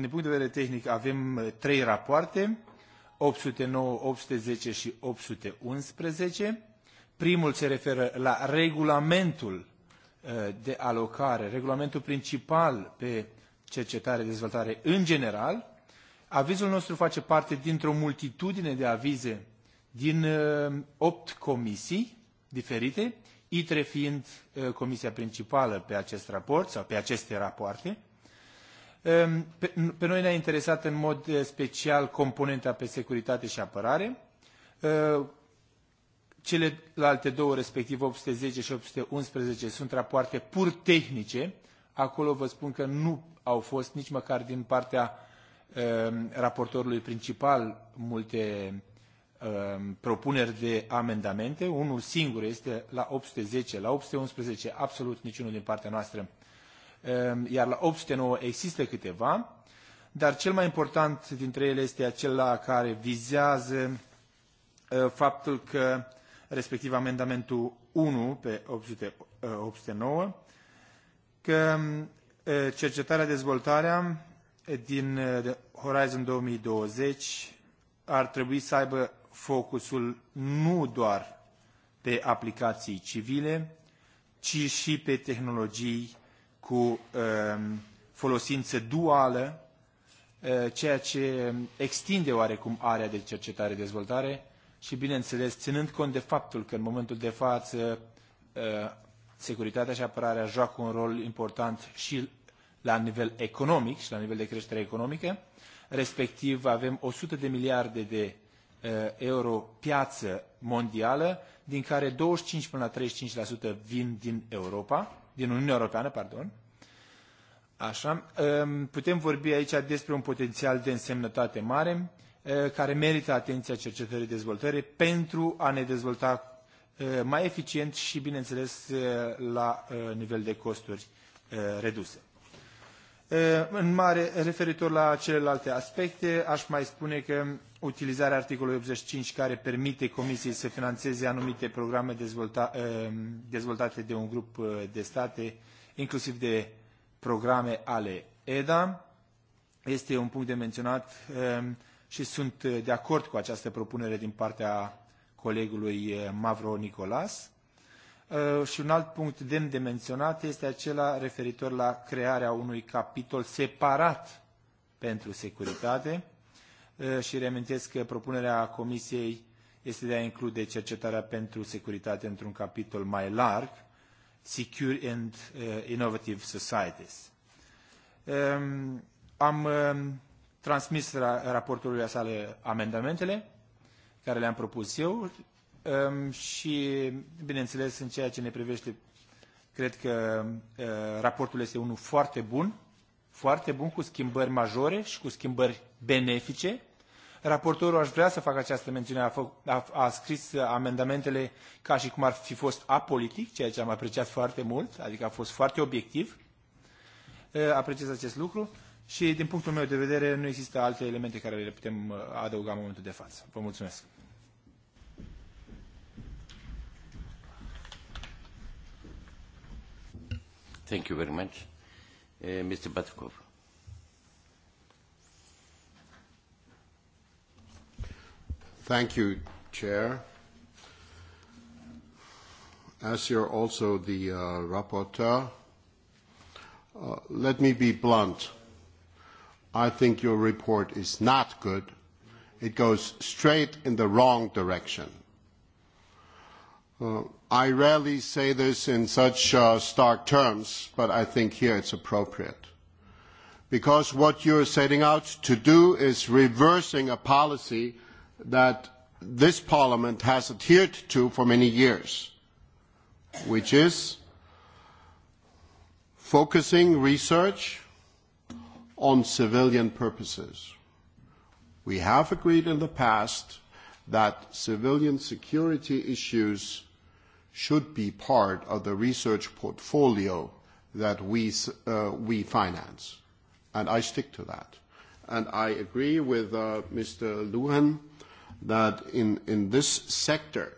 din punct de vedere tehnic avem trei rapoarte, 809, 810 și 811. Primul se referă la regulamentul de alocare, regulamentul principal pe cercetare, dezvoltare în general. Avizul nostru face parte dintr-o multitudine de avize din opt comisii diferite, ITRE fiind comisia principală pe acest raport sau pe aceste rapoarte. Pe noi ne-a interesat în mod special componenta pe securitate și apărare. Celelalte două, respectiv 810 și 811, sunt rapoarte pur tehnice. Acolo vă spun că nu au fost nici măcar din partea raportorului principal multe propuneri de amendamente. Unul singur este la 810, la 811, absolut niciunul din partea noastră iar la 809 există câteva, dar cel mai important dintre ele este acela care vizează faptul că respectiv amendamentul 1 pe 800, 809, că cercetarea, dezvoltarea din Horizon 2020 ar trebui să aibă focusul nu doar pe aplicații civile, ci și pe tehnologii cu folosințe duală, ceea ce extinde oarecum area de cercetare-dezvoltare și, bineînțeles, ținând cont de faptul că în momentul de față securitatea și apărarea joacă un rol important și la nivel economic și la nivel de creștere economică, respectiv avem 100 de miliarde de euro piață mondială, din care 25 până la 35% vin din Europa, din Uniunea Europeană, pardon. Așa, putem vorbi aici despre un potențial de însemnătate mare care merită atenția cercetării dezvoltării pentru a ne dezvolta mai eficient și, bineînțeles, la nivel de costuri reduse. În mare, referitor la celelalte aspecte, aș mai spune că utilizarea articolului 85 care permite Comisiei să financeze anumite programe dezvoltate de un grup de state, inclusiv de programe ale EDA, este un punct de menționat și sunt de acord cu această propunere din partea colegului Mavro Nicolas și un alt punct demn de menționat este acela referitor la crearea unui capitol separat pentru securitate și reamintesc că propunerea Comisiei este de a include cercetarea pentru securitate într-un capitol mai larg, Secure and Innovative Societies. Am transmis raportului sale amendamentele care le-am propus eu și, bineînțeles, în ceea ce ne privește, cred că raportul este unul foarte bun, foarte bun, cu schimbări majore și cu schimbări benefice. Raportorul aș vrea să fac această mențiune, a, fă, a, a scris amendamentele ca și cum ar fi fost apolitic, ceea ce am apreciat foarte mult, adică a fost foarte obiectiv. Apreciez acest lucru și, din punctul meu de vedere, nu există alte elemente care le putem adăuga în momentul de față. Vă mulțumesc. Thank you very much. Mr. Batkov. Thank you, Chair. As you're also the uh, rapporteur, uh, let me be blunt. I think your report is not good. It goes straight in the wrong direction I rarely say this in such stark terms, but I think here it's appropriate. Because what you're setting out to do is reversing a policy that this Parliament has adhered to for many years, which is focusing research on civilian purposes. We have agreed in the past that civilian security issues should be part of the research portfolio that we, uh, we finance. And I stick to that. And I agree with uh, Mr. Luhan that in, in this sector,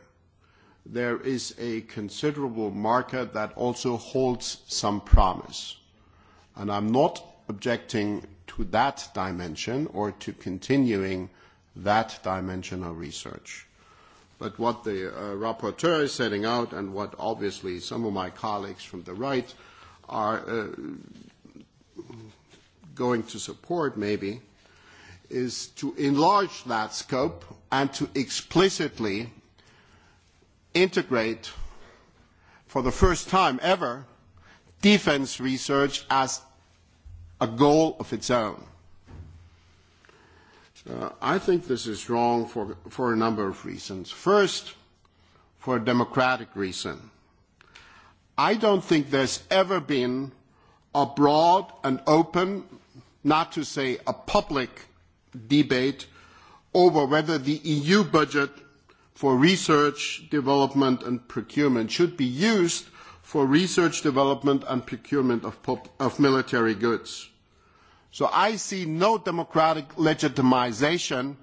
there is a considerable market that also holds some promise. And I'm not objecting to that dimension or to continuing – that dimension of research. But what the uh, rapporteur is setting out, and what obviously some of my colleagues from the right are uh, going to support, maybe, is to enlarge that scope and to explicitly integrate, for the first time ever, defense research as a goal of its own I think this is wrong for, for a number of reasons. First, for a democratic reason. I don't think there's ever been a broad and open, not to say a public, debate over whether the EU budget for research, development and procurement should be used for research, development and procurement of, military goods. So I see no democratic legitimisation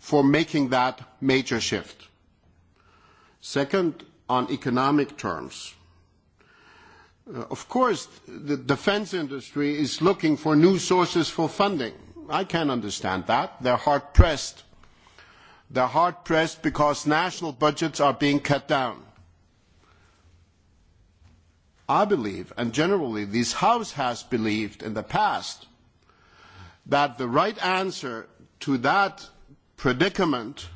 for making that major shift. Second, on economic terms. Of course, the defence industry is looking for new sources for funding. I can understand that. They're hard-pressed. They're hard-pressed because national budgets are being cut down. I believe, and generally this House has believed in the past, that the right answer to that predicament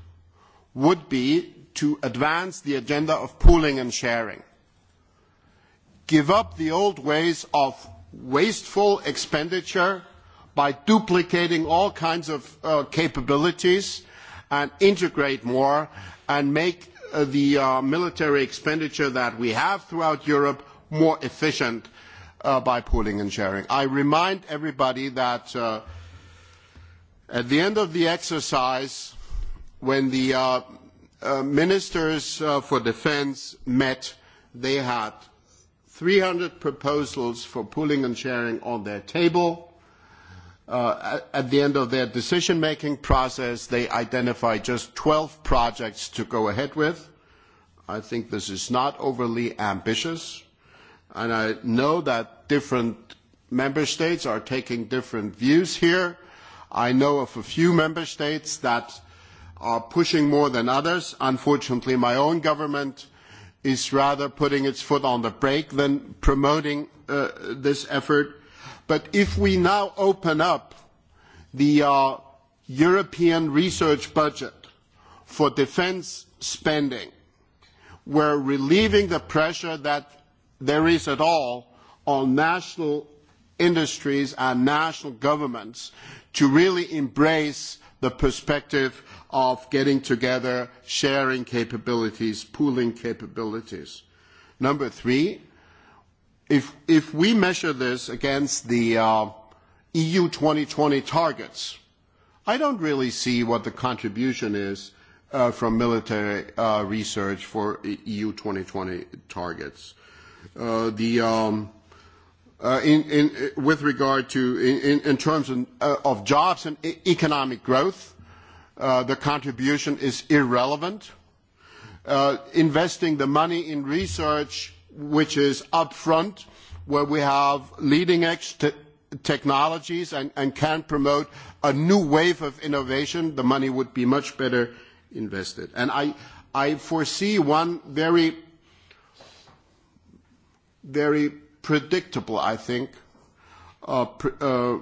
would be to advance the agenda of pooling and sharing. Give up the old ways of wasteful expenditure by duplicating all kinds of capabilities and integrate more and make the military expenditure that we have throughout Europe more efficient by pooling and sharing. I remind everybody that At the end of the exercise, when the ministers for defence met, they had three hundred proposals for pooling and sharing on their table. at the end of their decision-making process, they identified just twelve projects to go ahead with. I think this is not overly ambitious, and I know that different member states are taking different views here I know of a few member states that are pushing more than others. Unfortunately, my own government is rather putting its foot on the brake than promoting this effort. But if we now open up the European research budget for defence spending, we are relieving the pressure that there is at all on national industries and national governments to really embrace the perspective of getting together, sharing capabilities, pooling capabilities. Number three, if, if we measure this against the uh, EU 2020 targets, I don't really see what the contribution is uh, from military uh, research for EU 2020 targets. Uh, the um, with regard to in terms of jobs and economic growth. The contribution is irrelevant. Investing the money in research, which is upfront, where we have leading-edge technologies and can promote a new wave of innovation, the money would be much better invested. And I foresee one very predictable, I think, uh, pr- uh,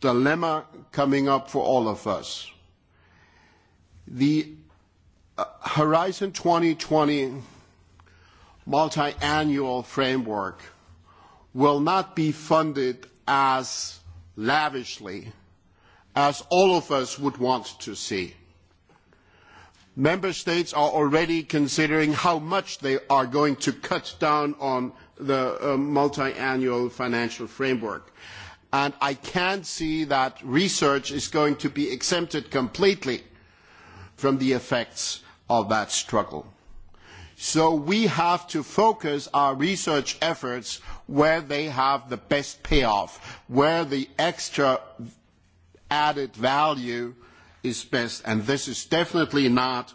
dilemma coming up for all of us. The uh, Horizon 2020 multi-annual framework will not be funded as lavishly as all of us would want to see. Member states are already considering how much they are going to cut down on the multi-annual financial framework. And I can see that research is going to be exempted completely from the effects of that struggle. So we have to focus our research efforts where they have the best payoff, where the extra added value is best, and this is definitely not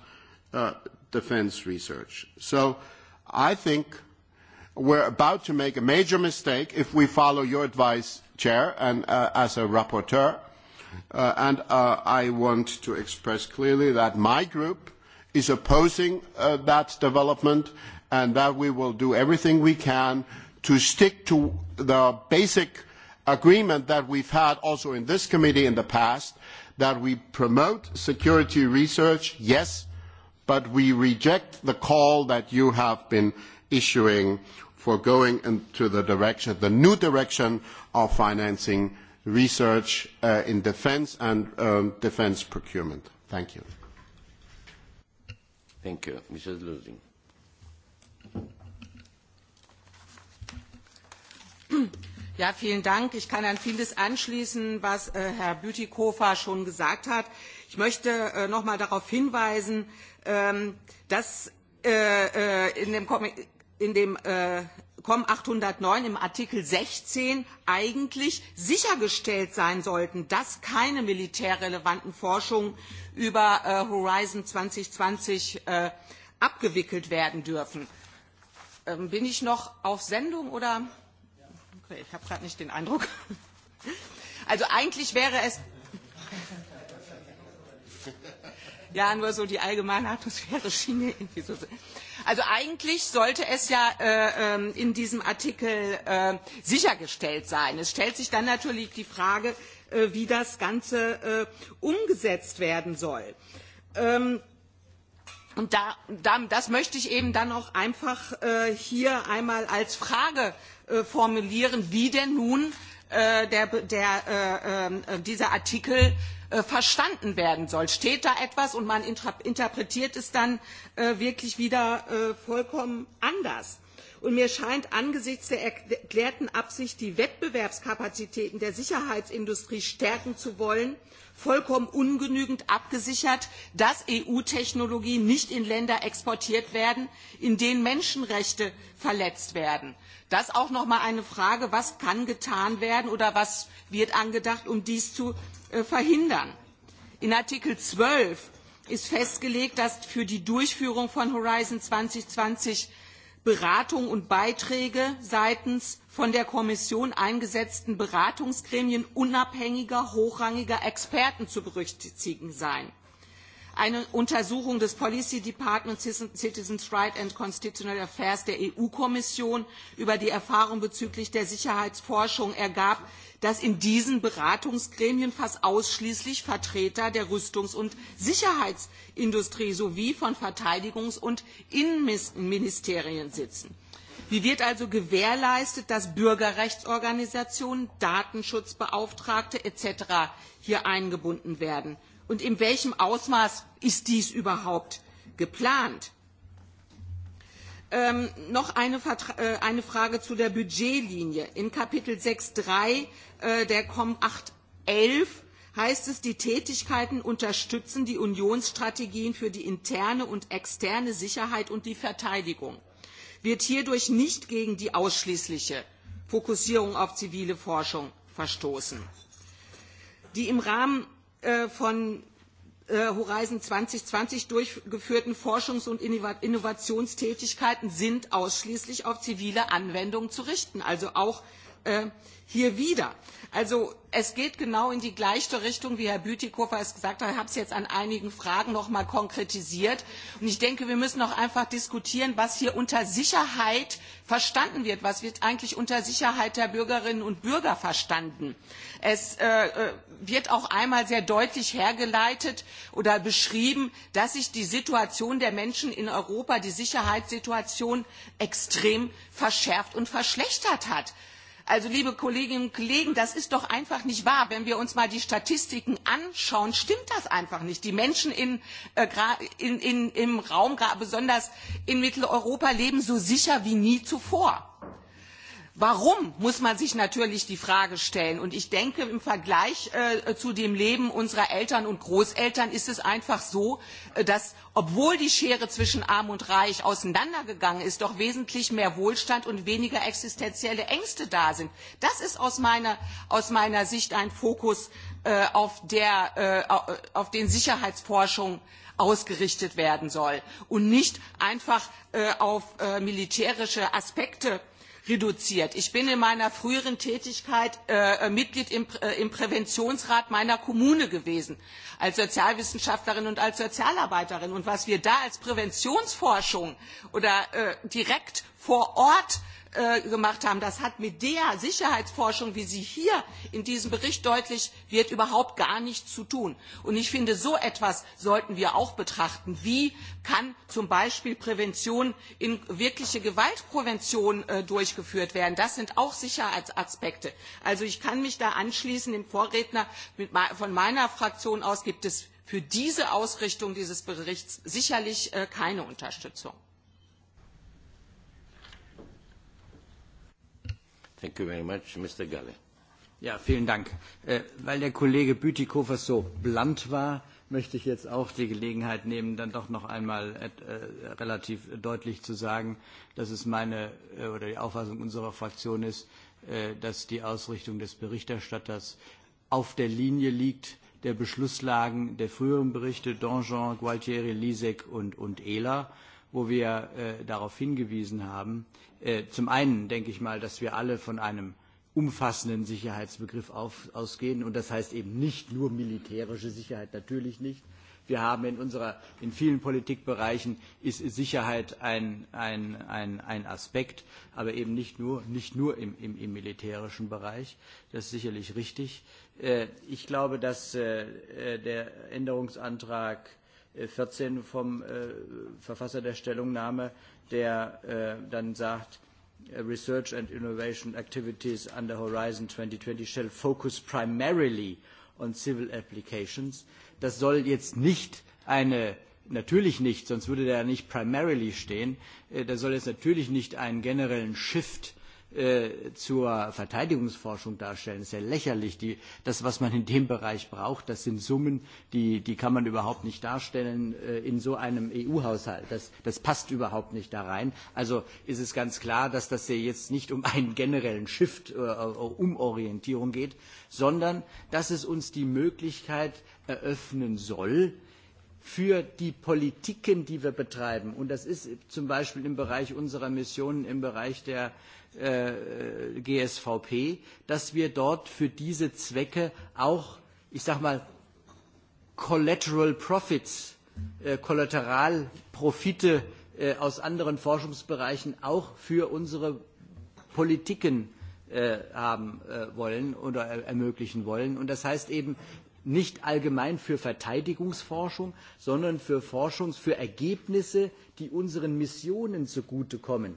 defence research. So I think we are about to make a major mistake if we follow your advice, Chair, and as a rapporteur. and I want to express clearly that my group is opposing that development and that we will do everything we can to stick to the basic agreement that we have had also in this committee in the past that we promote security research, yes, but we reject the call that you have been issuing for going into the direction, the new direction of financing research in defence and defence procurement. Thank you. Thank you. Mrs. Lusing. Ja, vielen Dank. Ich kann an vieles anschließen, was Herr Bütikofer schon gesagt hat. Ich möchte noch mal darauf hinweisen, dass in dem in dem COM 809 im Artikel 16 eigentlich sichergestellt sein sollten, dass keine militärrelevanten Forschungen über äh, Horizon 2020 äh, abgewickelt werden dürfen. bin ich noch auf Sendung oder? Okay, ich habe gerade nicht den Eindruck. Also eigentlich wäre es ja nur so die allgemeine Atmosphäre schien mir irgendwie so. Also eigentlich sollte es ja äh, in diesem Artikel äh, sichergestellt sein. Es stellt sich dann natürlich die Frage, äh, wie das Ganze äh, umgesetzt werden soll. Ähm, Und da, da, das möchte ich eben dann auch einfach äh, hier einmal als Frage äh, formulieren, wie denn nun dieser Artikel verstanden werden soll. Steht da etwas und man interpretiert es dann wirklich wieder vollkommen anders. Und mir scheint angesichts der erklärten Absicht, die Wettbewerbskapazitäten der Sicherheitsindustrie stärken zu wollen, vollkommen ungenügend abgesichert, dass EU-Technologien nicht in Länder exportiert werden, in denen Menschenrechte verletzt werden. Das auch noch mal eine Frage, was kann getan werden oder was wird angedacht, um dies zu verhindern. In Artikel zwölf ist festgelegt, dass für die Durchführung von Horizon 2020 Beratung und Beiträge seitens von der Kommission eingesetzten Beratungsgremien unabhängiger, hochrangiger Experten zu berücksichtigen sein. Eine Untersuchung des Policy Department Citizens' Rights and Constitutional Affairs der EU-Kommission über die Erfahrung bezüglich der Sicherheitsforschung ergab, dass in diesen Beratungsgremien fast ausschließlich Vertreter der Rüstungs- und Sicherheitsindustrie sowie von Verteidigungs- und Innenministerien sitzen. Wie wird also gewährleistet, dass Bürgerrechtsorganisationen, Datenschutzbeauftragte etc. hier eingebunden werden? Und in welchem Ausmaß ist dies überhaupt geplant? noch eine, Frage zu der Budgetlinie. In Kapitel sechs drei der COM 811 heißt es, die Tätigkeiten unterstützen die Unionsstrategien für die interne und externe Sicherheit und die Verteidigung. Wird hierdurch nicht gegen die ausschließliche Fokussierung auf zivile Forschung verstoßen. Die im Rahmen von Horizon 2020 durchgeführten Forschungs- und Innovationstätigkeiten sind ausschließlich auf zivile Anwendungen zu richten, also auch hier wieder. Also es geht genau in die gleiche Richtung, wie Herr Bütikofer es gesagt hat. Ich habe es jetzt an einigen Fragen noch mal konkretisiert. Und ich denke, wir müssen auch einfach diskutieren, was hier unter Sicherheit verstanden wird. Was wird eigentlich unter Sicherheit der Bürgerinnen und Bürger verstanden? Es wird auch einmal sehr deutlich hergeleitet oder beschrieben, dass sich die Situation der Menschen in Europa, die Sicherheitssituation extrem verschärft und verschlechtert hat Also, liebe Kolleginnen und Kollegen, das ist doch einfach nicht wahr. Wenn wir uns mal die Statistiken anschauen, stimmt das einfach nicht. Die Menschen im Raum, besonders in Mitteleuropa, leben so sicher wie nie zuvor Warum muss man sich natürlich die Frage stellen? Und ich denke, im Vergleich zu dem Leben unserer Eltern und Großeltern ist es einfach so, dass, obwohl die Schere zwischen Arm und Reich auseinandergegangen ist, doch wesentlich mehr Wohlstand und weniger existenzielle Ängste da sind. Das ist aus meiner, Sicht ein Fokus, auf, den Sicherheitsforschung ausgerichtet werden soll und nicht einfach auf militärische Aspekte reduziert. Ich bin in meiner früheren Tätigkeit Mitglied im, Präventionsrat meiner Kommune gewesen, als Sozialwissenschaftlerin und als Sozialarbeiterin. Und was wir da als Präventionsforschung oder direkt vor Ort gemacht haben, das hat mit der Sicherheitsforschung, wie sie hier in diesem Bericht deutlich wird, überhaupt gar nichts zu tun. Und ich finde, so etwas sollten wir auch betrachten. Wie kann zum Beispiel Prävention in wirkliche Gewaltprävention durchgeführt werden? Das sind auch Sicherheitsaspekte. Also ich kann mich da anschließen, dem Vorredner von meiner Fraktion aus gibt es für diese Ausrichtung dieses Berichts sicherlich keine Unterstützung. Thank you very much. Mr. Ja, vielen Dank. Weil der Kollege Bütikofer so blunt war, möchte ich jetzt auch die Gelegenheit nehmen, dann doch noch einmal relativ deutlich zu sagen, dass es meine oder die Auffassung unserer Fraktion ist, dass die Ausrichtung des Berichterstatters auf der Linie liegt der Beschlusslagen der früheren Berichte Danjean, Gualtieri, Lisek und, und Ehler, wo wir darauf hingewiesen haben, äh, Zum einen denke ich mal, dass wir alle von einem umfassenden Sicherheitsbegriff ausgehen. Und das heißt eben nicht nur militärische Sicherheit, natürlich nicht. Wir haben in, unserer, in vielen Politikbereichen ist Sicherheit ein, ein, ein, ein Aspekt, aber eben nicht nur, nicht nur im, im, im militärischen Bereich. Das ist sicherlich richtig. Ich glaube, dass der Änderungsantrag 14 vom Verfasser der Stellungnahme, der dann sagt, Research and innovation activities under Horizon 2020 shall focus primarily on civil applications. Das soll jetzt nicht eine natürlich nicht, sonst würde da nicht primarily stehen, das soll jetzt natürlich nicht einen generellen Shift zur Verteidigungsforschung darstellen. Das ist ja lächerlich. Die, das, was man in dem Bereich braucht, das sind Summen, die, die kann man überhaupt nicht darstellen in so einem EU-Haushalt. Das, das passt überhaupt nicht da rein. Also ist es ganz klar, dass das hier jetzt nicht um einen generellen Shift, äh, Umorientierung geht, sondern dass es uns die Möglichkeit eröffnen soll, für die Politiken, die wir betreiben. Und das ist zum Beispiel im Bereich unserer Missionen, im Bereich der GSVP, dass wir dort für diese Zwecke auch, ich sage mal, collateral profits, Kollateralprofite aus anderen Forschungsbereichen auch für unsere Politiken haben wollen oder ermöglichen wollen. Und das heißt eben nicht allgemein für Verteidigungsforschung, sondern für Forschung, für Ergebnisse, die unseren Missionen zugutekommen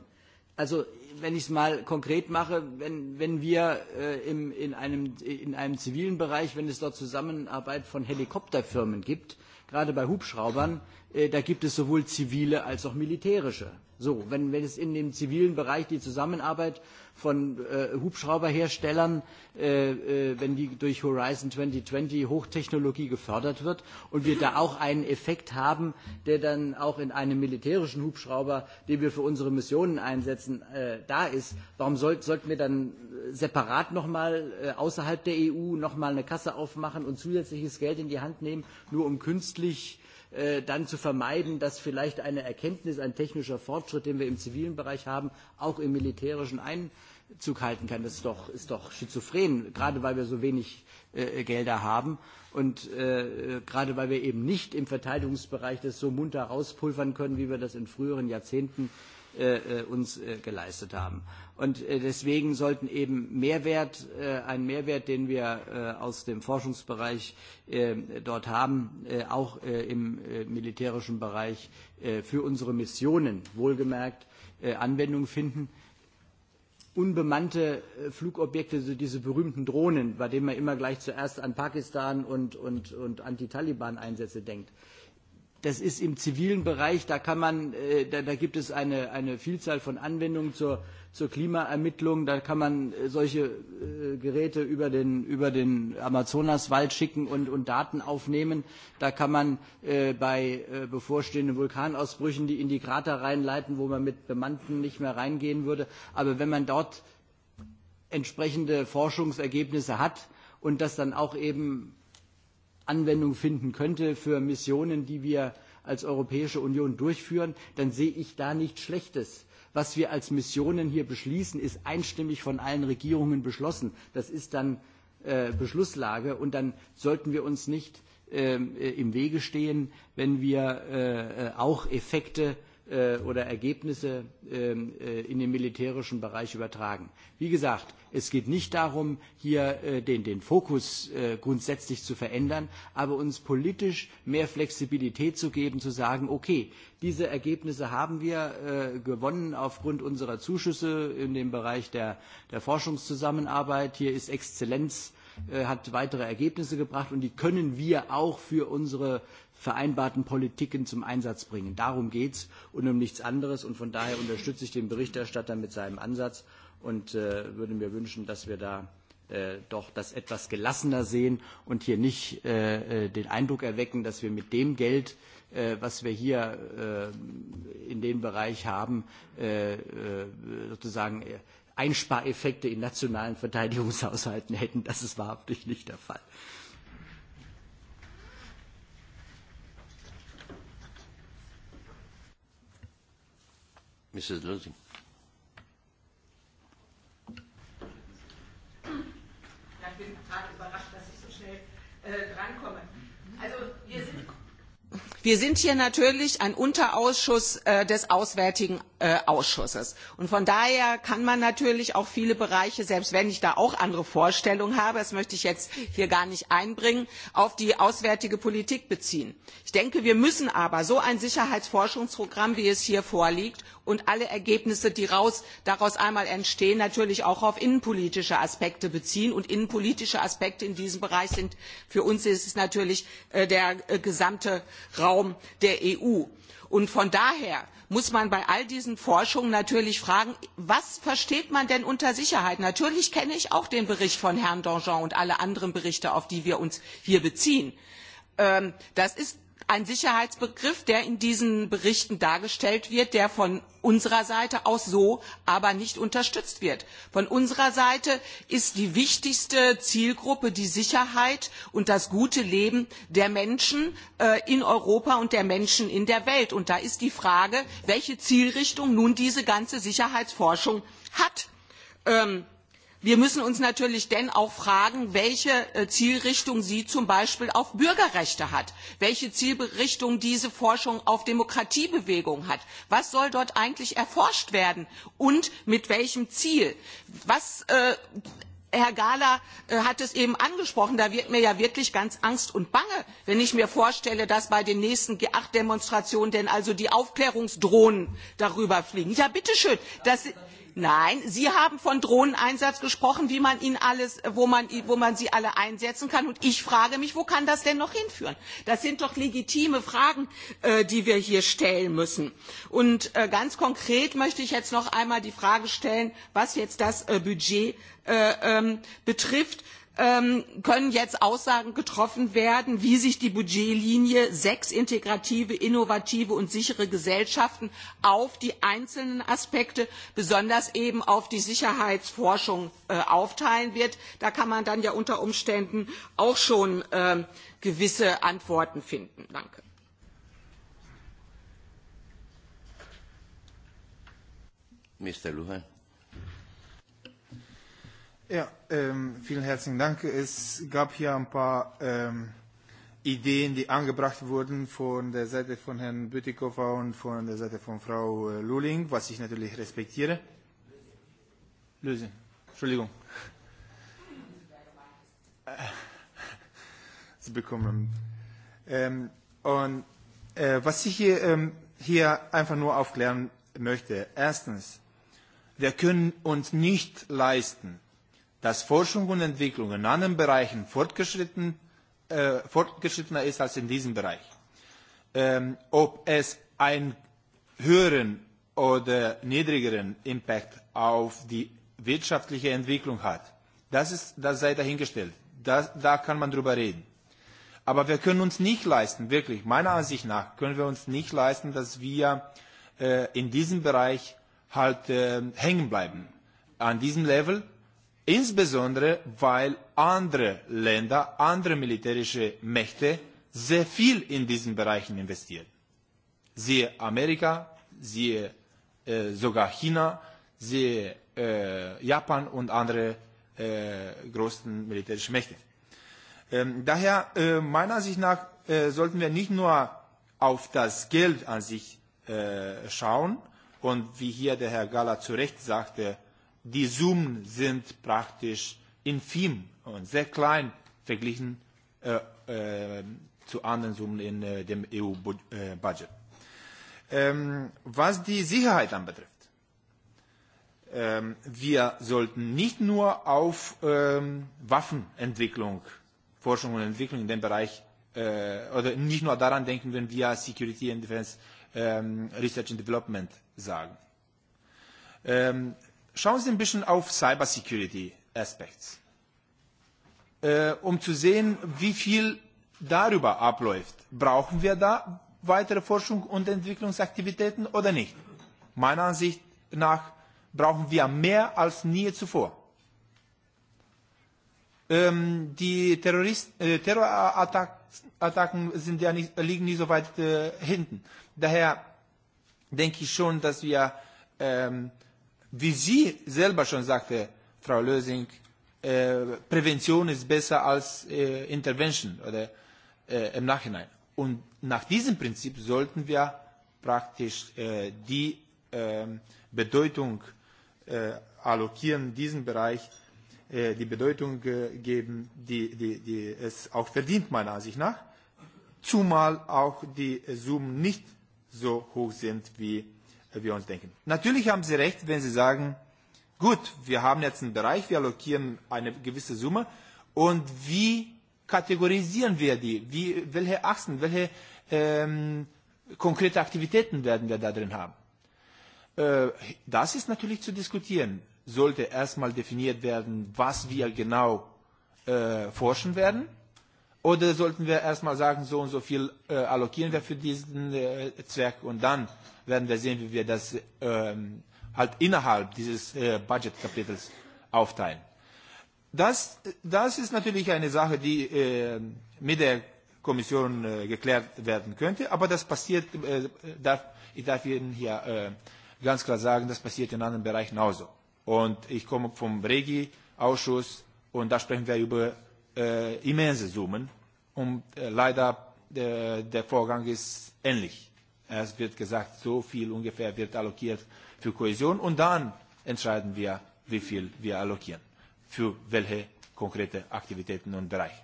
also wenn ich es mal konkret mache, wenn, wenn wir äh, im, in, einem, in einem zivilen Bereich, wenn es dort Zusammenarbeit von Helikopterfirmen gibt, gerade bei Hubschraubern, äh, da gibt es sowohl zivile als auch militärische. So, wenn, wenn es in dem zivilen Bereich die Zusammenarbeit von äh, Hubschrauberherstellern, äh, äh, wenn die durch Horizon 2020 Hochtechnologie gefördert wird und wir da auch einen Effekt haben, der dann auch in einem militärischen Hubschrauber, den wir für unsere Missionen einsetzen, äh, da ist, warum soll, sollten wir dann separat nochmal äh, außerhalb der EU nochmal eine Kasse aufmachen und zusätzliches Geld in die Hand nehmen, nur um künstlich äh, dann zu vermeiden, dass vielleicht eine Erkenntnis, ein technischer Fortschritt, den wir im zivilen Bereich haben, auch im militärischen Einzug halten kann. Das ist doch, ist doch schizophren, gerade weil wir so wenig Gelder haben und gerade weil wir eben nicht im Verteidigungsbereich das so munter rauspulvern können, wie wir das in früheren Jahrzehnten äh, uns geleistet haben. Und deswegen sollten eben Mehrwert, ein Mehrwert, den wir aus dem Forschungsbereich dort haben, auch im militärischen Bereich für unsere Missionen wohlgemerkt Anwendung finden. Unbemannte Flugobjekte, diese berühmten Drohnen, bei denen man immer gleich zuerst an Pakistan und, und, und Anti-Taliban-Einsätze denkt das ist im zivilen Bereich, da, kann man, da, da gibt es eine, eine Vielzahl von Anwendungen zur, zur Klimaermittlung. Da kann man solche äh, Geräte über den, über den Amazonaswald schicken und, und Daten aufnehmen. Da kann man äh, bei äh, bevorstehenden Vulkanausbrüchen die in die Krater reinleiten, wo man mit Bemannten nicht mehr reingehen würde. Aber wenn man dort entsprechende Forschungsergebnisse hat und das dann auch eben Anwendung finden könnte für Missionen, die wir als Europäische Union durchführen, dann sehe ich da nichts Schlechtes. Was wir als Missionen hier beschließen, ist einstimmig von allen Regierungen beschlossen. Das ist dann Beschlusslage und dann sollten wir uns nicht im Wege stehen, wenn wir auch Effekte oder Ergebnisse in den militärischen Bereich übertragen. Wie gesagt, es geht nicht darum, hier den, Fokus grundsätzlich zu verändern, aber uns politisch mehr Flexibilität zu geben, zu sagen, okay, diese Ergebnisse haben wir gewonnen aufgrund unserer Zuschüsse in dem Bereich der, Forschungszusammenarbeit. Hier ist Exzellenz hat weitere Ergebnisse gebracht und die können wir auch für unsere vereinbarten Politiken zum Einsatz bringen. Darum geht es und um nichts anderes. Und von daher unterstütze ich den Berichterstatter mit seinem Ansatz und würde mir wünschen, dass wir da doch das etwas gelassener sehen und hier nicht den Eindruck erwecken, dass wir mit dem Geld, was wir hier in dem Bereich haben, sozusagen Einspareffekte in nationalen Verteidigungshaushalten hätten. Das ist wahrhaftig nicht der Fall. Mrs. Lösing. Ja, ich bin gerade überrascht, dass ich so schnell äh, drankomme. Also wir sind wir sind hier natürlich ein Unterausschuss des Auswärtigen ausschusses. von daher kann man natürlich auch viele bereiche selbst wenn ich da auch andere vorstellungen habe das möchte ich jetzt hier gar nicht einbringen auf die auswärtige politik beziehen. ich denke wir müssen aber so ein sicherheitsforschungsprogramm wie es hier vorliegt und alle ergebnisse die daraus einmal entstehen natürlich auch auf innenpolitische aspekte beziehen und innenpolitische aspekte in diesem bereich sind für uns natürlich der gesamte raum der eu. von daher muss man bei all diesen Forschungen natürlich fragen, was versteht man denn unter Sicherheit? Natürlich kenne ich auch den Bericht von Herrn Danjean und alle anderen Berichte, auf die wir uns hier beziehen. das ist ein Sicherheitsbegriff, der in diesen Berichten dargestellt wird, der von unserer Seite aus so aber nicht unterstützt wird. Von unserer Seite ist die wichtigste Zielgruppe die Sicherheit und das gute Leben der Menschen in Europa und der Menschen in der Welt. Und da ist die Frage, welche Zielrichtung nun diese ganze Sicherheitsforschung hat wir müssen uns natürlich dann auch fragen welche zielrichtung sie zum beispiel auf bürgerrechte hat welche zielrichtung diese forschung auf demokratiebewegungen hat was soll dort eigentlich erforscht werden und mit welchem ziel? herr gahler hat es eben angesprochen da wird mir ja wirklich ganz angst und bange wenn ich mir vorstelle dass bei den nächsten g acht demonstrationen denn also die aufklärungsdrohnen darüber fliegen. ja bitteschön Nein, Sie haben von Drohneneinsatz gesprochen, wie man ihn alles, wo man, wo man sie alle einsetzen kann. Und ich frage mich, wo kann das denn noch hinführen? Das sind doch legitime Fragen, die wir hier stellen müssen. Und ganz konkret möchte ich jetzt noch einmal die Frage stellen, was jetzt das Budget betrifft können jetzt Aussagen getroffen werden, wie sich die Budgetlinie sechs integrative, innovative und sichere Gesellschaften auf die einzelnen Aspekte, besonders eben auf die Sicherheitsforschung aufteilen wird. Da kann man dann ja unter Umständen auch schon gewisse Antworten finden. Danke. Mr. Luhan. Ja, ähm, vielen herzlichen Dank. Es gab hier ein paar ähm, Ideen, die angebracht wurden von der Seite von Herrn Bütikofer und von der Seite von Frau Luling, was ich natürlich respektiere. Lösen. Entschuldigung. Sie bekommen. Ähm, und äh, was ich hier, ähm, hier einfach nur aufklären möchte. Erstens, wir können uns nicht leisten, dass Forschung und Entwicklung in anderen Bereichen fortgeschritten, äh, fortgeschrittener ist als in diesem Bereich. Ähm, ob es einen höheren oder niedrigeren Impact auf die wirtschaftliche Entwicklung hat, das, ist, das sei dahingestellt. Das, da kann man drüber reden. Aber wir können uns nicht leisten, wirklich, meiner Ansicht nach, können wir uns nicht leisten, dass wir äh, in diesem Bereich halt äh, hängen bleiben. An diesem Level, insbesondere weil andere Länder, andere militärische Mächte sehr viel in diesen Bereichen investieren. Siehe Amerika, siehe äh, sogar China, siehe äh, Japan und andere äh, großen militärische Mächte. Ähm, daher, äh, meiner Ansicht nach, äh, sollten wir nicht nur auf das Geld an sich äh, schauen und wie hier der Herr Galla zu Recht sagte, Die Summen sind praktisch infim und sehr klein verglichen äh, äh, zu anderen Summen in äh, dem EU-Budget. Ähm, was die Sicherheit anbetrifft, ähm, wir sollten nicht nur auf ähm, Waffenentwicklung, Forschung und Entwicklung in dem Bereich äh, oder nicht nur daran denken, wenn wir Security and Defense ähm, Research and Development sagen. Ähm, schauen Sie ein bisschen auf Cybersecurity Aspects, äh, um zu sehen, wie viel darüber abläuft. Brauchen wir da weitere Forschung und Entwicklungsaktivitäten oder nicht? Meiner Ansicht nach brauchen wir mehr als nie zuvor. Ähm, die Terrorist äh, Terrorattacken sind ja nicht, liegen nicht so weit äh, hinten. Daher denke ich schon, dass wir ähm, Wie Sie selber schon sagte, Frau Lösing, Prävention ist besser als Intervention oder im Nachhinein. Und nach diesem Prinzip sollten wir praktisch die Bedeutung allokieren, diesen Bereich die Bedeutung geben, die, die, die es auch verdient, meiner Ansicht nach, zumal auch die Summen nicht so hoch sind wie wir uns denken. Natürlich haben Sie recht, wenn Sie sagen, gut, wir haben jetzt einen Bereich, wir allokieren eine gewisse Summe und wie kategorisieren wir die? Wie, welche Achsen, welche ähm, konkrete Aktivitäten werden wir da drin haben? Äh, das ist natürlich zu diskutieren. Sollte erstmal definiert werden, was wir genau äh, forschen werden – Oder sollten wir erstmal sagen, so und so viel äh, allokieren wir für diesen äh, Zweck und dann werden wir sehen, wie wir das ähm, halt innerhalb dieses äh, Budgetkapitels aufteilen. Das, das ist natürlich eine Sache, die äh, mit der Kommission äh, geklärt werden könnte, aber das passiert, äh, darf, ich darf Ihnen hier äh, ganz klar sagen, das passiert in anderen Bereichen genauso. Und ich komme vom Regi-Ausschuss und da sprechen wir über immense Summen und leider der Vorgang ist ähnlich. Es wird gesagt, so viel ungefähr wird allokiert für Kohäsion und dann entscheiden wir, wie viel wir allokieren, für welche konkrete Aktivitäten und Bereiche.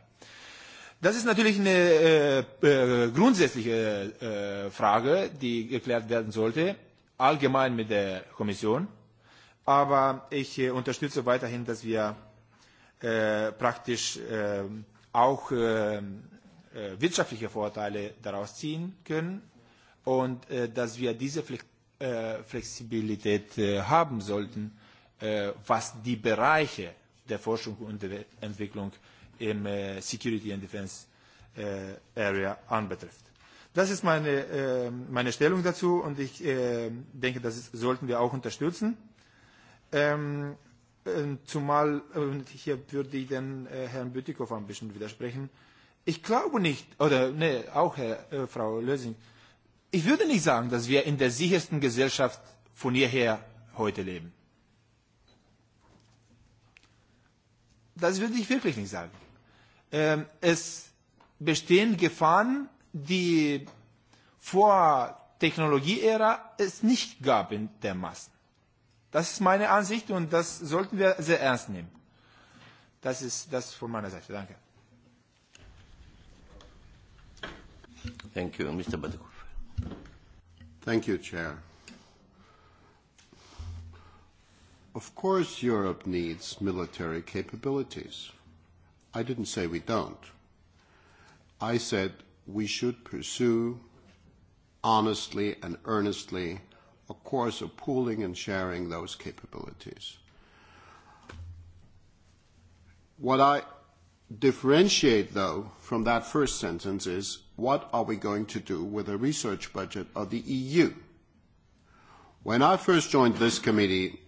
Das ist natürlich eine äh, äh, grundsätzliche äh, Frage, die geklärt werden sollte, allgemein mit der Kommission. Aber ich äh, unterstütze weiterhin, dass wir praktisch auch wirtschaftliche Vorteile daraus ziehen können und dass wir diese Flexibilität haben sollten, was die Bereiche der Forschung und der Entwicklung im Security and Defense Area anbetrifft. Das ist meine, meine Stellung dazu und ich denke, das sollten wir auch unterstützen. Ähm, zumal, hier würde ich dann Herrn Bütikow ein bisschen widersprechen, ich glaube nicht, oder nee, auch Herr, Frau Lösing, ich würde nicht sagen, dass wir in der sichersten Gesellschaft von hierher heute leben. Das würde ich wirklich nicht sagen. es bestehen Gefahren, die vor Technologieära es nicht gab in der Massen. Das ist meine Ansicht und das sollten wir sehr ernst nehmen. Das ist das von meiner Seite. Danke. Thank you, Mr. Badekov. Thank you, Chair. Of course, Europe needs military capabilities. I didn't say we don't. I said we should pursue honestly and earnestly a course of pooling and sharing those capabilities. What I differentiate, though, from that first sentence is what are we going to do with the research budget of the EU? When I first joined this committee,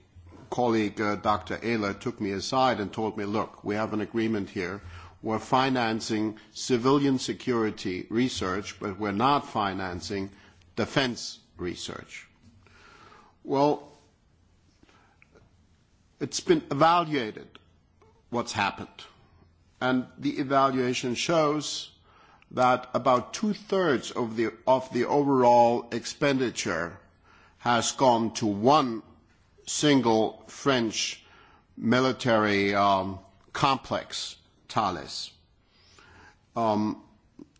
colleague uh, Dr. Ehler took me aside and told me, look, we have an agreement here. We're financing civilian security research, but we're not financing defense research. Well, it's been evaluated what's happened. And the evaluation shows that about two-thirds of the, of the overall expenditure has gone to one single French military um, complex, Thales. Um,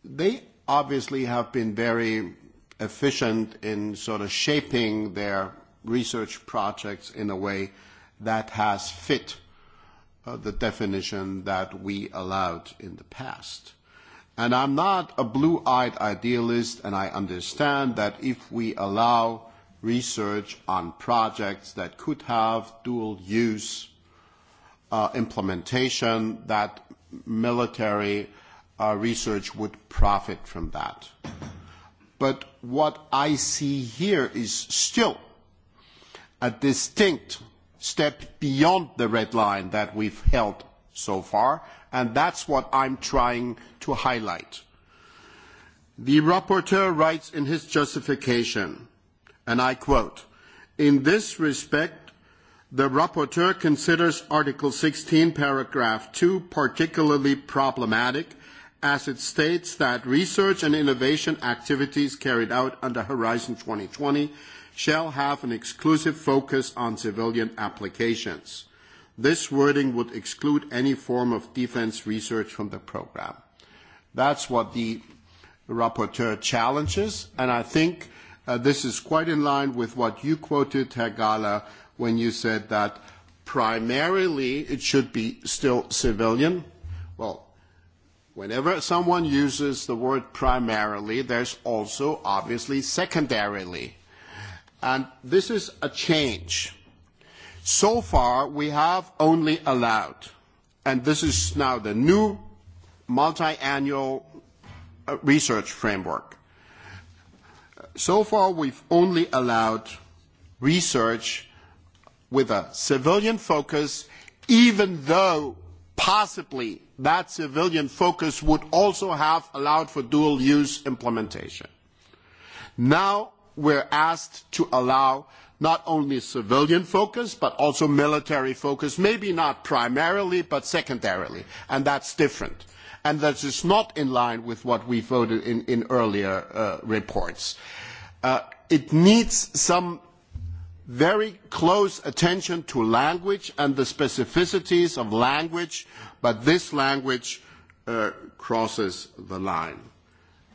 they obviously have been very efficient in sort of shaping their research projects in a way that has fit the definition that we allowed in the past. And I'm not a blue-eyed idealist, and I understand that if we allow research on projects that could have dual-use implementation, that military research would profit from that. But what I see here is still a distinct step beyond the red line that we've held so far, and that's what I'm trying to highlight. The rapporteur writes in his justification, and I quote, "In this respect, the rapporteur considers Article 16, paragraph 2, particularly problematic, as it states that research and innovation activities carried out under Horizon 2020 shall have an exclusive focus on civilian applications. This wording would exclude any form of defense research from the program. That's what the rapporteur challenges, and I think uh, this is quite in line with what you quoted, Herr Gala, when you said that primarily it should be still civilian. Well, whenever someone uses the word primarily, there's also obviously secondarily and this is a change. So far, we have only allowed, and this is now the new multi-annual research framework. So far, we've only allowed research with a civilian focus, even though possibly that civilian focus would also have allowed for dual use implementation. Now were asked to allow not only civilian focus but also military focus, maybe not primarily but secondarily, and that's different. And that is not in line with what we voted in, in earlier reports. it needs some very close attention to language and the specificities of language, but this language crosses the line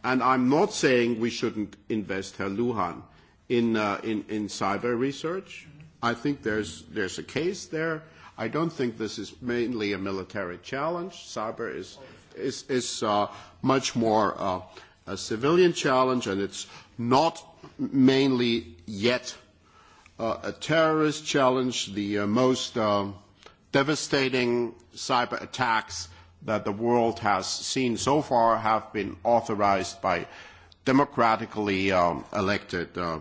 I'm not saying we shouldn't invest, Herr Luhan, in, uh, in, in cyber research. I think there's, there's a case there. I don't think this is mainly a military challenge. Cyber is, is, is uh, much more uh, a civilian challenge, and it's not mainly yet uh, a terrorist challenge. The uh, most devastating cyber attacks that the world has seen so far have been authorized by democratically um, elected uh,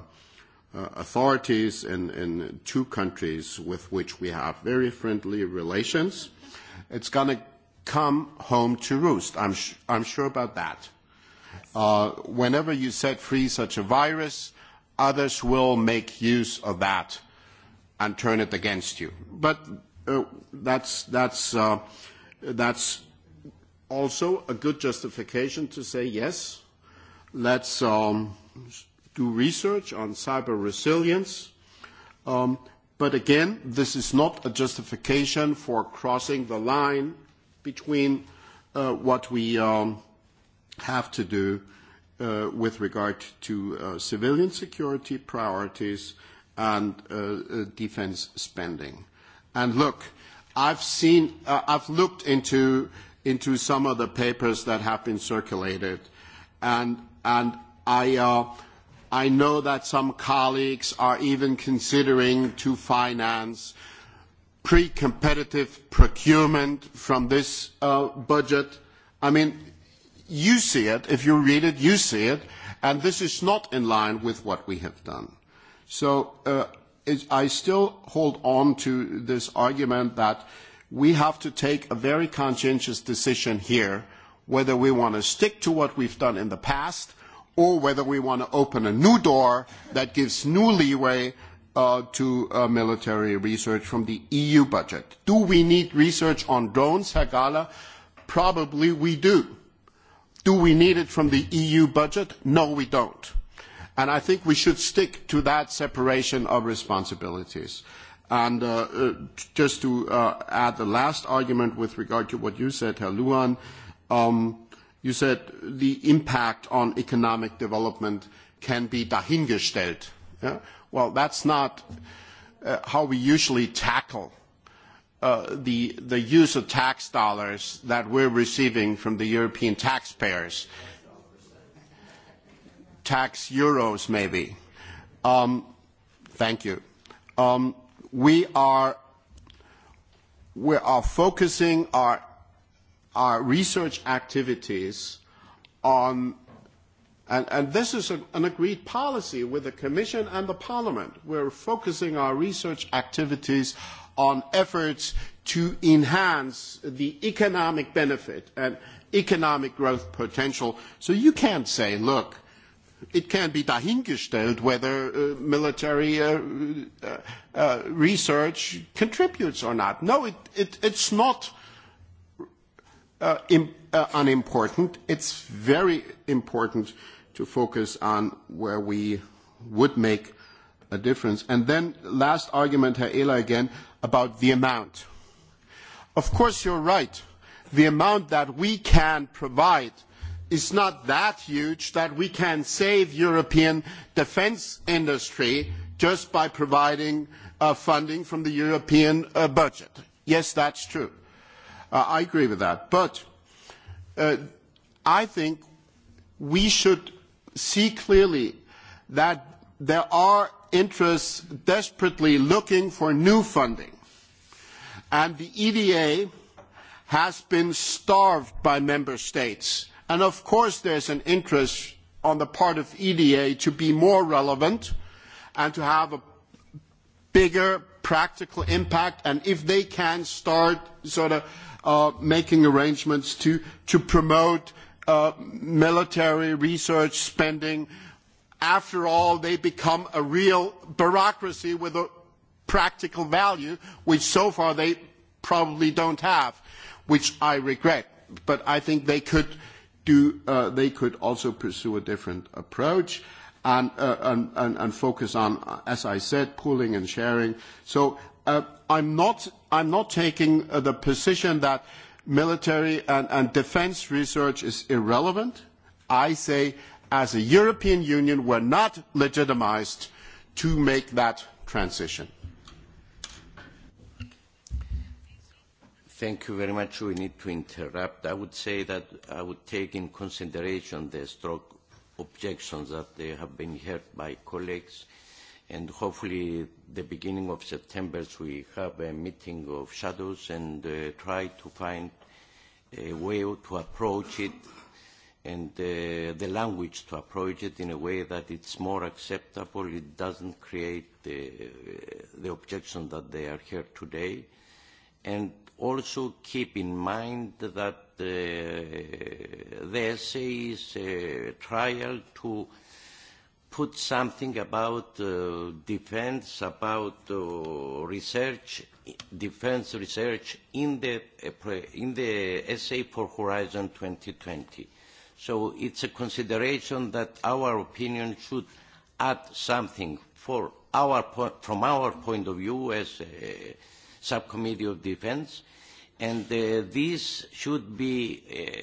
uh, authorities in, in two countries with which we have very friendly relations. It's going to come home to roost. I'm, sh- I'm sure about that. Uh, whenever you set free such a virus, others will make use of that and turn it against you. But uh, that's, that's, uh, that's also a good justification to say, yes, let's um, do research on cyber resilience. Um, but again, this is not a justification for crossing the line between uh, what we um, have to do uh, with regard to uh, civilian security priorities and uh, defense spending. And look, I've seen, uh, I've looked into into some of the papers that have been circulated. And, and I, uh, I know that some colleagues are even considering to finance pre-competitive procurement from this uh, budget. I mean, you see it. If you read it, you see it. And this is not in line with what we have done. So uh, I still hold on to this argument that uh, we have to take a very conscientious decision here whether we want to stick to what we've done in the past or whether we want to open a new door that gives new leeway to military research from the EU budget. Do we need research on drones, Herr Galla? Probably we do. Do we need it from the EU budget? No, we don't. And I think we should stick to that separation of responsibilities. And uh, uh, just to uh, add the last argument with regard to what you said, Herr Luan, um, you said the impact on economic development can be dahingestellt. Yeah? Well, that's not uh, how we usually tackle the, the use of tax dollars that we're receiving from the European taxpayers. Tax euros, maybe. Um, thank you. Um, we are focusing our research activities on. and This is an agreed policy with the Commission and the Parliament. We're focusing our research activities on efforts to enhance the economic benefit and economic growth potential. So You can't say, "Look, it can be dahingestellt whether military research contributes or not. No, it, it, it's not unimportant. It's very important to focus on where we would make a difference. And then last argument, Herr Ehler again, about the amount. Of course, you're right. The amount that we can provide – is not that huge that we can save European defence industry just by providing funding from the European budget. Yes, that is true. I agree with that. But I think we should see clearly that there are interests desperately looking for new funding. And the EDA has been starved by member states And of course, there's an interest on the part of EDA to be more relevant and to have a bigger practical impact. And if they can start sort of making arrangements to, to promote military research spending, after all, they become a real bureaucracy with a practical value, which so far they probably don't have, which I regret. But I think they could do uh, they could also pursue a different approach and, uh, and, and, and focus on, as I said, pooling and sharing. So uh, I'm not I'm not taking uh, the position that military and, and defence research is irrelevant. I say, as a European Union, we're not legitimised to make that transition. Thank you very much. We need to interrupt. I would say that I would take in consideration the strong objections that they have been heard by colleagues, and hopefully the beginning of September we have a meeting of shadows and uh, try to find a way to approach it and uh, the language to approach it in a way that it's more acceptable, it doesn't create the, the objection that they are here today, and Also keep in mind that uh, the essay is a trial to put something about uh, defense, about uh, research, defense research in the, in the essay for Horizon 2020. So it's a consideration that our opinion should add something for our po from our point of view as a Subcommittee of Defense, and uh, this should be uh,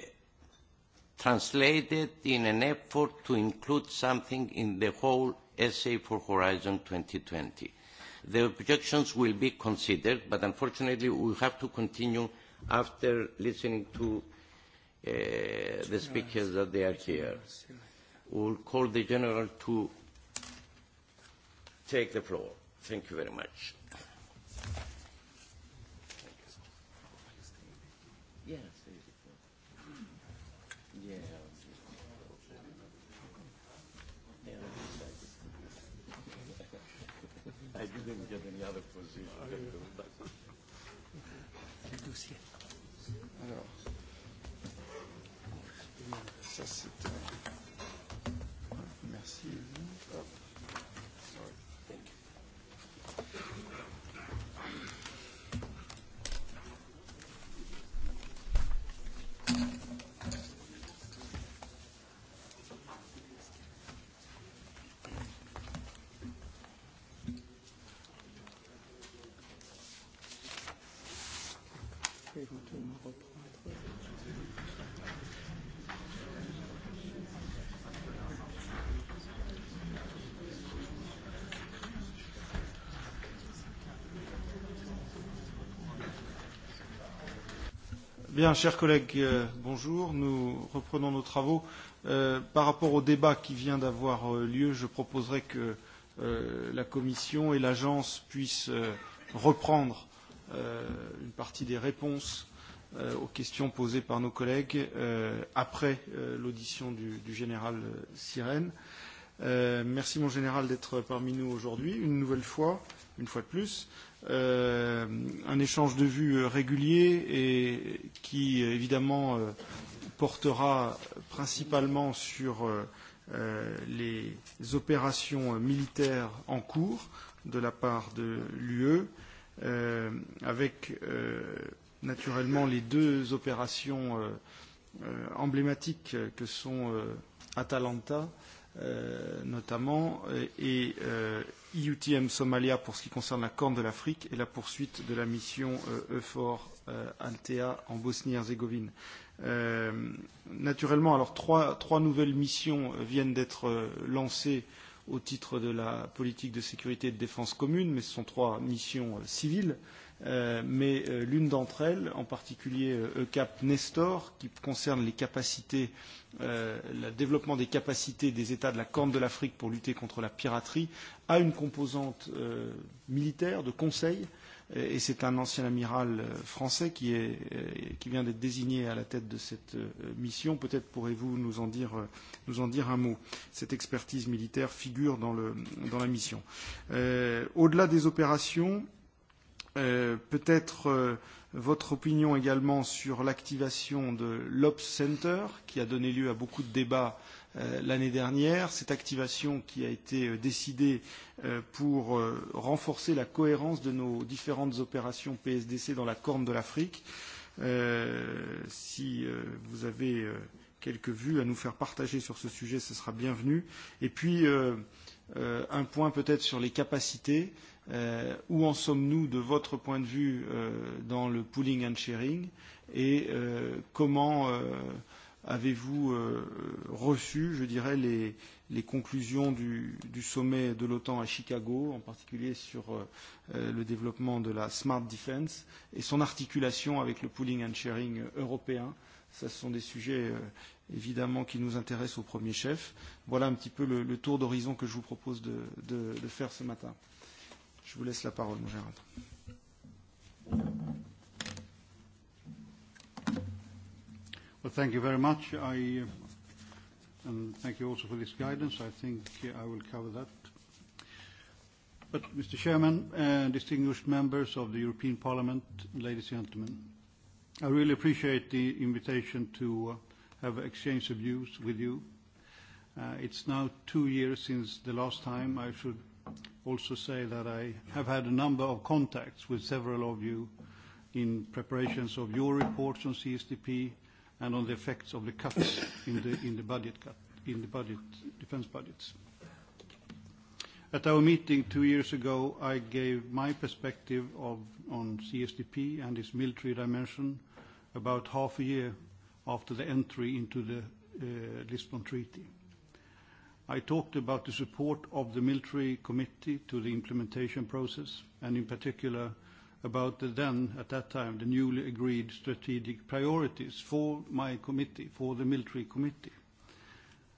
translated in an effort to include something in the whole essay for Horizon 2020. The objections will be considered, but unfortunately we have to continue after listening to uh, the speakers that they are here. We'll call the General to take the floor. Thank you very much. didn't get Bien, chers collègues, bonjour. Nous reprenons nos travaux. par rapport au débat qui vient d'avoir lieu, je proposerai que la Commission et l'Agence puissent reprendre une partie des réponses aux questions posées par nos collègues après l'audition du, général Sirène. merci, mon général, d'être parmi nous aujourd'hui, une nouvelle fois, une fois de plus. Euh, euh, un échange de vues régulier et qui évidemment euh, portera principalement sur euh, les opérations militaires en cours de la part de l'UE, euh, avec euh, naturellement les deux opérations euh, euh, emblématiques que sont euh, Atalanta euh, notamment et, euh, IUTM Somalia pour ce qui concerne la Corne de l'Afrique et la poursuite de la mission EUFOR Altea en Bosnie-Herzégovine. naturellement, alors trois, trois nouvelles missions viennent d'être lancées au titre de la politique de sécurité et de défense commune, mais ce sont trois missions civiles. Euh, mais l'une d'entre elles, en particulier ECAP Nestor, qui concerne les capacités, le développement des capacités des États de la Corne de l'Afrique pour lutter contre la piraterie, a une composante militaire de conseil. Et c'est un ancien amiral français qui, est, qui vient d'être désigné à la tête de cette mission. Peut-être pourrez-vous nous, en dire, nous en dire un mot. Cette expertise militaire figure dans, le, dans la mission. Euh, Au-delà des opérations, euh, Peut-être votre opinion également sur l'activation de l'Ops Center, qui a donné lieu à beaucoup de débats l'année dernière. Cette activation qui a été décidée pour renforcer la cohérence de nos différentes opérations PSDC dans la Corne de l'Afrique. Si vous avez quelques vues à nous faire partager sur ce sujet, ce sera bienvenu. Et puis, un point peut-être sur les capacités. Euh, euh, où en sommes-nous de votre point de vue euh, dans le pooling and sharing et euh, comment euh, avez-vous euh, reçu, je dirais, les, les conclusions du, du sommet de l'OTAN à Chicago, en particulier sur euh, le développement de la smart defense et son articulation avec le pooling and sharing européen Ce sont des sujets euh, évidemment qui nous intéressent au premier chef. Voilà un petit peu le, le tour d'horizon que je vous propose de, de, de faire ce matin. Je vous laisse la parole, mon Gérald. Well, thank you very much. I, and thank you also for this guidance. I think I will cover that. But, Mr. Chairman, uh, distinguished members of the European Parliament, ladies and gentlemen, I really appreciate the invitation to uh, have exchange of views with you. Uh, it's now two years since the last time I should also say that I have had a number of contacts with several of you in preparations of your reports on CSDP and on the effects of the cuts in the in the budget cut in the budget defense budgets. At our meeting two years ago, I gave my perspective of on CSDP and its military dimension about half a year after the entry into the uh Lisbon Treaty. I talked about the support of the military committee to the implementation process, and in particular about the then, at that time, the newly agreed strategic priorities for my committee, for the military committee.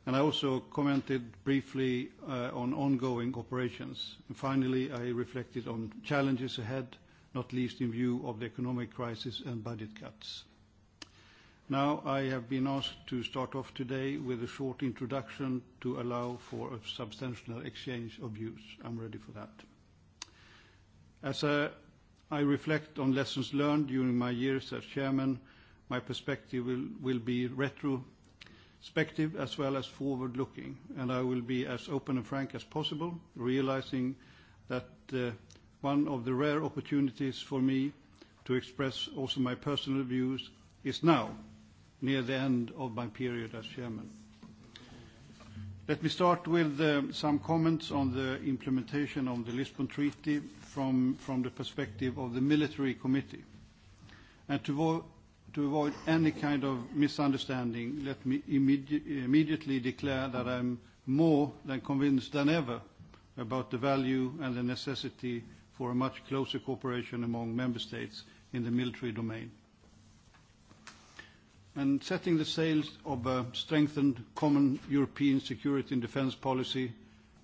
And I also commented briefly on ongoing operations. Finally, I reflected on challenges ahead, not least in view of the economic crisis and budget cuts. Now, I have been asked to start off today with a short introduction to allow for a substantial exchange of views. I'm ready for that. As I reflect on lessons learned during my years as chairman, my perspective will be retrospective as well as forward-looking, and I will be as open and frank as possible, realizing that one of the rare opportunities for me to express also my personal views is now near the end of my period as chairman. Let me start with some comments on the implementation of the Lisbon Treaty from the perspective of the Military Committee. And To avoid any kind of misunderstanding, let me immediately declare that I'm more than convinced than ever about the value and the necessity for a much closer cooperation among member states in the military domain and setting the sails of a strengthened common European security and defence policy,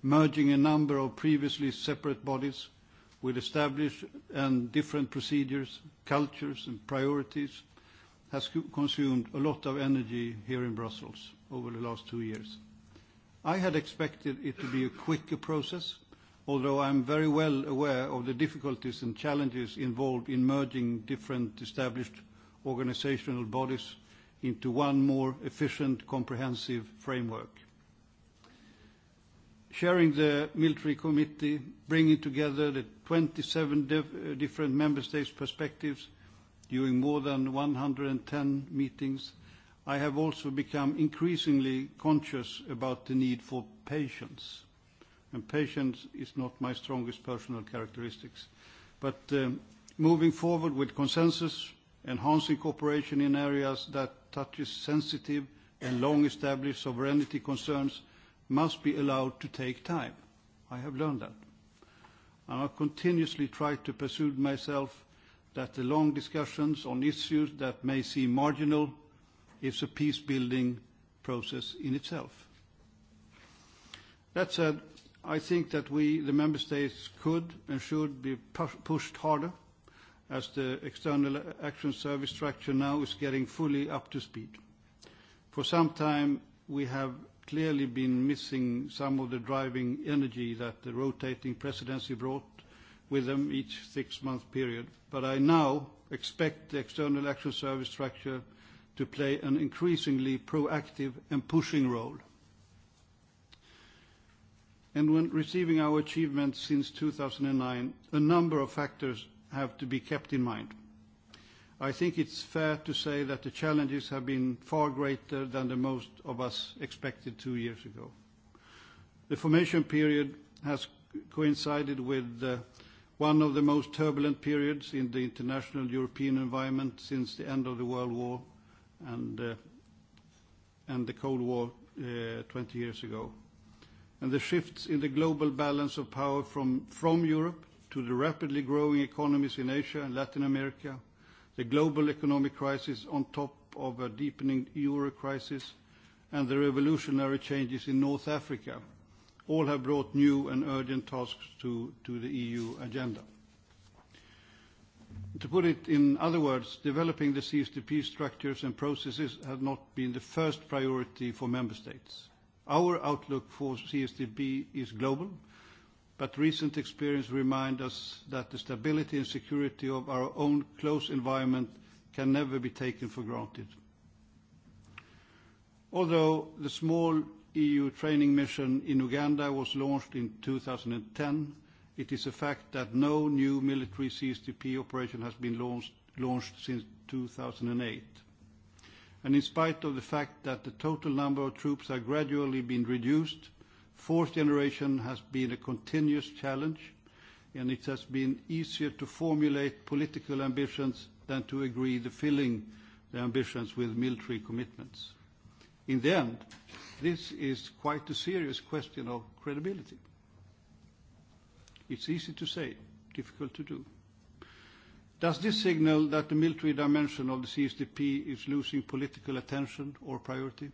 merging a number of previously separate bodies with established and different procedures, cultures and priorities has consumed a lot of energy here in Brussels over the last two years. I had expected it to be a quicker process, although I'm very well aware of the difficulties and challenges involved in merging different established organisational bodies into one more efficient, comprehensive framework. Sharing the military committee, bringing together the 27 different member states' perspectives during more than 110 meetings, I have also become increasingly conscious about the need for patience. And patience is not my strongest personal characteristics. But moving forward with consensus enhancing cooperation in areas that touches sensitive and long-established sovereignty concerns must be allowed to take time. I have learned that. I continuously try to persuade myself that the long discussions on issues that may seem marginal is a peace-building process in itself. That said, I think that we, the member states, could and should be pushed harder as the External Action Service structure now is getting fully up to speed. For some time, we have clearly been missing some of the driving energy that the rotating presidency brought with them each six-month period. But I now expect the External Action Service structure to play an increasingly proactive and pushing role. And When receiving our achievements since 2009, a number of factors have to be kept in mind. I think it's fair to say that the challenges have been far greater than the most of us expected two years ago. The formation period has coincided with one of the most turbulent periods in the international European environment since the end of the World War and the Cold War 20 years ago. The shifts in the global balance of power from Europe to the rapidly growing economies in Asia and Latin America, the global economic crisis on top of a deepening euro crisis, and the revolutionary changes in North Africa, all have brought new and urgent tasks to the EU agenda. To put it in other words, developing the CSDP structures and processes have not been the first priority for member states. Our outlook for CSDP is global, but recent experience reminds us that the stability and security of our own close environment can never be taken for granted. Although the small EU training mission in Uganda was launched in 2010, it is a fact that no new military CSTP operation has been launched since 2008. In spite of the fact that the total number of troops have gradually been reduced, Fourth generation has been a continuous challenge, and it has been easier to formulate political ambitions than to agree the filling the ambitions with military commitments. In the end, this is quite a serious question of credibility. It's easy to say, difficult to do. Does this signal that the military dimension of the CSDP is losing political attention or priority?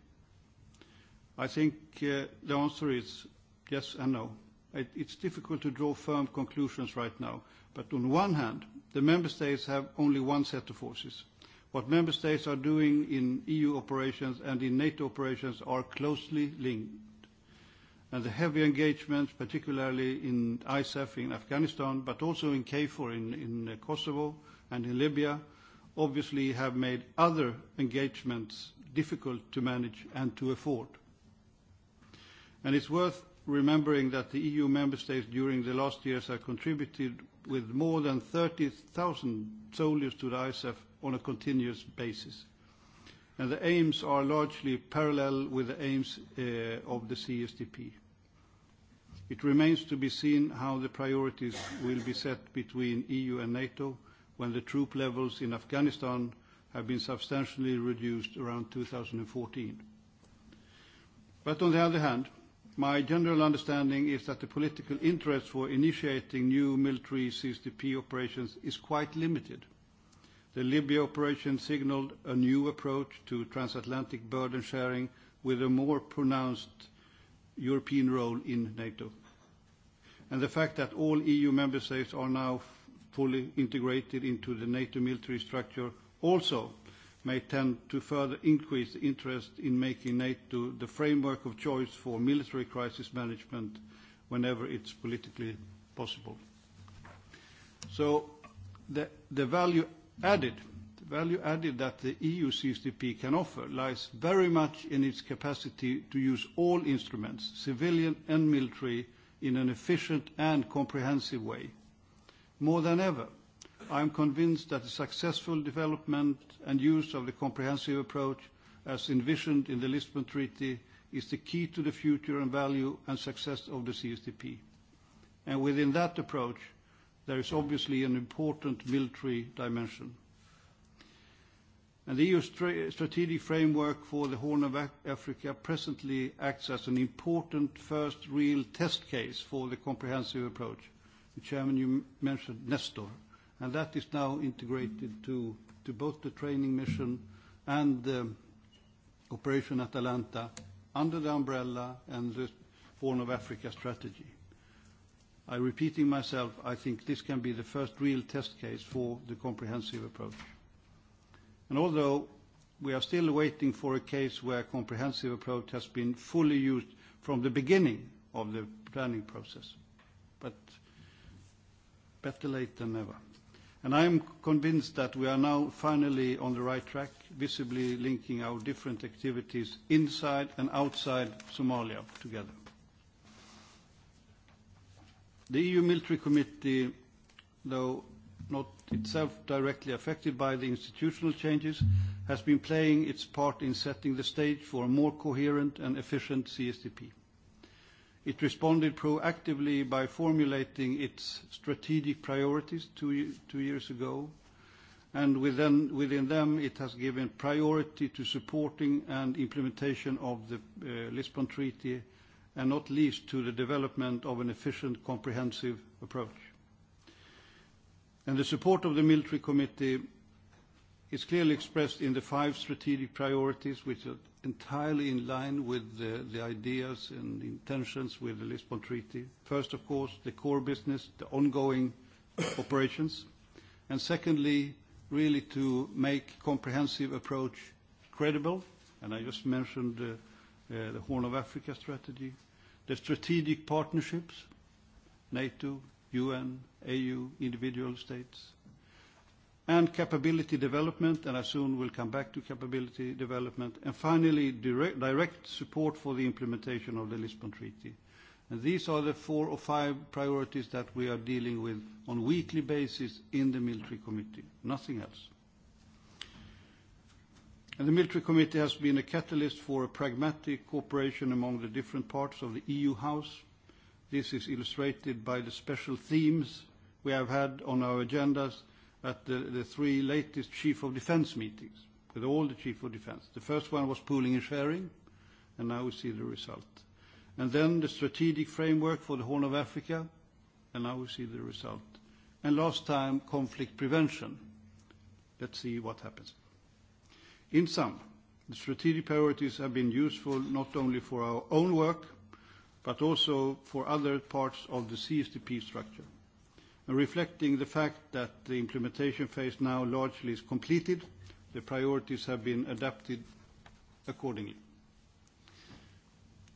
I think the answer is yes and no. It It's difficult to draw firm conclusions right now. But on one hand, the member states have only one set of forces. What member states are doing in EU operations and in NATO operations are closely linked. And the heavy engagement, particularly in ISAF in Afghanistan, but also in KFOR in in Kosovo and in Libya, obviously have made other engagements difficult to manage and to afford. It's worth remembering that the EU member states during the last years have contributed with more than 30,000 soldiers to the ISAF on a continuous basis. and The aims are largely parallel with the aims of the CSDP. It remains to be seen how the priorities will be set between EU and NATO when the troop levels in Afghanistan have been substantially reduced around 2014. But On the other hand, My general understanding is that the political interest for initiating new military CSDP operations is quite limited. The Libya operation signaled a new approach to transatlantic burden sharing with a more pronounced European role in NATO. And the fact that all EU member states are now fully integrated into the NATO military structure also may tend to further increase the interest in making NATO the framework of choice for military crisis management whenever it's politically possible. So the, the value added the value added that the EU CSDP can offer lies very much in its capacity to use all instruments, civilian and military, in an efficient and comprehensive way. More than ever, I am convinced that the successful development and use of the comprehensive approach as envisioned in the Lisbon Treaty is the key to the future and value and success of the CSDP. And within that approach, there is obviously an important military dimension. And the EU strategic framework for the Horn of Africa presently acts as an important first real test case for the comprehensive approach. The chairman, you mentioned Nestor and that is now integrated to to both the training mission and the Operation Atalanta under the umbrella and the Horn of Africa strategy. I'm repeating myself, I think this can be the first real test case for the comprehensive approach. And Although we are still waiting for a case where comprehensive approach has been fully used from the beginning of the planning process, but better late than never. And I am convinced that we are now finally on the right track, visibly linking our different activities inside and outside Somalia together. The EU Military Committee, though not itself directly affected by the institutional changes, has been playing its part in setting the stage for a more coherent and efficient CSDP. It responded proactively by formulating its strategic priorities two years ago, and within them, it has given priority to supporting and implementation of the Lisbon Treaty, and not least to the development of an efficient, comprehensive approach. The support of the Military Committee is clearly expressed in the five strategic priorities, which entirely in line with the, the ideas and intentions with the Lisbon Treaty. First, of course, the core business, the ongoing operations, and secondly, really to make comprehensive approach credible, and I just mentioned the Horn of Africa strategy, the strategic partnerships, NATO, UN, AU, individual states, and capability development, and I soon will come back to capability development. and Finally, direct support for the implementation of the Lisbon Treaty. These are the four or five priorities that we are dealing with on a weekly basis in the Military Committee, nothing else. The Military Committee has been a catalyst for a pragmatic cooperation among the different parts of the EU House. This is illustrated by the special themes we have had on our agendas – at the, the three latest chief of defense meetings with all the chief of defense. The first one was pooling and sharing, and now we see the result. And then the strategic framework for the Horn of Africa, and now we see the result. And last time, conflict prevention. Let's see what happens. In sum, the strategic priorities have been useful not only for our own work, but also for other parts of the CSDP structure. Reflecting the fact that the implementation phase now largely is completed, the priorities have been adapted accordingly.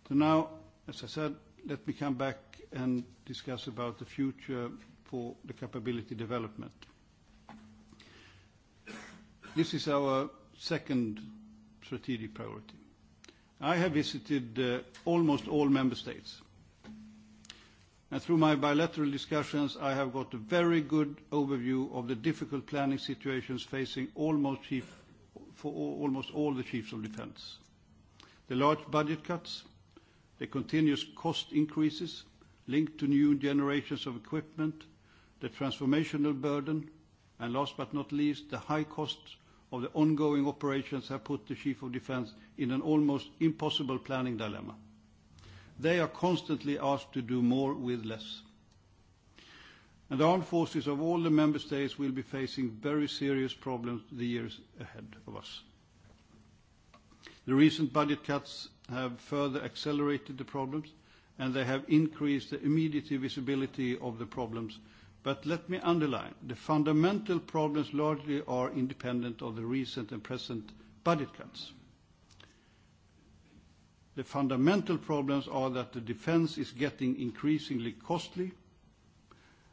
So Now, as I said, let me come back and discuss about the future for the capability development. This is our second strategic priority. I have visited almost all member states and through my bilateral discussions, I have got a very good overview of the difficult planning situations facing almost chief for almost all the chiefs of defense. The large budget cuts, the continuous cost increases linked to new generations of equipment, the transformational burden, and last but not least, the high costs of the ongoing operations have put the Chief of Defence in an almost impossible planning dilemma. They are constantly asked to do more with less. And the armed forces of all the member states will be facing very serious problems the years ahead of us. The recent budget cuts have further accelerated the problems, and they have increased the immediate visibility of the problems. But let me underline, the fundamental problems largely are independent of the recent and present budget cuts. The fundamental problems are that the defense is getting increasingly costly,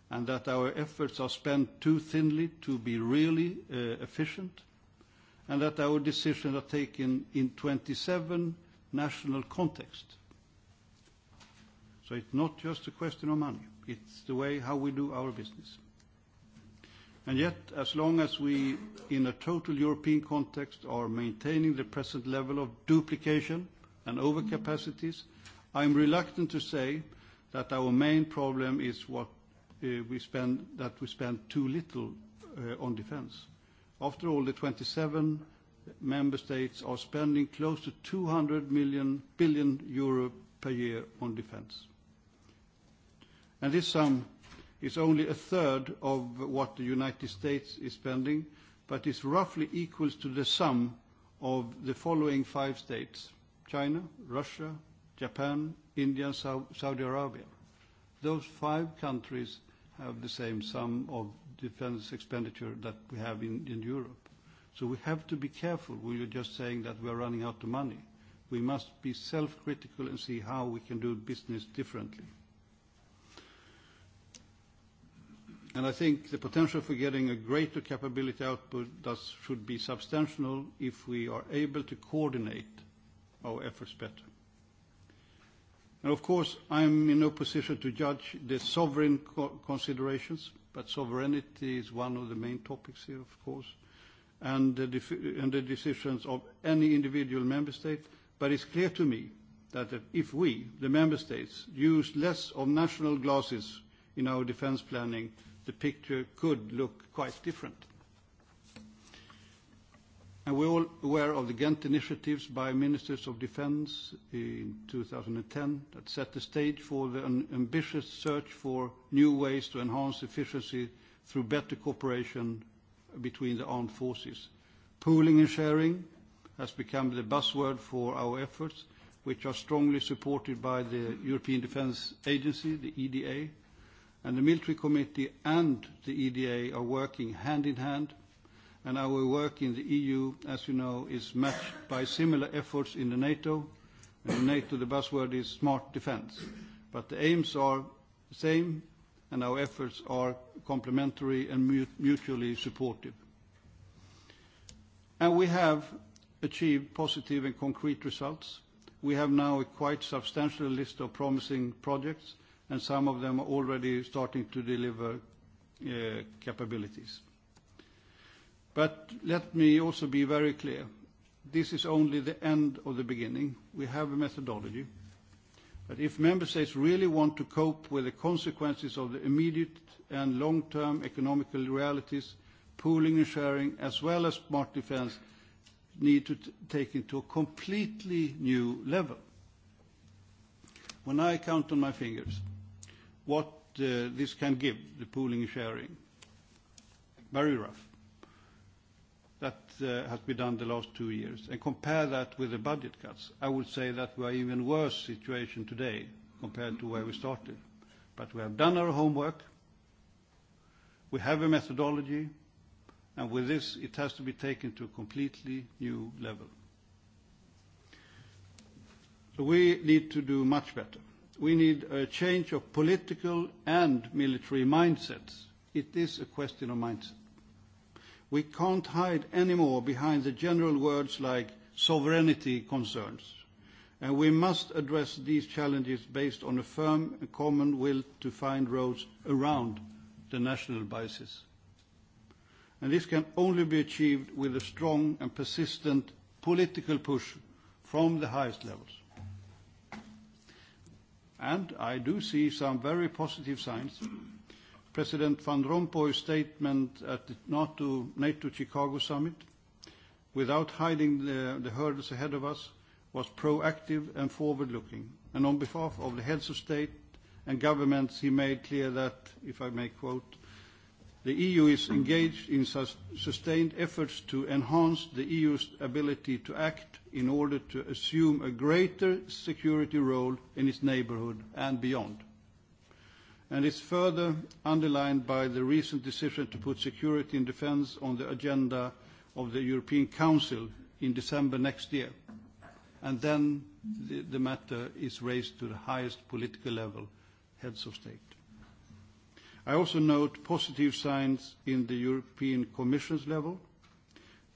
and that our efforts are spent too thinly to be really efficient, and that our decisions are taken in 27 national contexts. So It's not just a question of money, it's the way how we do our business. And Yet, as long as we, in a total European context, are maintaining the present level of duplication, and overcapacities, I am reluctant to say that our main problem is what we spend, that we spend too little on defense. After all, the 27 member states are spending close to 200 billion euro per year on defense. And This sum is only a third of what the United States is spending, but is roughly equal to the sum of the following five states: China, Russia, Japan, India, and Saudi Arabia. Those five countries have the same sum of defense expenditure that we have in in Europe. So We have to be careful. We are just saying that we are running out of money. We must be self-critical and see how we can do business differently. And I think the potential for getting a greater capability output thus should be substantial if we are able to coordinate our efforts better. And of course, I am in no position to judge the sovereign co considerations, but sovereignty is one of the main topics here, of course, and the, decisions of any individual member state. But it's clear to me that if we, the member states, use less of national glasses in our defence planning, the picture could look quite different. And we're all aware of the Ghent initiatives by ministers of defense in 2010 that set the stage for the ambitious search for new ways to enhance efficiency through better cooperation between the armed forces. Pooling and sharing has become the buzzword for our efforts, which are strongly supported by the European Defence Agency, the EDA, and the Military Committee and the EDA are working hand in hand – and our work in the EU, as you know, is matched by similar efforts in the NATO. In NATO, the buzzword is smart defense. But the aims are the same, and our efforts are complementary and mutually supportive. And we have achieved positive and concrete results. We have now a quite substantial list of promising projects, and some of them are already starting to deliver capabilities. But let me also be very clear. This is only the end of the beginning. We have a methodology. But if member states really want to cope with the consequences of the immediate and long-term economic realities, pooling and sharing, as well as smart defense, need to take it to a completely new level. When I count on my fingers what this can give, the pooling and sharing, very rough that has been done the last two years, and compare that with the budget cuts, I would say that we are even worse situation today compared to where we started. But we have done our homework, we have a methodology, and with this, it has to be taken to a completely new level. So we need to do much better. We need a change of political and military mindsets. It is a question of mindset We can't hide anymore behind the general words like sovereignty concerns, and we must address these challenges based on a firm and common will to find roads around the national biases. And this can only be achieved with a strong and persistent political push from the highest levels. And I do see some very positive signs President Van Rompuy's statement at the NATO, NATO Chicago summit, without hiding the, the hurdles ahead of us, was proactive and forward-looking. And on behalf of the heads of state and governments, he made clear that, if I may quote, the EU is engaged in sustained efforts to enhance the EU's ability to act in order to assume a greater security role in its neighbourhood and beyond and is further underlined by the recent decision to put security and defence on the agenda of the European Council in December next year. And then the, matter is raised to the highest political level, heads of state. I also note positive signs in the European Commission's level.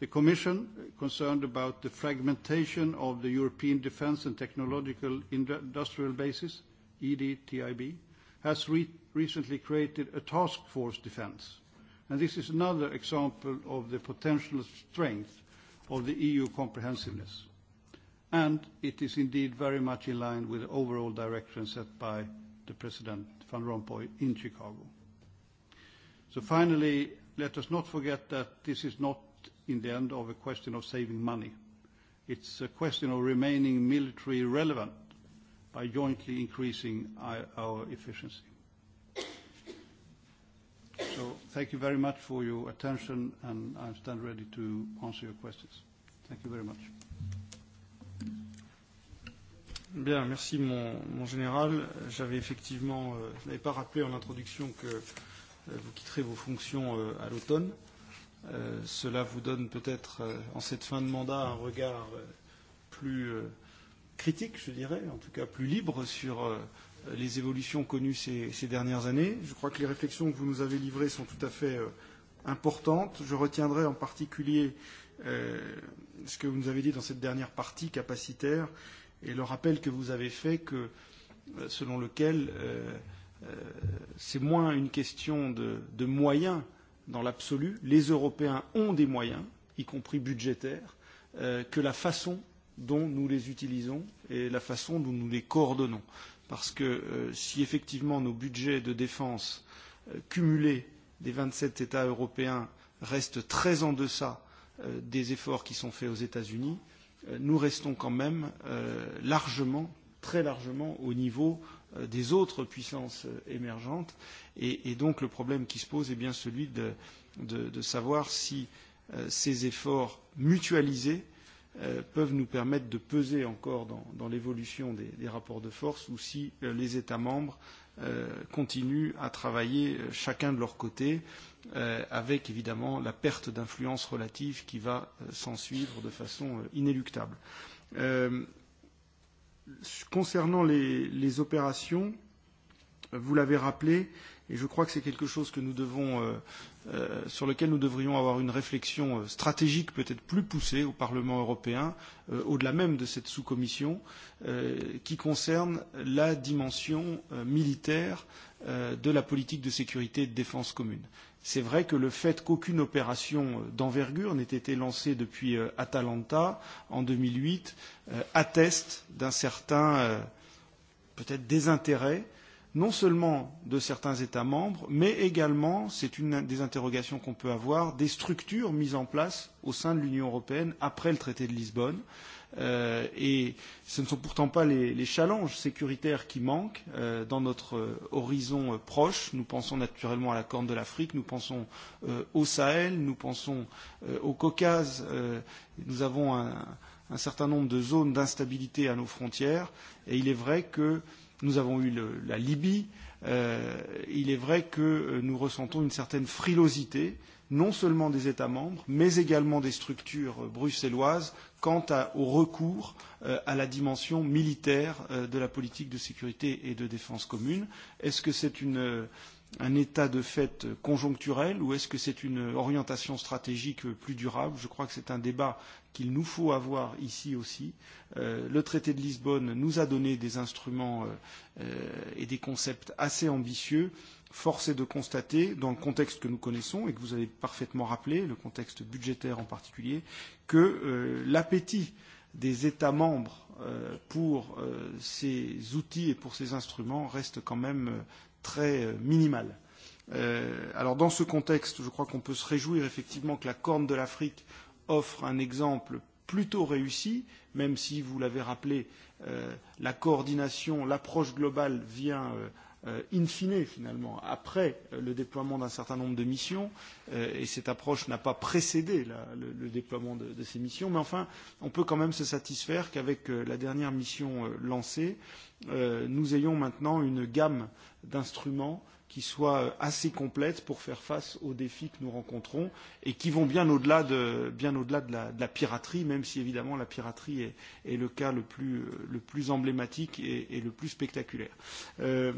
The Commission, concerned about the fragmentation of the European defence and technological industrial basis, EDTIB, has re recently created a task force defense. And this is another example of the potential strength of the EU comprehensiveness. And it is indeed very much in line with the overall direction set by the President Van Rompuy in Chicago. So finally, let us not forget that this is not, in the end, of a question of saving money. It's a question of remaining military relevant by jointly increasing our efficiency. Thank you very much for your attention, and I stand ready to answer your questions. Thank you very much. Bien, merci mon, général. J'avais effectivement, je n'avais pas rappelé en introduction que vous quitterez vos fonctions à l'automne. cela vous donne peut-être en cette fin de mandat un regard plus critique, je dirais, en tout cas plus libre sur euh, les évolutions connues ces, ces dernières années. Je crois que les réflexions que vous nous avez livrées sont tout à fait euh, importantes. Je retiendrai en particulier euh, ce que vous nous avez dit dans cette dernière partie capacitaire et le rappel que vous avez fait que selon lequel euh, euh, c'est moins une question de, de moyens dans l'absolu. Les Européens ont des moyens, y compris budgétaires, euh, que la façon dont nous les utilisons et la façon dont nous les coordonnons. Parce que euh, si effectivement nos budgets de défense euh, cumulés des 27 États européens restent très en deçà euh, des efforts qui sont faits aux États-Unis, euh, nous restons quand même euh, largement, très largement au niveau euh, des autres puissances euh, émergentes. Et, et donc le problème qui se pose est bien celui de, de, de savoir si euh, ces efforts mutualisés euh, peuvent nous permettre de peser encore dans, dans l'évolution des, des rapports de force ou si les États membres euh, continuent à travailler chacun de leur côté, euh, avec évidemment la perte d'influence relative qui va euh, s'en suivre de façon euh, inéluctable. Euh, concernant les, les opérations, vous l'avez rappelé, et je crois que c'est quelque chose que nous devons euh, sur lequel nous devrions avoir une réflexion stratégique peut-être plus poussée au Parlement européen, au-delà même de cette sous-commission, qui concerne la dimension militaire de la politique de sécurité et de défense commune. C'est vrai que le fait qu'aucune opération d'envergure n'ait été lancée depuis Atalanta en deux mille huit atteste d'un certain peut-être désintérêt euh, non seulement de certains États membres, mais également, c'est une des interrogations qu'on peut avoir, des structures mises en place au sein de l'Union européenne après le traité de Lisbonne. Euh, et ce ne sont pourtant pas les, les challenges sécuritaires qui manquent euh, dans notre euh, horizon euh, proche. Nous pensons naturellement à la Corne de l'Afrique, nous pensons euh, au Sahel, nous pensons euh, au Caucase. Euh, nous avons un, un certain nombre de zones d'instabilité à nos frontières. Et il est vrai que euh, Nous avons eu le, la Libye. Euh, il est vrai que nous ressentons une certaine frilosité, non seulement des États membres, mais également des structures bruxelloises quant à, au recours euh, à la dimension militaire euh, de la politique de sécurité et de défense commune. Est-ce que c'est une. Euh, un état de fait conjoncturel ou est-ce que c'est une orientation stratégique plus durable Je crois que c'est un débat qu'il nous faut avoir ici aussi. Euh, le traité de Lisbonne nous a donné des instruments euh, et des concepts assez ambitieux. Force est de constater, dans le contexte que nous connaissons et que vous avez parfaitement rappelé, le contexte budgétaire en particulier, que euh, l'appétit des États membres pour ces outils et pour ces instruments reste quand même très minimale. alors dans ce contexte, je crois qu'on peut se réjouir effectivement que la Corne de l'Afrique offre un exemple plutôt réussi, même si, vous l'avez rappelé, la coordination, l'approche globale vient in fine, finalement, après le déploiement d'un certain nombre de missions, et cette approche n'a pas précédé le, déploiement de, ces missions, mais enfin, on peut quand même se satisfaire qu'avec la dernière mission lancée, nous ayons maintenant une gamme d'instruments qui soit assez complète pour faire face aux défis que nous rencontrons et qui vont bien au-delà de, bien au-delà de, la, de la piraterie, même si évidemment la piraterie est, est le cas le plus, le plus emblématique et, et le plus spectaculaire. Euh,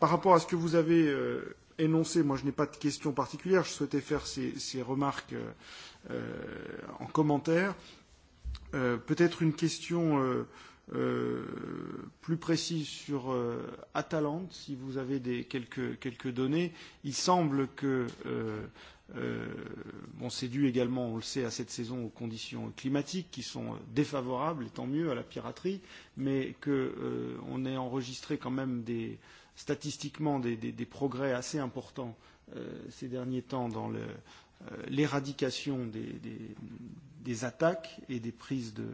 par rapport à ce que vous avez euh, énoncé, moi je n'ai pas de questions particulières, je souhaitais faire ces, ces remarques euh, en commentaire. Euh, peut-être une question. Euh, plus précis sur euh, Atalante, si vous avez des, quelques, quelques données. Il semble que, euh, euh, bon, c'est dû également, on le sait, à cette saison aux conditions climatiques qui sont défavorables, et tant mieux, à la piraterie, mais qu'on euh, ait enregistré quand même des, statistiquement des, des, des progrès assez importants euh, ces derniers temps dans l'éradication des, des des attaques et des prises de,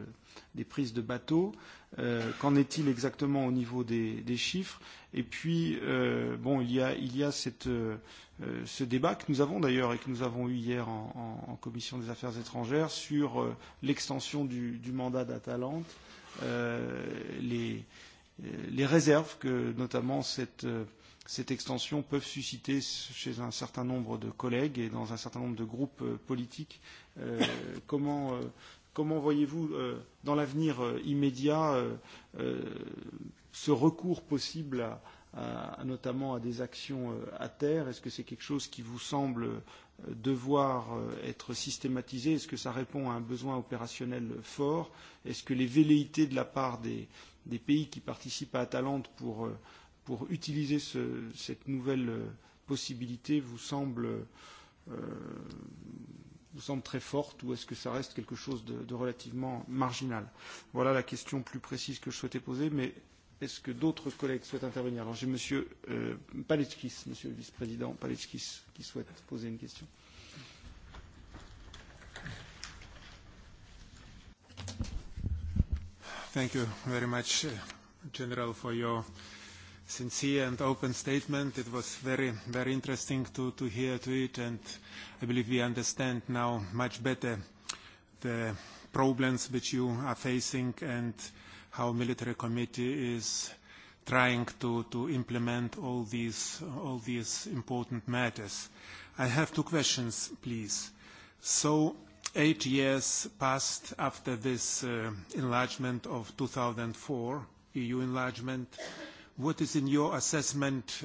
des prises de bateaux. Euh, Qu'en est-il exactement au niveau des, des chiffres Et puis, euh, bon, il y a, il y a cette, euh, ce débat que nous avons d'ailleurs et que nous avons eu hier en, en, en commission des affaires étrangères sur euh, l'extension du, du mandat d'Atalante, euh, les, les réserves que notamment cette euh, cette extension peut susciter chez un certain nombre de collègues et dans un certain nombre de groupes politiques comment comment voyez-vous dans l'avenir immédiat ce recours possible à, à, notamment à des actions à terre Est-ce que c'est quelque chose qui vous semble devoir être systématisé Est-ce que ça répond à un besoin opérationnel fort Est-ce que les velléités de la part des, des pays qui participent à Atalante pour, pour utiliser ce, cette nouvelle possibilité vous semblent euh, vous semble très forte ou est-ce que ça reste quelque chose de, de relativement marginal Voilà la question plus précise que je souhaitais poser, mais est-ce que d'autres collègues souhaitent intervenir Alors j'ai M. euh, Paletskis, M. le Vice-président Paletskis, qui souhaite poser une question. Thank you very much, General, for your sincere and open statement. It was very, very interesting to, to hear to it, and I believe we understand now much better the problems which you are facing and how military committee is trying to, to implement all these, all these important matters. I have two questions, please. So eight years passed after this uh, enlargement of 2004, EU enlargement, What is in your assessment,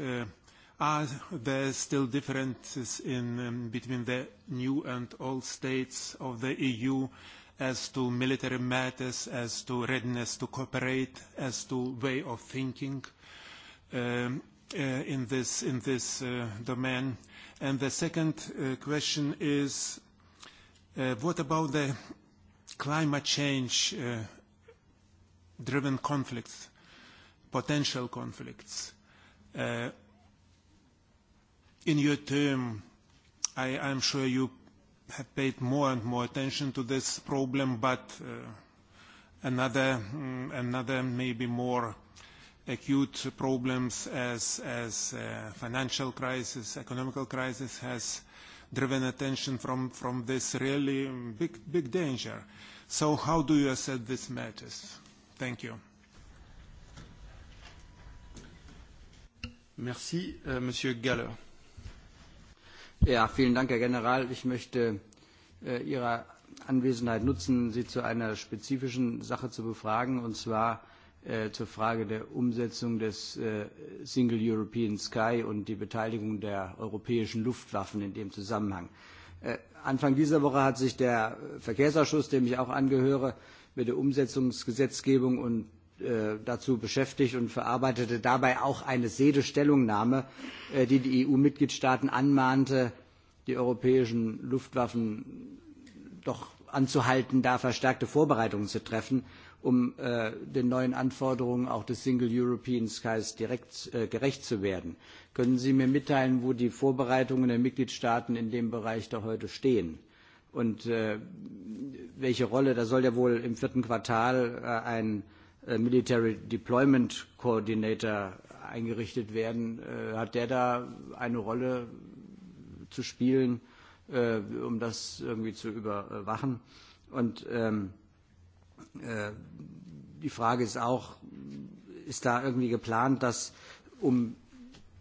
are there still differences in between the new and old states of the EU as to military matters, as to readiness to cooperate, as to way of thinking in this domain? And the second question is, what about the climate change driven conflicts? potential conflicts. Uh, in your term, I, am sure you have paid more and more attention to this problem, but uh, another, um, another maybe more acute problems as, as uh, financial crisis, economical crisis has driven attention from, from this really big, big danger. So how do you assess these matters? Thank you. Merci, euh, Monsieur Galler. Ja, vielen Dank, Herr General. Ich möchte äh, Ihre Anwesenheit nutzen, Sie zu einer spezifischen Sache zu befragen, und zwar äh, zur Frage der Umsetzung des äh, Single European Sky und die Beteiligung der europäischen Luftwaffen in dem Zusammenhang. Äh, Anfang dieser Woche hat sich der Verkehrsausschuss, dem ich auch angehöre, mit der Umsetzungsgesetzgebung und dazu beschäftigt und verarbeitete dabei auch eine SEDE-Stellungnahme, die die EU-Mitgliedstaaten anmahnte, die europäischen Luftwaffen doch anzuhalten, da verstärkte Vorbereitungen zu treffen, um den neuen Anforderungen auch des Single European Skies direkt gerecht zu werden. Können Sie mir mitteilen, wo die Vorbereitungen der Mitgliedstaaten in dem Bereich da heute stehen? Und welche Rolle, da soll ja wohl im vierten Quartal ein Military Deployment Coordinator eingerichtet werden. Hat der da eine Rolle zu spielen, um das irgendwie zu überwachen? Und die Frage ist auch, ist da irgendwie geplant, dass um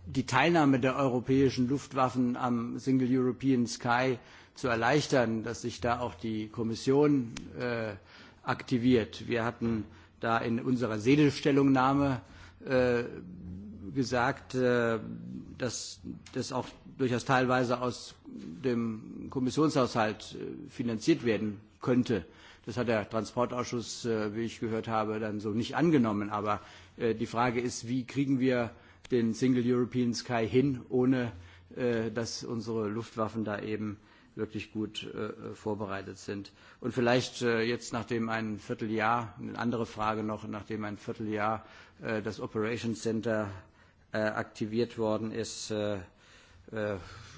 die Teilnahme der europäischen Luftwaffen am Single European Sky zu erleichtern, dass sich da auch die Kommission aktiviert. Wir hatten da in unserer Sedelstellungnahme gesagt, dass das auch durchaus teilweise aus dem Kommissionshaushalt finanziert werden könnte. Das hat der Transportausschuss, wie ich gehört habe, dann so nicht angenommen. Aber die Frage ist, wie kriegen wir den Single European Sky hin, ohne dass unsere Luftwaffen da eben wirklich gut vorbereitet sind. Und vielleicht jetzt, nachdem ein Vierteljahr, eine andere Frage noch, nachdem ein Vierteljahr das Operation Center aktiviert worden ist,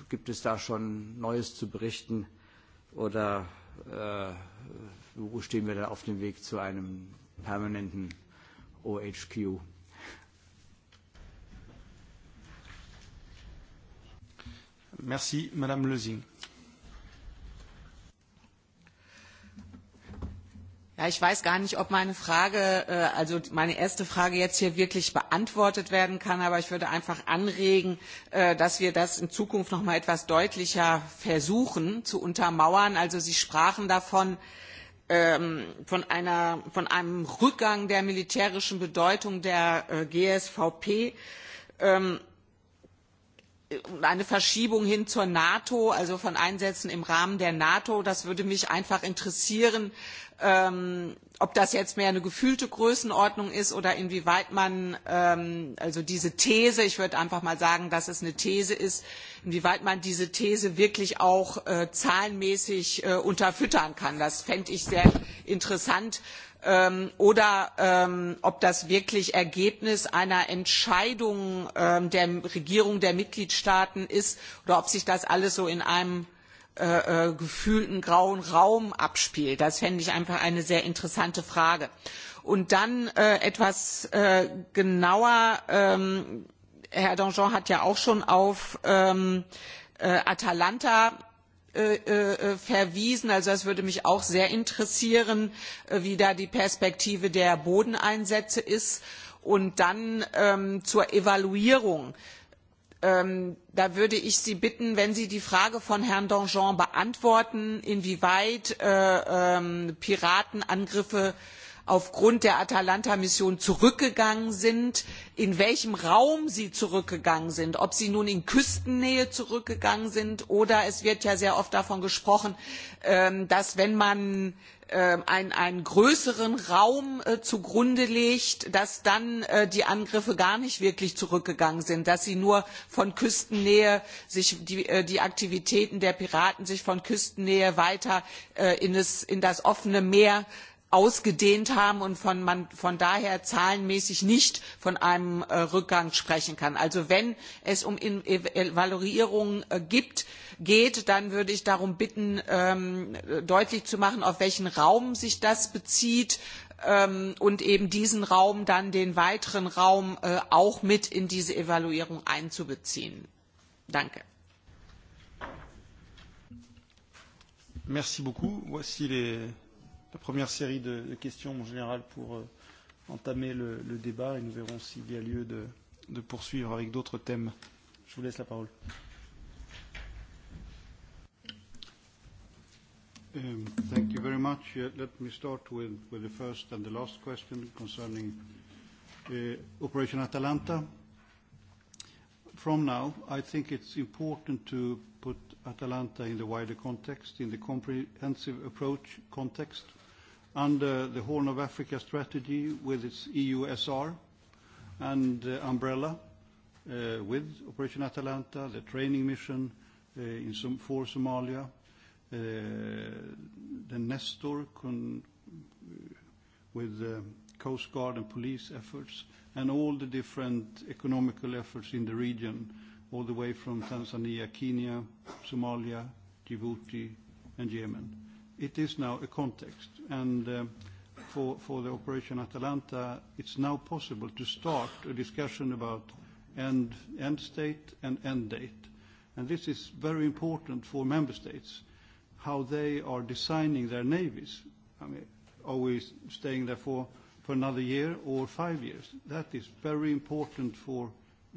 gibt es da schon Neues zu berichten oder wo stehen wir da auf dem Weg zu einem permanenten OHQ? Merci, Madame Lösing. Ja, ich weiß gar nicht, ob meine Frage, also meine erste Frage jetzt hier wirklich beantwortet werden kann, aber ich würde einfach anregen, dass wir das in Zukunft noch mal etwas deutlicher versuchen zu untermauern. Also Sie sprachen davon, von, einer, von einem Rückgang der militärischen Bedeutung der GSVP eine Verschiebung hin zur NATO, also von Einsätzen im Rahmen der NATO. Das würde mich einfach interessieren, ob das jetzt mehr eine gefühlte Größenordnung ist oder inwieweit man, also diese These, ich würde einfach mal sagen, dass es eine These ist, inwieweit man diese These wirklich auch zahlenmäßig unterfüttern kann. Das fände ich sehr interessant. oder ob das wirklich Ergebnis einer Entscheidung der Regierung der Mitgliedstaaten ist oder ob sich das alles so in einem gefühlten grauen Raum abspielt? Das fände ich einfach eine sehr interessante Frage. Und dann etwas genauer, Herr Danjean hat ja auch schon auf Atalanta verwiesen. Also das würde mich auch sehr interessieren, wie da die Perspektive der Bodeneinsätze ist. Und dann zur Evaluierung da würde ich Sie bitten, wenn Sie die Frage von Herrn Danjean beantworten, inwieweit Piratenangriffe aufgrund der Atalanta-Mission zurückgegangen sind, in welchem Raum sie zurückgegangen sind, ob sie nun in Küstennähe zurückgegangen sind oder es wird ja sehr oft davon gesprochen, dass wenn man einen größeren Raum zugrunde legt, dass dann die Angriffe gar nicht wirklich zurückgegangen sind, dass sie nur von Küstennähe die, Aktivitäten der Piraten sich von Küstennähe weiter in das offene Meer ausgedehnt haben und von, daher zahlenmäßig nicht von einem Rückgang sprechen kann. Also wenn es um Evaluierungen geht, dann würde ich darum bitten, deutlich zu machen, auf welchen Raum sich das bezieht und eben diesen Raum dann den weiteren Raum auch mit in diese Evaluierung einzubeziehen. Danke. Merci beaucoup. Voici les, la première série de, de questions, en général, pour euh, entamer le, le débat et nous verrons s'il y a lieu de, de poursuivre avec d'autres thèmes. Je vous laisse la parole. Um, thank you very much. Uh, let me start with, with the first and the last question concerning uh, Operation Atalanta. From now, I think it's important to put Atalanta in the wider context, in the comprehensive approach context under the Horn of Africa strategy with its EU SR and umbrella, with Operation Atalanta, the training mission in some for Somalia, the Nestor con with Coast Guard and police efforts, and all the different economical efforts in the region, all the way from Tanzania, Kenya, Somalia, Djibouti, and Yemen it is now a context. And for for the Operation Atalanta, it's now possible to start a discussion about end end state and end date. And This is very important for member states, how they are designing their navies. I mean, are we staying there for for another year or five years? That is very important for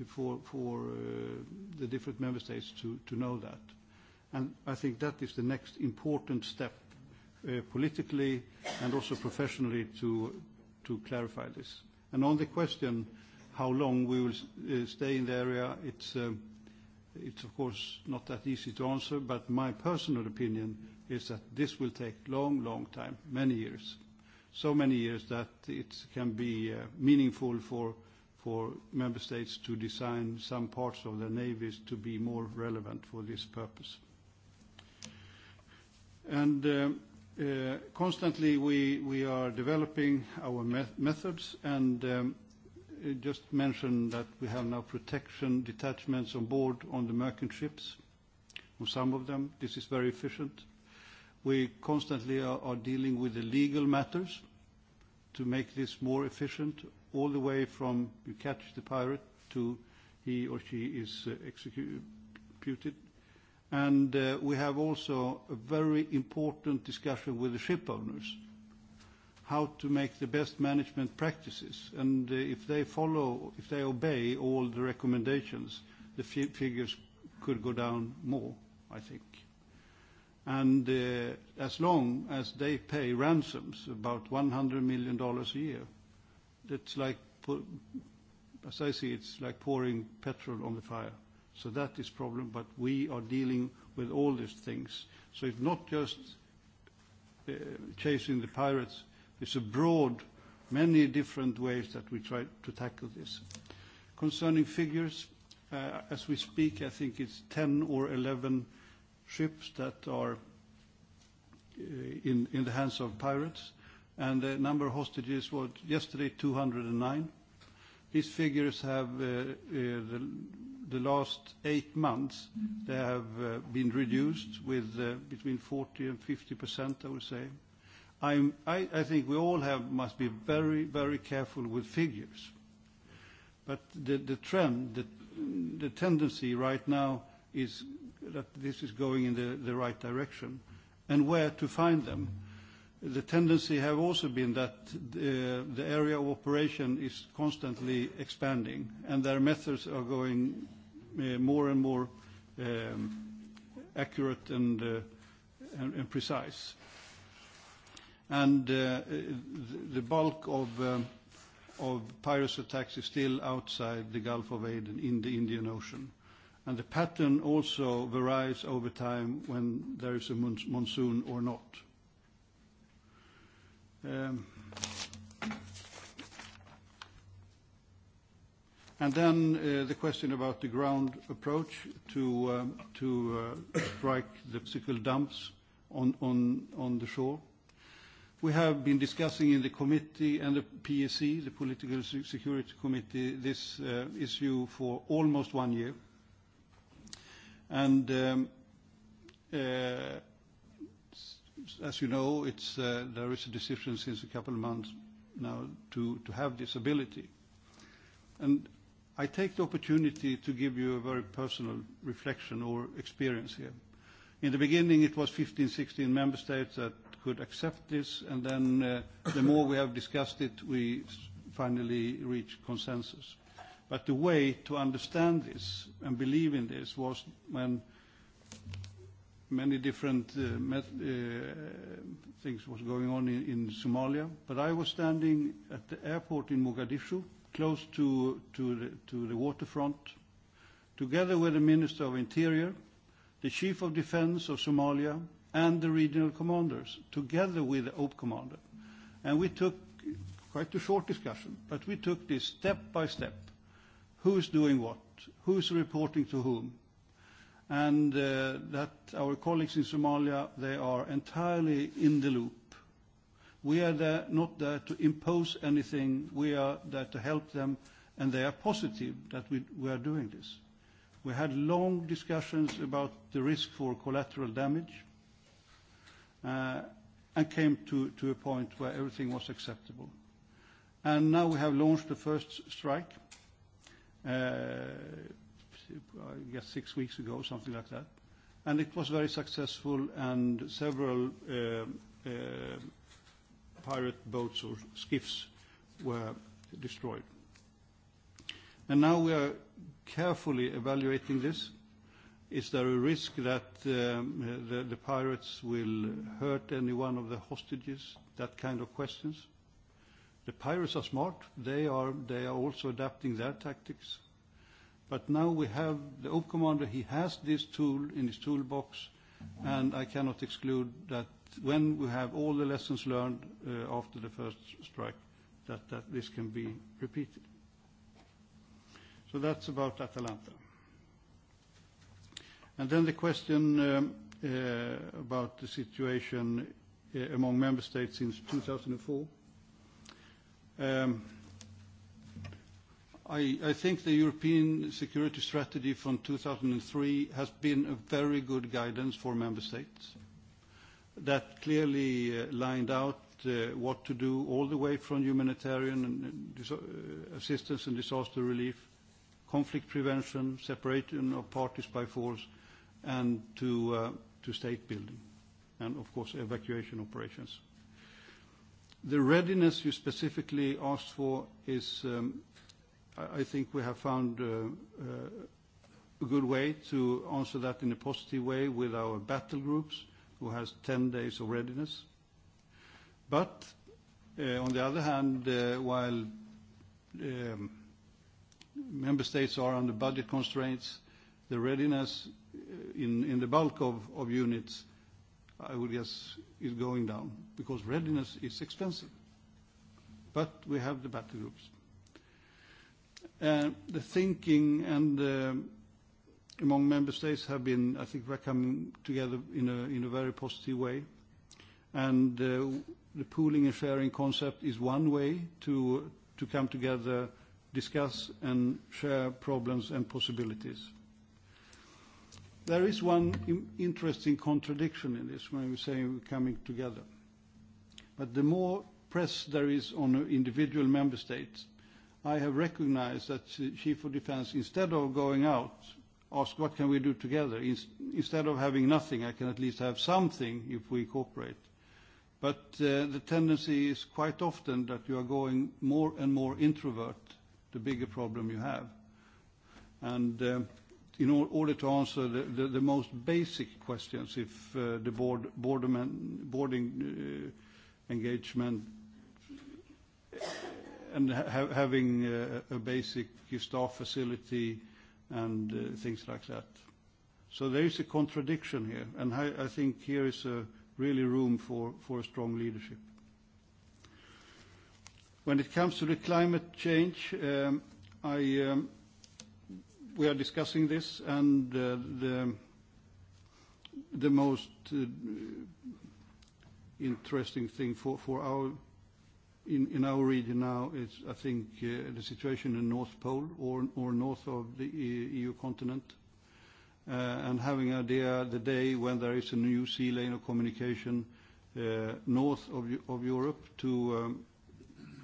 for for uh the different member states to to know that. And I think that is the next important step politically and also professionally to to clarify this. And On the question how long we will stay in the area, it's of course not that easy to answer, but my personal opinion is that this will take long, long time, many years. So many years that it can be meaningful for for member states to design some parts of their navies to be more relevant for this purpose. And Constantly, we are developing our methods, and just mention that we have now protection detachments on board on the merchant ships, on some of them. This is very efficient. We constantly are dealing with the legal matters to make this more efficient, all the way from you catch the pirate to he or she is executed and we have also a very important discussion with the ship owners, how to make the best management practices, and if they follow, if they obey all the recommendations, the figures could go down more, I think. And as long as they pay ransoms, about $100 million a year, that's like, as I see, it's like pouring petrol on the fire. So that is problem, but we are dealing with all these things. So it's not just uh, chasing the pirates. It's a broad, many different ways that we try to tackle this. Concerning figures, uh, as we speak, I think it's 10 or 11 ships that are uh, in, in the hands of pirates, and the number of hostages was yesterday 209. These figures have uh, uh, the the last eight months, they have been reduced with between 40% and 50%, I would say. I think we all must be very, very careful with figures. But the trend, the tendency right now is that this is going in the right direction. And where to find them? The tendency have also been that the area of operation is constantly expanding, and their methods are going more and more accurate and precise. And The bulk of piracy attacks is still outside the Gulf of Aden in the Indian Ocean. and The pattern also varies over time when there is a monsoon or not. And then the question about the ground approach to strike the physical dumps on the shore. We have been discussing in the committee and the PSC, the Political Security Committee, this issue for almost one year. And as you know, it's there is a decision since a couple of months now to have this ability. And I take the opportunity to give you a very personal reflection or experience here. In the beginning, it was 15, 16 member states that could accept this, and then the more we have discussed it, we finally reached consensus. But the way to understand this and believe in this was when many different uh, met, uh, things was going on in, in Somalia. But I was standing at the airport in Mogadishu, close to, to, the, to the waterfront, together with the Minister of Interior, the Chief of Defense of Somalia, and the regional commanders, together with the OPE commander. And we took quite a short discussion, but we took this step by step. Who's doing what? Who's reporting to whom? And uh, that our colleagues in Somalia, they are entirely in the loop We are there, not there to impose anything. We are there to help them, and they are positive that we, we are doing this. We had long discussions about the risk for collateral damage uh, and came to, to a point where everything was acceptable. And now we have launched the first strike, uh, I guess six weeks ago, something like that. And it was very successful, and several uh, uh, pirate boats or skiffs were destroyed. And Now we are carefully evaluating this. Is there a risk that um the the pirates will hurt any one of the hostages? That kind of questions. The pirates are smart. They are they are also adapting their tactics. But Now we have the OP commander, he has this tool in his toolbox, and I cannot exclude that when we have all the lessons learned uh, after the first strike, that, that this can be repeated. So that's about Atalanta. And then the question about the situation among member states since 2004. I, I think the European security strategy from 2003 has been a very good guidance for member states that clearly uh lined out uh what to do all the way from humanitarian and uh assistance and disaster relief, conflict prevention, separation of parties by force, and to uh to state building, and of course, evacuation operations. The readiness you specifically asked for is, um I think we have found uh uh a good way to answer that in a positive way with our battle groups who has 10 days of readiness. But on the other hand, while member states are under budget constraints, the readiness in in the bulk of of units, I would guess, is going down because readiness is expensive. But we have the battle groups. The thinking and among member states have been, I think, coming together in a, in a very positive way. And uh, the pooling and sharing concept is one way to, to come together, discuss and share problems and possibilities. There is one interesting contradiction in this when we say we're coming together. But the more press there is on an individual member States, I have recognized that the Chief of Defense, instead of going out ask what can we do together. instead of having nothing, I can at least have something if we cooperate. But uh, the tendency is quite often that you are going more and more introvert the bigger problem you have. And uh, in order to answer the, the, the most basic questions, if uh, the board, boardman, boarding uh, engagement and ha- having uh, a basic staff facility and uh, things like that. So there is a contradiction here, and I, I think here is a really room for, for strong leadership. When it comes to the climate change, um, I, um, we are discussing this, and uh, the, the most uh, interesting thing for, for our in, in our region now, it's, I think, uh, the situation in North Pole or, or north of the EU continent. Uh, and having an idea the day when there is a new sea lane of communication uh, north of, of Europe to, um,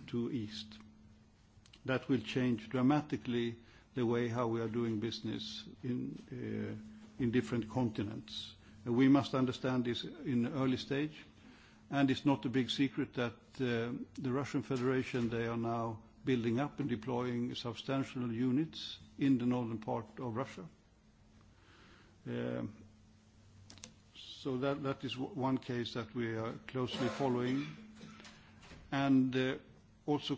to east. That will change dramatically the way how we are doing business in, uh, in different continents. We must understand this in the early stage And It's not a big secret that the Russian Federation, they are now building up and deploying substantial units in the northern part of Russia. So That that is one case that we are closely following. And Also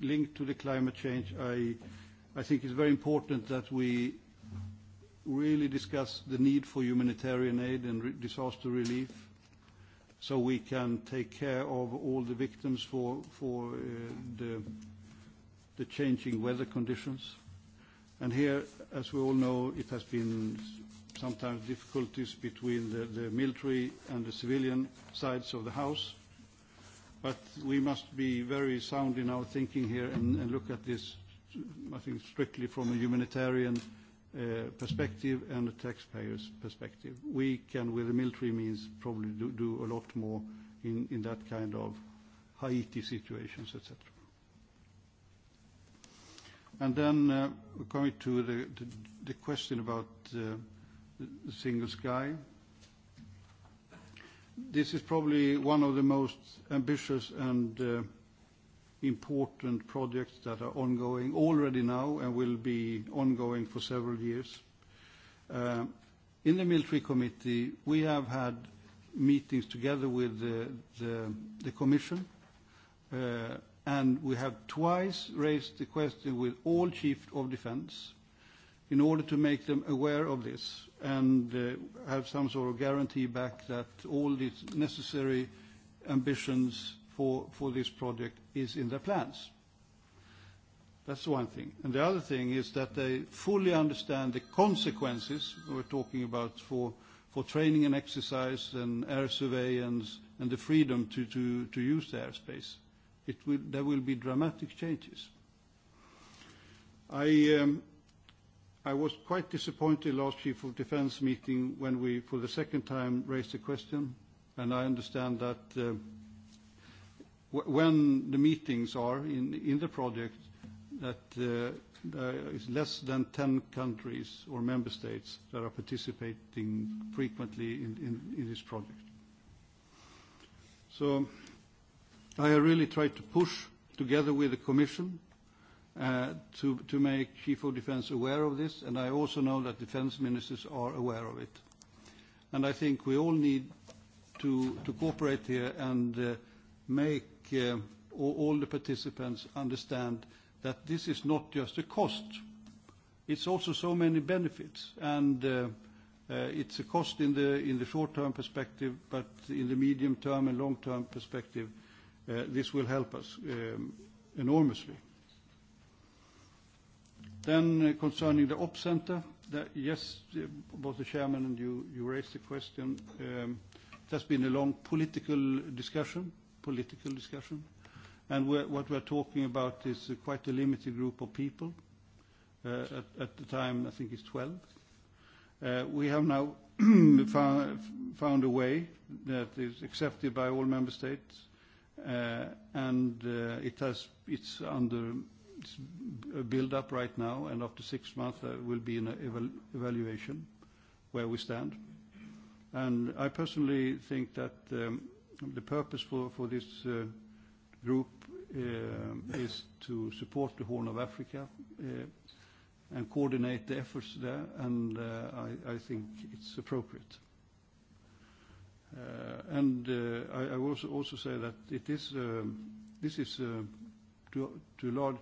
linked to the climate change, I think it's very important that we really discuss the need for humanitarian aid and disaster relief so we can take care of all the victims for for the changing weather conditions. And Here, as we all know, it has been sometimes difficulties between the the military and the civilian sides of the house. But We must be very sound in our thinking here and and look at this, I think, strictly from a humanitarian perspective and a taxpayer's perspective. We can, with the military means, probably do do a lot more in in that kind of Haiti situations, et cetera. And then coming to the the question about the Single Sky. This is probably one of the most ambitious and important projects that are ongoing already now and will be ongoing for several years. In the military committee, we have had meetings together with the commission, and we have twice raised the question with all chief of defense in order to make them aware of this and have some sort of guarantee back that all these necessary ambitions for for this project is in their plans. That's one thing. And The other thing is that they fully understand the consequences we're talking about for for training and exercise and air surveillance and the freedom to to to use the airspace. It will There will be dramatic changes. I um I was quite disappointed last Chief of Defence meeting when we, for the second time, raised the question, and I understand that when the meetings are in in the project that is less than 10 countries or member states that are participating frequently in in in this project. So I really try to push together with the Commission uh to to make Chief of Defence aware of this, and I also know that defence ministers are aware of it. And I think we all need to to cooperate here and make all the participants understand that this is not just a cost, it's also so many benefits. And it's a cost in the short-term perspective, but in the medium-term and long-term perspective, this will help us enormously. Then concerning the op center, yes, both the chairman and you raised the question. It has been a long political discussion political discussion. And we're, what we're talking about is uh, quite a limited group of people. Uh, at, at the time, I think it's 12. Uh, we have now found, found a way that is accepted by all member states, uh, and uh, it has, it's under it's a build-up right now, and after six months there will be an eval evaluation where we stand. And I personally think that um, the purpose for, for this uh, group uh, is to support the Horn of Africa uh, and coordinate the efforts there, and uh, I, I think it's appropriate. Uh, and uh, I, I will also, also say that it is, um, this is uh, to, to large,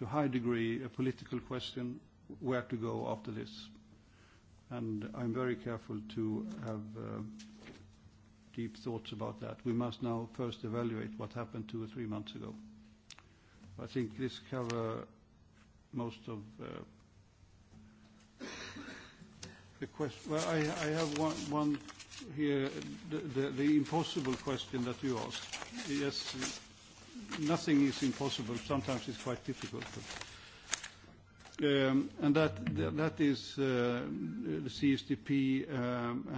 to a high degree, a political question where to go after this. And I'm very careful to have uh, deep thoughts about that. We must now first evaluate what happened two or three months ago. I think this cover most of uh, the question. Well, I, I have one, one here, the, the, the impossible question that you asked. Yes, nothing is impossible. Sometimes it's quite difficult. But And That is the CSDP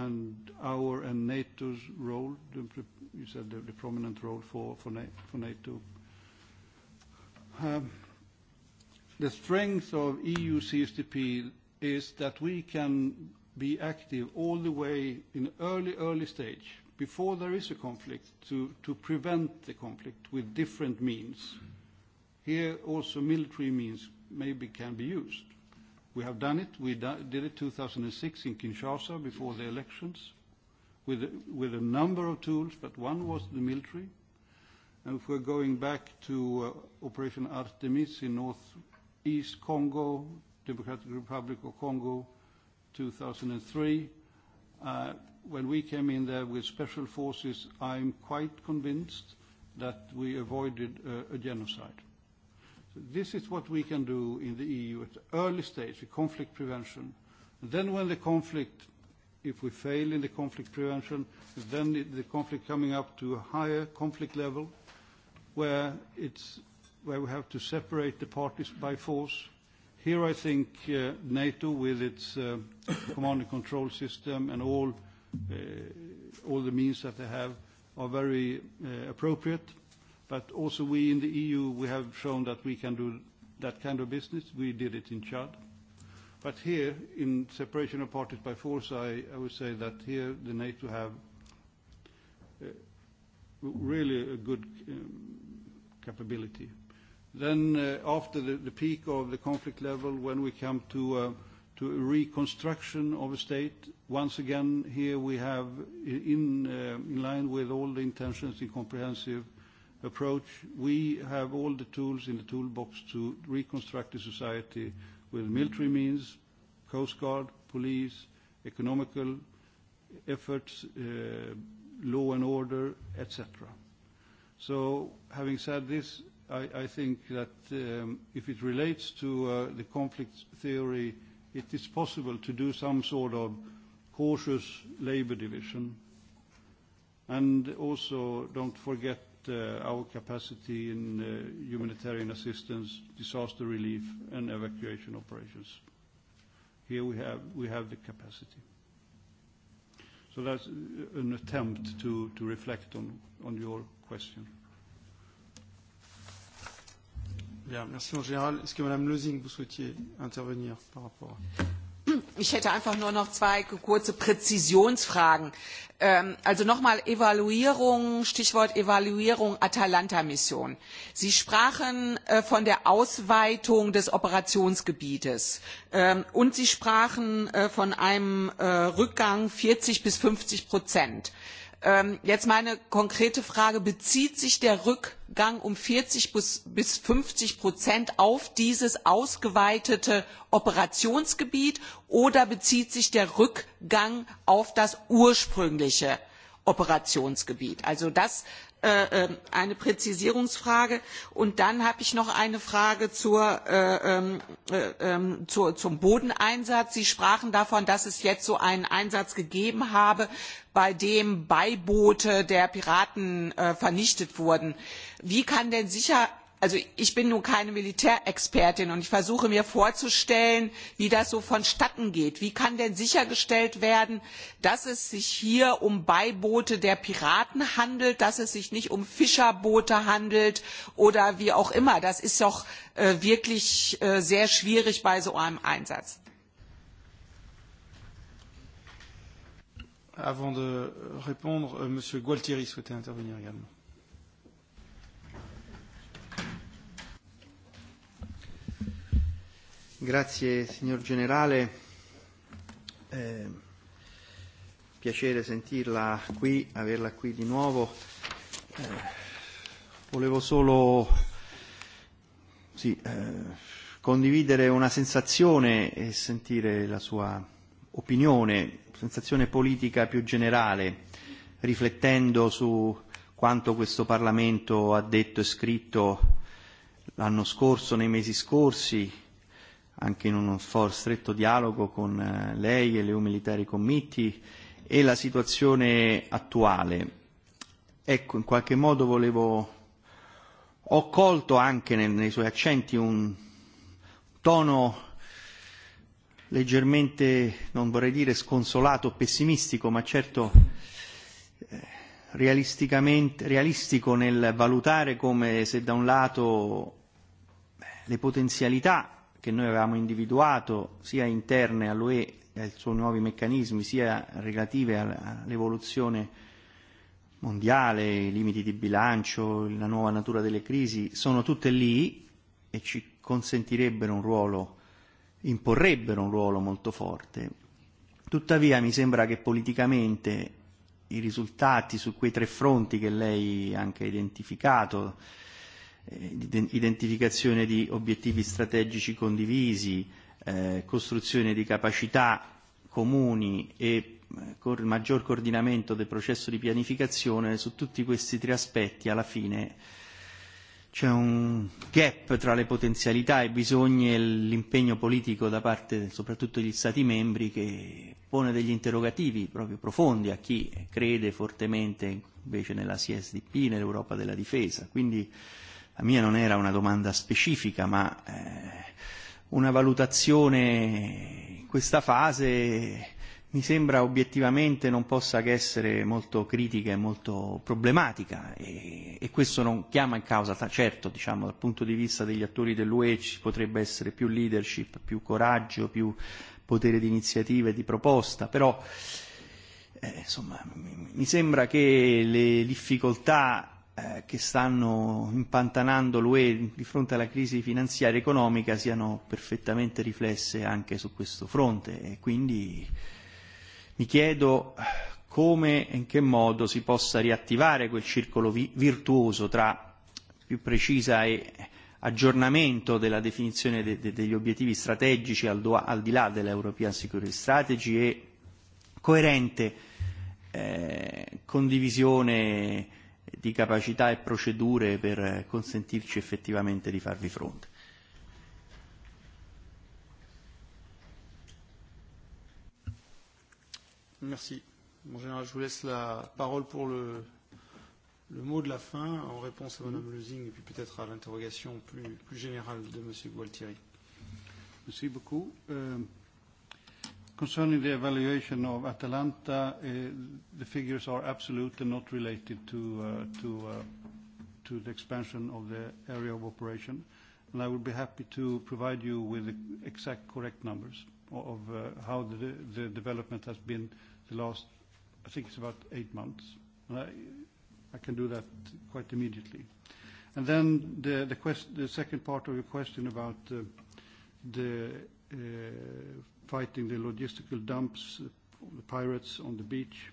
and our and NATO's role. You said the prominent role for NATO. The strength of EU CSDP is that we can be active all the way in early early stage, before there is a conflict, to prevent the conflict with different means. Here also military means maybe can be used. We have done it. We did it 2006 in Kinshasa before the elections with a number of tools, but one was the military. And If we're going back to Operation Artemis in northeast Congo, Democratic Republic of Congo, 2003, when we came in there with special forces, I'm quite convinced that we avoided a genocide This is what we can do in the EU at the early stage, the conflict prevention. Then when the conflict, if we fail in the conflict prevention, then the conflict coming up to a higher conflict level where, it's, where we have to separate the parties by force. Here I think uh, NATO with its uh, command and control system and all, uh, all the means that they have are very uh, appropriate But also we in the EU, we have shown that we can do that kind of business. We did it in Chad. But here, in separation of parties by force, I I would say that here the NATO have uh really a good um capability. Then uh After the the peak of the conflict level, when we come to uh to a reconstruction of a state. Once again, here we have in in line with all the intentions in comprehensive approach, we have all the tools in the toolbox to reconstruct the society with military means, coast guard, police, economical efforts, uh, law and order, etc. So having said this, I, I think that um, if it relates to uh, the conflict theory, it is possible to do some sort of cautious labor division. And also, don't forget our capacity in humanitarian assistance, disaster relief, and evacuation operations. Here we have the capacity. So That's an attempt to reflect on your question. Bien. Merci en général. Est-ce que Madame Losing, vous souhaitiez intervenir par rapport à Ich hätte einfach nur noch zwei kurze Präzisionsfragen. Also nochmal Evaluierung, Stichwort Evaluierung Atalanta-Mission. Sie sprachen von der Ausweitung des Operationsgebietes und Sie sprachen von einem Rückgang vierzig bis fünfzig Prozent jetzt meine konkrete Frage, bezieht sich der Rückgang um vierzig bis fünfzig auf dieses ausgeweitete Operationsgebiet oder bezieht sich der Rückgang auf das ursprüngliche Operationsgebiet? Also das eine Präzisierungsfrage. Und dann habe ich noch eine Frage zum Bodeneinsatz. Sie sprachen davon, dass es jetzt so einen Einsatz gegeben habe, bei dem Beiboote der Piraten vernichtet wurden. Wie kann denn sicher also ich bin nun keine militärexpertin und ich versuche mir vorzustellen wie das so vonstatten geht. wie kann denn sichergestellt werden dass es sich hier um beiboote der piraten handelt dass es sich nicht um fischerboote handelt oder wie auch immer? das ist doch wirklich sehr schwierig bei so einem einsatz. avant de répondre Monsieur gualtieri souhaitait intervenir également. Grazie signor Generale, eh, piacere sentirla qui, averla qui di nuovo. Eh, volevo solo sì, eh, condividere una sensazione e sentire la sua opinione, sensazione politica più generale, riflettendo su quanto questo Parlamento ha detto e scritto l'anno scorso, nei mesi scorsi, anche in uno stretto dialogo con lei e le EU Military Committee e la situazione attuale. Ecco, in qualche modo volevo, ho colto anche nel, nei suoi accenti un tono leggermente, non vorrei dire sconsolato, pessimistico, ma certo realisticamente, realistico nel valutare come se da un lato le potenzialità che noi avevamo individuato sia interne all'UE e ai suoi nuovi meccanismi, sia relative all'evoluzione mondiale, i limiti di bilancio, la nuova natura delle crisi, sono tutte lì e ci consentirebbero un ruolo, imporrebbero un ruolo molto forte. Tuttavia mi sembra che politicamente i risultati su quei tre fronti che lei ha anche identificato, identificazione di obiettivi strategici condivisi, eh, costruzione di capacità comuni e il maggior coordinamento del processo di pianificazione, su tutti questi tre aspetti alla fine c'è un gap tra le potenzialità e i bisogni e l'impegno politico da parte soprattutto degli Stati membri che pone degli interrogativi proprio profondi a chi crede fortemente invece nella CSDP, nell'Europa della difesa. Quindi eh, la mia non era una domanda specifica, ma eh, una valutazione in questa fase mi sembra obiettivamente non possa che essere molto critica e molto problematica e, e questo non chiama in causa, certo diciamo, dal punto di vista degli attori dell'UE ci potrebbe essere più leadership, più coraggio, più potere di iniziativa e di proposta, però eh, insomma, mi sembra che le difficoltà che stanno impantanando l'UE di fronte alla crisi finanziaria e economica siano perfettamente riflesse anche su questo fronte e quindi mi chiedo come e in che modo si possa riattivare quel circolo vi- virtuoso tra più precisa e aggiornamento della definizione de- de- degli obiettivi strategici al, do- al di là dell'European Security Strategy e coerente eh, condivisione di capacità e procedure per consentirci effettivamente di farvi fronte. Merci. Mon général, je vous laisse la parole pour le, le mot de la fin en réponse à Mme Lezing et puis peut-être à l'interrogation plus, plus générale de M. Gualtieri. Merci beaucoup. Euh, Concerning the evaluation of Atalanta, the figures are absolutely not related to the expansion of the area of operation. and I would be happy to provide you with the exact correct numbers of how the development has been the last, I think it's about eight months. I can do that quite immediately. And Then the second part of your question about the fighting the logistical dumps, the pirates on the beach?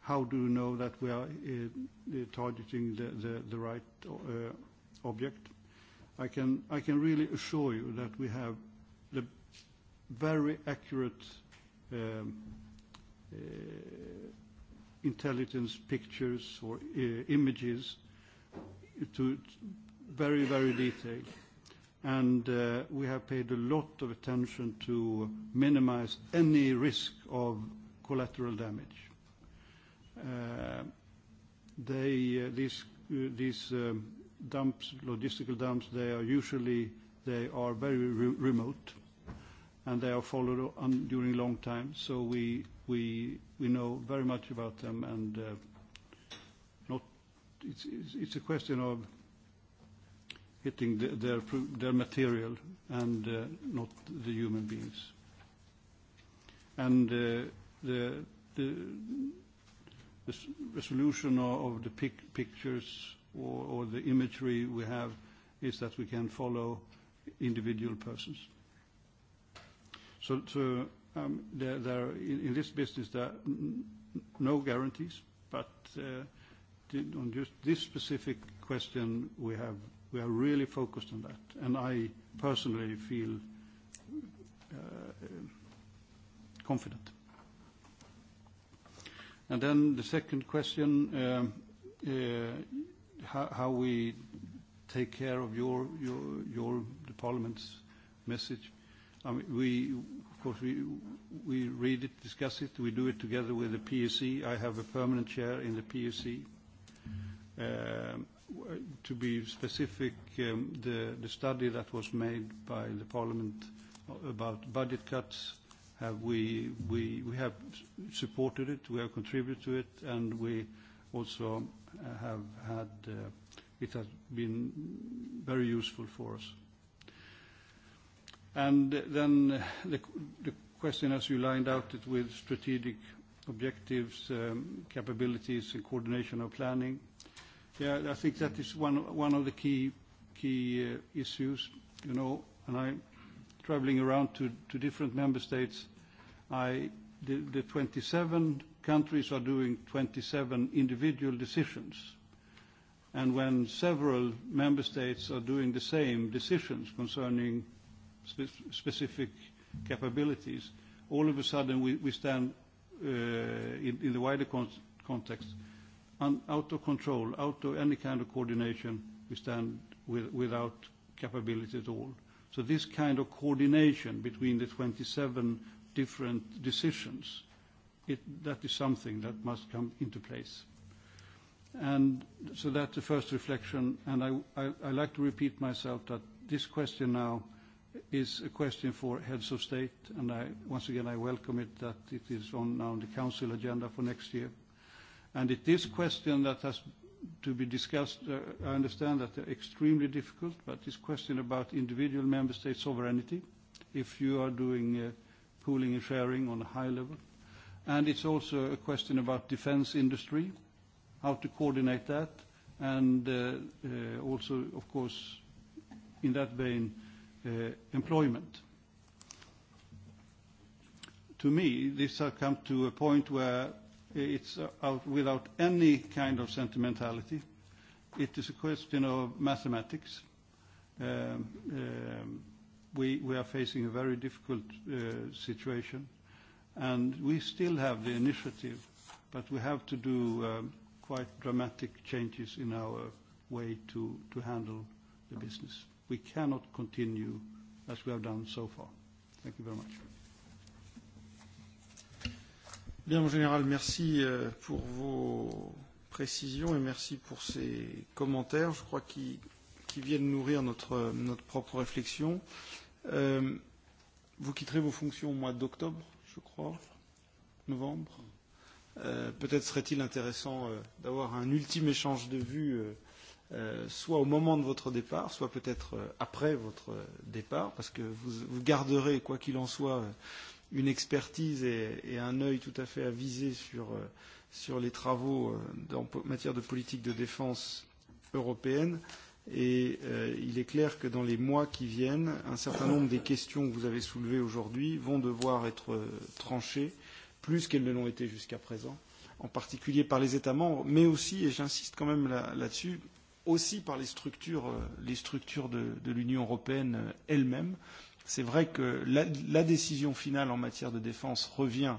How do you know that we are uh, targeting the, the, the right uh, object? I can, I can really assure you that we have the very accurate um, uh, intelligence pictures or uh, images to very, very detailed and uh, we have paid a lot of attention to minimize any risk of collateral damage. Uh, they, uh, these uh, these um, dumps, logistical dumps, they are usually they are very re- remote, and they are followed on during long time. So we we we know very much about them, and uh, not it's, it's it's a question of hitting the, their, their material and uh, not the human beings. And uh, the, the, the resolution of the pic- pictures or, or the imagery we have is that we can follow individual persons. So, so um, there, there in, in this business there are no guarantees, but uh, on just this specific question we have We are really focused on that, and I personally feel uh, confident. And then the second question, uh, uh, how, how we take care of your, your, your the Parliament's message. I mean, we, of course, we, we read it, discuss it. We do it together with the PSC. I have a permanent chair in the PSC. Um, to be specific, um, the, the study that was made by the Parliament about budget cuts, have we, we, we have supported it, we have contributed to it, and we also have had, uh, it has been very useful for us. And then the, the question, as you lined out it with strategic objectives, um, capabilities, and coordination of planning, Yeah, I think that is one one of the key key uh, issues, you know. And I'm traveling around to to different member states. I the, the 27 countries are doing 27 individual decisions, and when several member states are doing the same decisions concerning spe- specific capabilities, all of a sudden we, we stand uh, in, in the wider context out of control, out of any kind of coordination, we stand with, without capability at all. So this kind of coordination between the 27 different decisions, it, that is something that must come into place. And so that's the first reflection, and I, I, I like to repeat myself that this question now is a question for heads of state, and I, once again, I welcome it that it is on now the council agenda for next year And it is question that has to be discussed. Uh, I understand that they're extremely difficult, but this question about individual member state sovereignty, if you are doing uh, pooling and sharing on a high level. And it's also a question about defense industry, how to coordinate that, and uh, uh, also, of course, in that vein, uh, employment. To me, this has come to a point where It's without any kind of sentimentality. It is a question of mathematics. We we are facing a very difficult uh situation, and we still have the initiative, but we have to do um quite dramatic changes in our way to to handle the business. We cannot continue as we have done so far. Thank you very much. Bien, mon général, merci pour vos précisions et merci pour ces commentaires, je crois, qui, qui viennent nourrir notre, notre propre réflexion. Euh, vous quitterez vos fonctions au mois d'octobre, je crois, novembre. Euh, Peut-être serait-il intéressant euh, d'avoir un ultime échange de vues. Euh, soit au moment de votre départ, soit peut-être après votre départ, parce que vous, vous garderez, quoi qu'il en soit, une expertise et, et un œil tout à fait avisé sur, sur les travaux en matière de politique de défense européenne. Et euh, il est clair que dans les mois qui viennent, un certain nombre des questions que vous avez soulevées aujourd'hui vont devoir être tranchées, plus qu'elles ne l'ont été jusqu'à présent, en particulier par les États membres, mais aussi, et j'insiste quand même là-dessus, là aussi par les structures, les structures de, de l'Union européenne elle-même, C'est vrai que la, la décision finale en matière de défense revient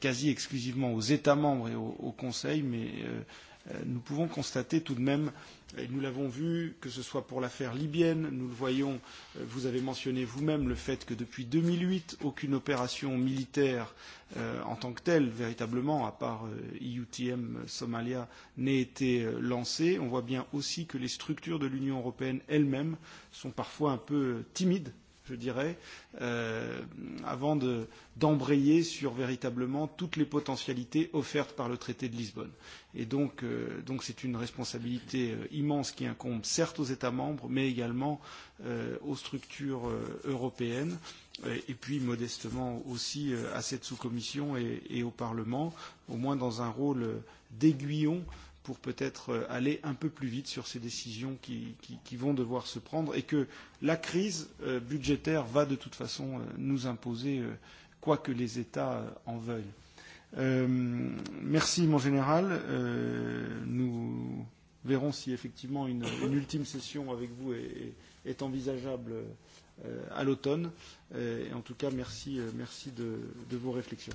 quasi exclusivement aux États membres et au, au Conseil, mais euh, nous pouvons constater tout de même, et nous l'avons vu, que ce soit pour l'affaire libyenne, nous le voyons, vous avez mentionné vous-même le fait que depuis 2008, aucune opération militaire euh, en tant que telle, véritablement, à part euh, IUTM Somalia, n'ait été euh, lancée. On voit bien aussi que les structures de l'Union européenne elles-mêmes sont parfois un peu timides je dirais, euh, avant d'embrayer de, sur véritablement toutes les potentialités offertes par le traité de Lisbonne. Et donc, euh, donc c'est une responsabilité euh, immense qui incombe certes aux États membres, mais également euh, aux structures euh, européennes, et puis modestement aussi euh, à cette sous-commission et, et au Parlement, au moins dans un rôle d'aiguillon euh, pour peut-être aller un peu plus vite sur ces décisions qui, qui, qui vont devoir se prendre et que la crise budgétaire va de toute façon nous imposer, quoi que les États en veuillent. Euh, merci, mon général. Euh, nous verrons si effectivement une, une ultime session avec vous est, est envisageable à l'automne. et en tout cas, merci, merci de, de vos réflexions.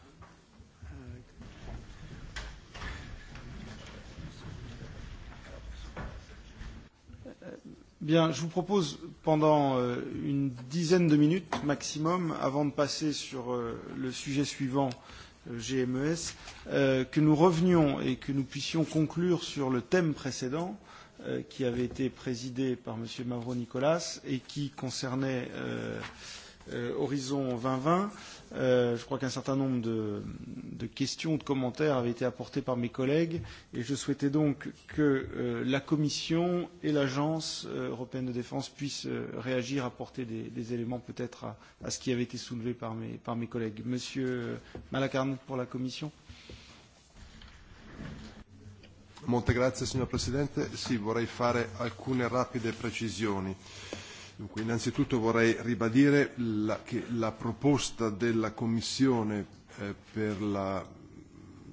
Bien, je vous propose pendant une dizaine de minutes maximum, avant de passer sur le sujet suivant, GMES, que nous revenions et que nous puissions conclure sur le thème précédent qui avait été présidé par M. Mavro Nicolas et qui concernait Horizon 2020 je crois qu'un certain nombre de, de questions, de commentaires avaient été apportés par mes collègues et je souhaitais donc que euh, la Commission et l'Agence européenne de défense puissent euh, réagir, apporter des, des éléments peut-être à, à ce qui avait été soulevé par mes, par mes collègues. Monsieur Malacarne pour la Commission. grazie signor Presidente. vorrei fare alcune rapide Dunque, innanzitutto vorrei ribadire la, che la proposta della Commissione eh, per la,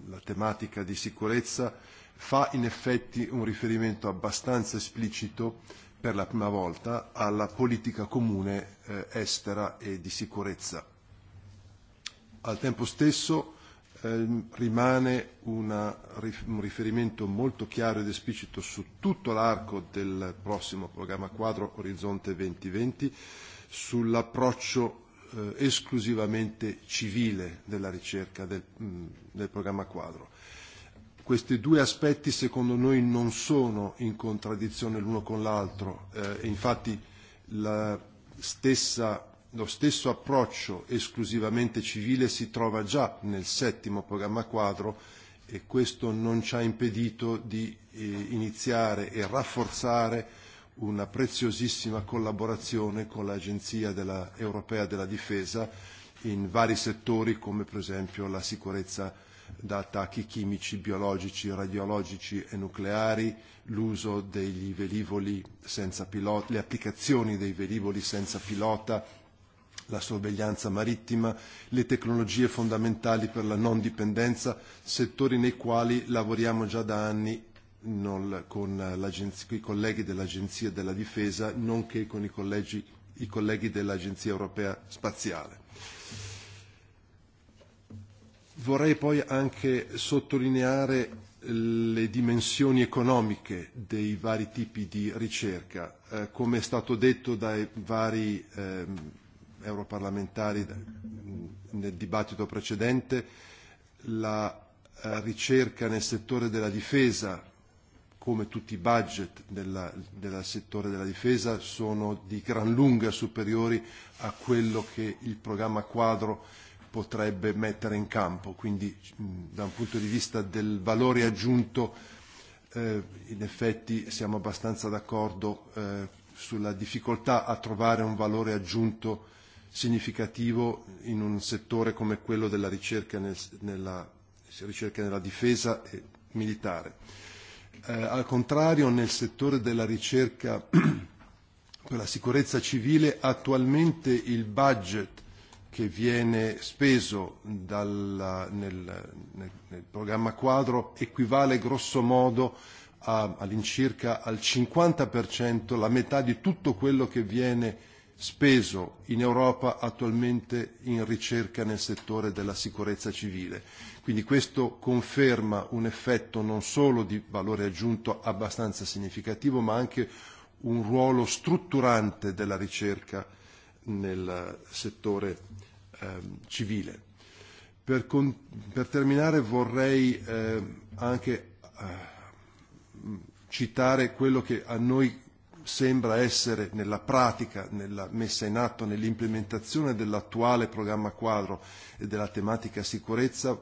la tematica di sicurezza fa in effetti un riferimento abbastanza esplicito per la prima volta alla politica comune eh, estera e di sicurezza. Al tempo stesso rimane una, un riferimento molto chiaro ed esplicito su tutto l'arco del prossimo programma quadro Orizzonte 2020 sull'approccio eh, esclusivamente civile della ricerca del, del programma quadro. Questi due aspetti secondo noi non sono in contraddizione l'uno con l'altro eh, e infatti la stessa Lo stesso approccio esclusivamente civile si trova già nel settimo programma quadro e questo non ci ha impedito di eh, iniziare e rafforzare una preziosissima collaborazione con l'Agenzia della, europea della difesa in vari settori come per esempio la sicurezza da attacchi chimici, biologici, radiologici e nucleari, l'uso degli velivoli senza pilota, le applicazioni dei velivoli senza pilota la sorveglianza marittima, le tecnologie fondamentali per la non dipendenza, settori nei quali lavoriamo già da anni non, con, i colleghi dell'Agenzia della Difesa, nonché con i, collegi, i colleghi dell'Agenzia Europea Spaziale. Vorrei poi anche sottolineare le dimensioni economiche dei vari tipi di ricerca. Eh, come è stato detto dai vari eh, europarlamentari nel dibattito precedente, la ricerca nel settore della difesa, come tutti i budget della, del settore della difesa, sono di gran lunga superiori a quello che il programma quadro potrebbe mettere in campo. Quindi da un punto di vista del valore aggiunto eh, in effetti siamo abbastanza d'accordo eh, sulla difficoltà a trovare un valore aggiunto significativo in un settore come quello della ricerca, nel, nella, ricerca nella difesa e militare. Eh, al contrario, nel settore della ricerca per la sicurezza civile, attualmente il budget che viene speso dal, nel, nel, nel programma quadro equivale grosso modo all'incirca al 50%, la metà di tutto quello che viene speso in Europa attualmente in ricerca nel settore della sicurezza civile. Quindi questo conferma un effetto non solo di valore aggiunto abbastanza significativo, ma anche un ruolo strutturante della ricerca nel settore ehm, civile. Per, con, per terminare vorrei eh, anche eh, citare quello che a noi sembra essere nella pratica, nella messa in atto, nell'implementazione dell'attuale programma quadro e della tematica sicurezza,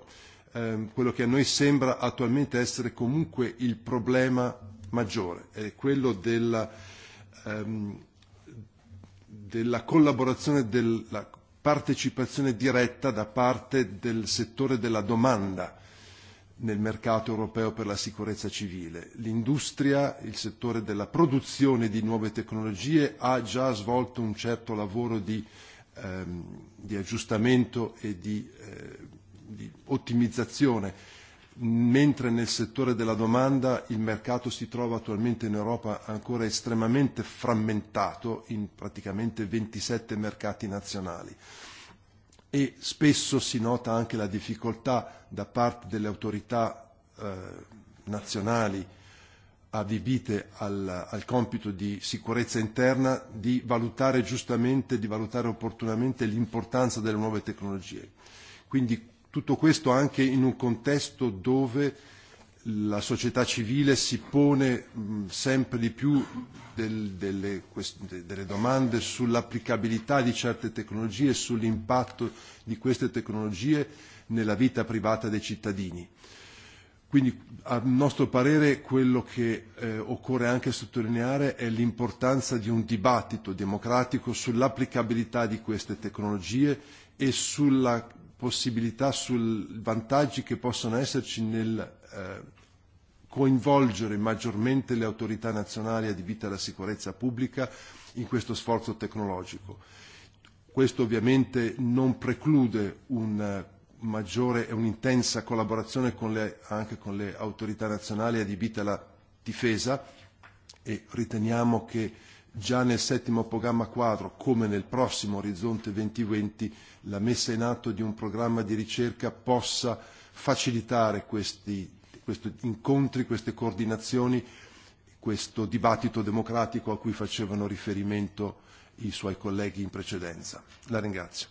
ehm, quello che a noi sembra attualmente essere comunque il problema maggiore, è quello della, ehm, della collaborazione, della partecipazione diretta da parte del settore della domanda nel mercato europeo per la sicurezza civile. L'industria, il settore della produzione di nuove tecnologie ha già svolto un certo lavoro di, ehm, di aggiustamento e di, eh, di ottimizzazione, mentre nel settore della domanda il mercato si trova attualmente in Europa ancora estremamente frammentato in praticamente 27 mercati nazionali e spesso si nota anche la difficoltà da parte delle autorità eh, nazionali adibite al, al compito di sicurezza interna di valutare giustamente, di valutare opportunamente l'importanza delle nuove tecnologie. Quindi tutto questo anche in un contesto dove la società civile si pone sempre di più del, delle, delle domande sull'applicabilità di certe tecnologie e sull'impatto di queste tecnologie nella vita privata dei cittadini. Quindi a nostro parere quello che eh, occorre anche sottolineare è l'importanza di un dibattito democratico sull'applicabilità di queste tecnologie e sulla possibilità, sui vantaggi che possono esserci nel eh, coinvolgere maggiormente le autorità nazionali adibite alla sicurezza pubblica in questo sforzo tecnologico. Questo ovviamente non preclude un maggiore e un'intensa collaborazione con le, anche con le autorità nazionali adibite alla difesa e riteniamo che già nel settimo programma quadro, come nel prossimo Orizzonte 2020, la messa in atto di un programma di ricerca possa facilitare questi questi incontri, queste coordinazioni, questo dibattito democratico a cui facevano riferimento i suoi colleghi in precedenza. La ringrazio.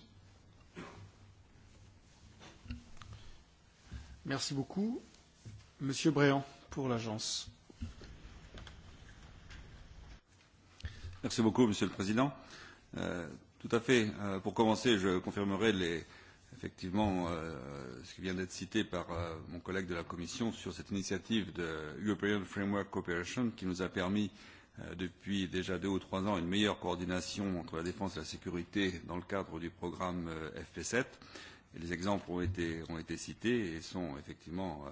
Merci beaucoup. Monsieur Bréant, pour l'agence. Merci beaucoup, Monsieur le Président. Euh, tout à fait. Euh, pour commencer, je confirmerai les, effectivement ce qui vient d'être cité par mon collègue de la Commission sur cette initiative de European Framework Cooperation qui nous a permis depuis déjà deux ou trois ans une meilleure coordination entre la défense et la sécurité dans le cadre du programme FP7. Et les exemples ont été, ont été cités et sont effectivement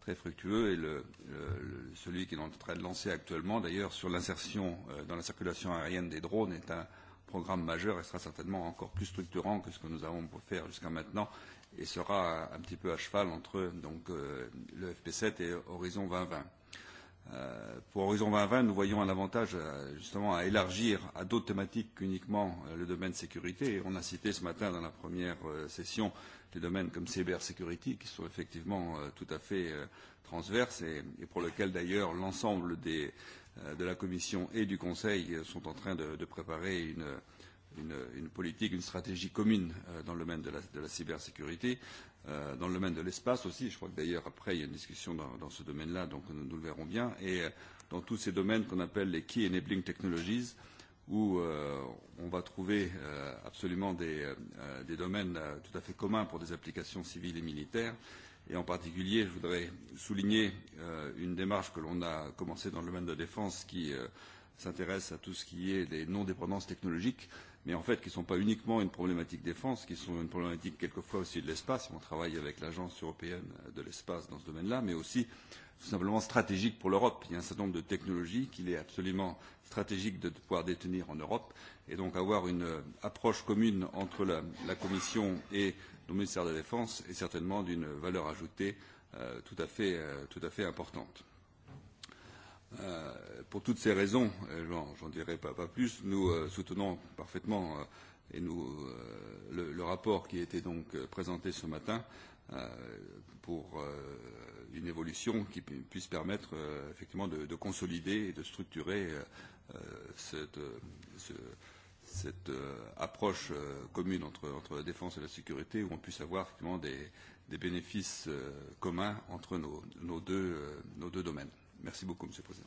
très fructueux. Et le, le, celui qui est en train de lancer actuellement, d'ailleurs, sur l'insertion dans la circulation aérienne des drones est un, programme majeur et sera certainement encore plus structurant que ce que nous avons pu faire jusqu'à maintenant et sera un petit peu à cheval entre donc, euh, le FP7 et Horizon 2020. Euh, pour Horizon 2020, nous voyons un avantage euh, justement à élargir à d'autres thématiques qu'uniquement euh, le domaine sécurité. Et on a cité ce matin dans la première euh, session des domaines comme cybersécurité qui sont effectivement euh, tout à fait euh, transverses et, et pour lesquels d'ailleurs l'ensemble des, euh, de la Commission et du Conseil sont en train de, de préparer une, une, une politique, une stratégie commune dans le domaine de la, de la cybersécurité, dans le domaine de l'espace aussi. Je crois que d'ailleurs après il y a une discussion dans, dans ce domaine-là, donc nous, nous le verrons bien. Et dans tous ces domaines qu'on appelle les key enabling technologies, où euh, on va trouver euh, absolument des, euh, des domaines euh, tout à fait communs pour des applications civiles et militaires. Et en particulier, je voudrais souligner euh, une démarche que l'on a commencée dans le domaine de la défense qui euh, s'intéresse à tout ce qui est des non-dépendances technologiques, mais en fait qui ne sont pas uniquement une problématique défense, qui sont une problématique quelquefois aussi de l'espace. On travaille avec l'Agence européenne de l'espace dans ce domaine-là, mais aussi tout simplement stratégique pour l'Europe. Il y a un certain nombre de technologies qu'il est absolument stratégique de pouvoir détenir en Europe. Et donc avoir une approche commune entre la, la Commission et nos ministères de la Défense est certainement d'une valeur ajoutée euh, tout, à fait, euh, tout à fait importante. Euh, pour toutes ces raisons, j'en dirai pas, pas plus, nous euh, soutenons parfaitement euh, et nous, euh, le, le rapport qui a été donc présenté ce matin euh, pour euh, une évolution qui puisse permettre euh, effectivement de, de consolider et de structurer euh, cette, ce, cette euh, approche euh, commune entre, entre la défense et la sécurité, où on puisse avoir effectivement des, des bénéfices euh, communs entre nos, nos, deux, euh, nos deux domaines. Merci beaucoup, Monsieur le Président.